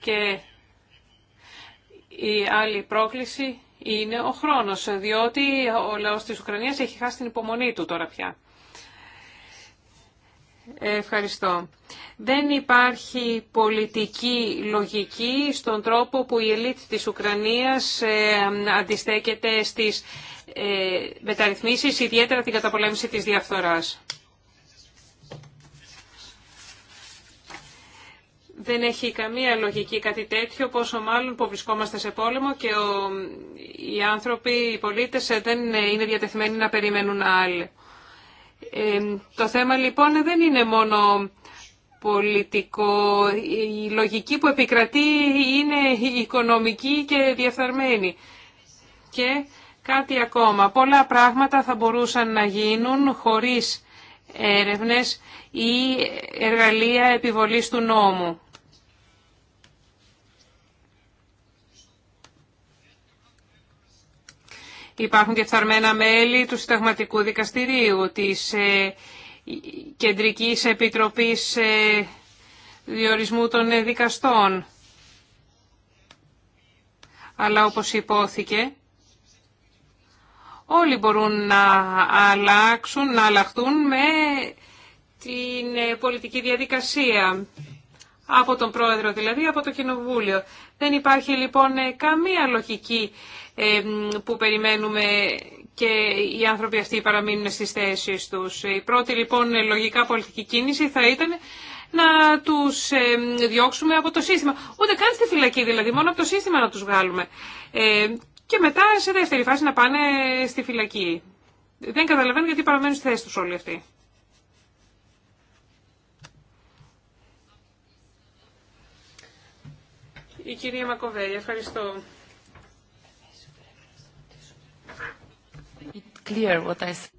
Και η άλλη πρόκληση είναι ο χρόνος, διότι ο λαός της Ουκρανίας έχει χάσει την υπομονή του τώρα πια. Ευχαριστώ. Δεν υπάρχει πολιτική λογική στον τρόπο που η ελίτ της Ουκρανίας ε, αντιστέκεται στις ε, μεταρρυθμίσεις, ιδιαίτερα την καταπολέμηση της διαφθοράς. Δεν έχει καμία λογική κάτι τέτοιο, πόσο μάλλον που βρισκόμαστε σε πόλεμο και οι άνθρωποι, οι πολίτες ε, δεν είναι διατεθειμένοι να περιμένουν άλλοι. Ε, το θέμα λοιπόν δεν είναι μόνο πολιτικό. Η λογική που επικρατεί είναι οικονομική και διαφθαρμένη. Και κάτι ακόμα. Πολλά πράγματα θα μπορούσαν να γίνουν χωρίς έρευνες ή εργαλεία επιβολής του νόμου. Υπάρχουν διεφθαρμένα μέλη του Συνταγματικού Δικαστηρίου, της ε, Κεντρικής Επιτροπής ε, Διορισμού των ε, Δικαστών. Αλλά όπως υπόθηκε, όλοι μπορούν να αλλάξουν, να αλλαχτούν με την πολιτική διαδικασία. Από τον πρόεδρο δηλαδή, από το κοινοβούλιο. Δεν υπάρχει λοιπόν καμία λογική που περιμένουμε και οι άνθρωποι αυτοί παραμείνουν στις θέσεις τους. Η πρώτη λοιπόν λογικά πολιτική κίνηση θα ήταν να τους διώξουμε από το σύστημα. Ούτε καν στη φυλακή δηλαδή, μόνο από το σύστημα να τους βγάλουμε. Και μετά σε δεύτερη φάση να πάνε στη φυλακή. Δεν καταλαβαίνω γιατί παραμένουν στη θέση τους όλοι αυτοί. Η κυρία Μακοβέλη, ευχαριστώ. clear what I said.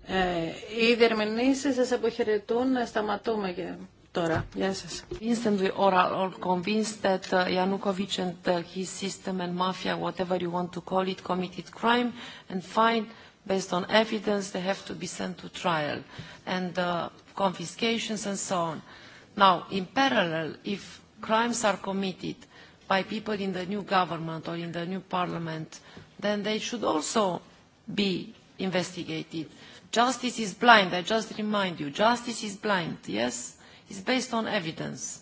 οι διερμηνήσεις σας αποχαιρετούν. Να σταματούμε και τώρα. Γεια σας. Instant we are all convinced that Yanukovych and his system and mafia, whatever you want to call it, committed crime and fine. Based on evidence, they have to be sent to trial and confiscations and so on. Now, in parallel, if crimes are committed by people in the new government or in the new parliament, then they should also be investigated. Justice is blind, I just remind you. Justice is blind, yes? It's based on evidence.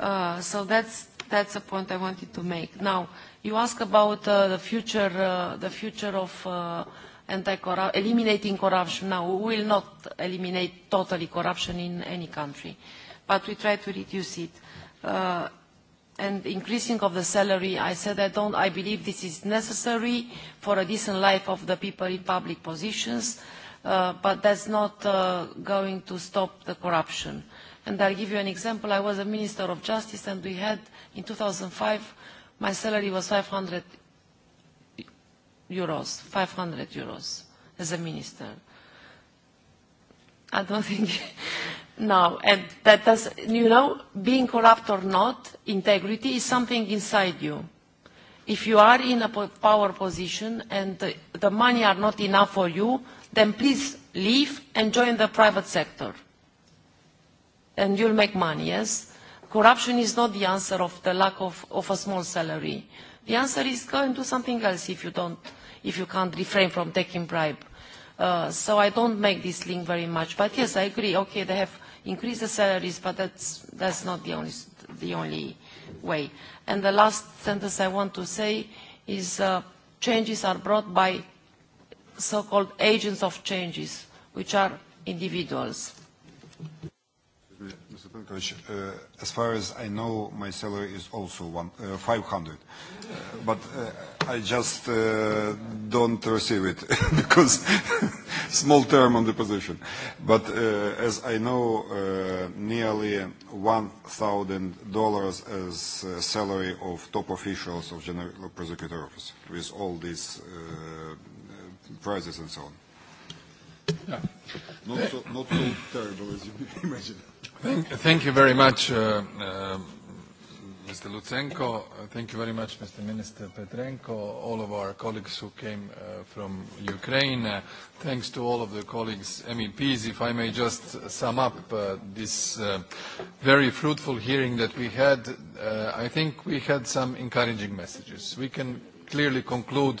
So that's that's a point I wanted to make. Now, you ask about the future, the future of anti eliminating corruption. Now, we will not eliminate totally corruption in any country, but we try to reduce it and increasing of the salary, I said I don't, I believe this is necessary for a decent life of the people in public positions, but that's not going to stop the corruption. And I'll give you an example. I was a Minister of Justice and we had, in 2005, my salary was 500 euros, 500 euros as a minister. I don't think No, and that does, you know, being corrupt or not, integrity is something inside you. If you are in a power position and the money are not enough for you, then please leave and join the private sector. And you'll make money, yes? Corruption is not the answer of the lack of a small salary. The answer is go and do something else if you don't, if you can't refrain from taking bribe. So I don't make this link very much. But yes, I agree. Okay, they have increase the salaries, but that's that's not the only the only way. And the last sentence I want to say is changes are brought by so-called agents of changes, which are individuals. Mr. President, as far as I know, my salary is also one, 500. but I just don't receive it because small term on the position. But as I know, nearly $1,000 as salary of top officials of General Prosecutor Office with all these prizes and so on. Not so, terrible as you imagine. Thank, you very much, Mr. Lutsenko. Thank you very much, Mr. Minister Petrenko, all of our colleagues who came from Ukraine. thanks to all of the colleagues, MEPs. If I may just sum up this very fruitful hearing that we had, I think we had some encouraging messages. We can clearly conclude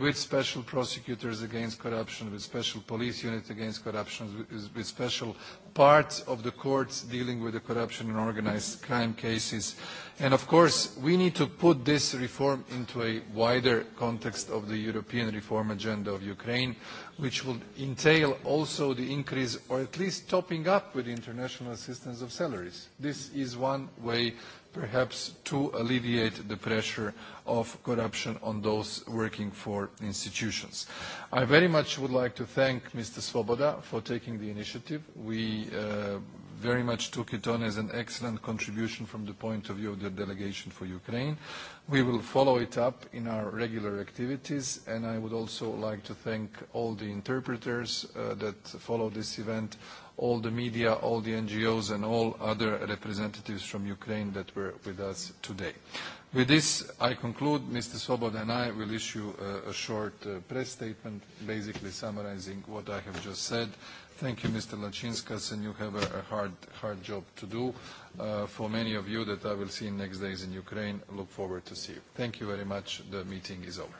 with special prosecutors against corruption, with special police units against corruption, with special parts of the courts dealing with the corruption and organized crime cases. And of course, we need to put this reform into a wider context of the European reform agenda of Ukraine, which will entail also the increase or at least topping up with international assistance of salaries. This is one way perhaps to alleviate the pressure of corruption on those working for institutions. I very much would like to thank Mr. Svoboda for taking the initiative. We very much took it on as an excellent contribution from the point of view of the delegation for Ukraine. We will follow it up in our regular activities, and I would also like to thank all the interpreters that follow this event, all the media, all the NGOs, and all other representatives from Ukraine that were with us today. With this, I conclude. Mr. Svoboda and I will issue a short press statement, basically summarizing what I have just said, Thank you, Mr. Lachinskas, and you have a hard, hard job to do. For many of you that I will see in next days in Ukraine, look forward to see you. Thank you very much. The meeting is over.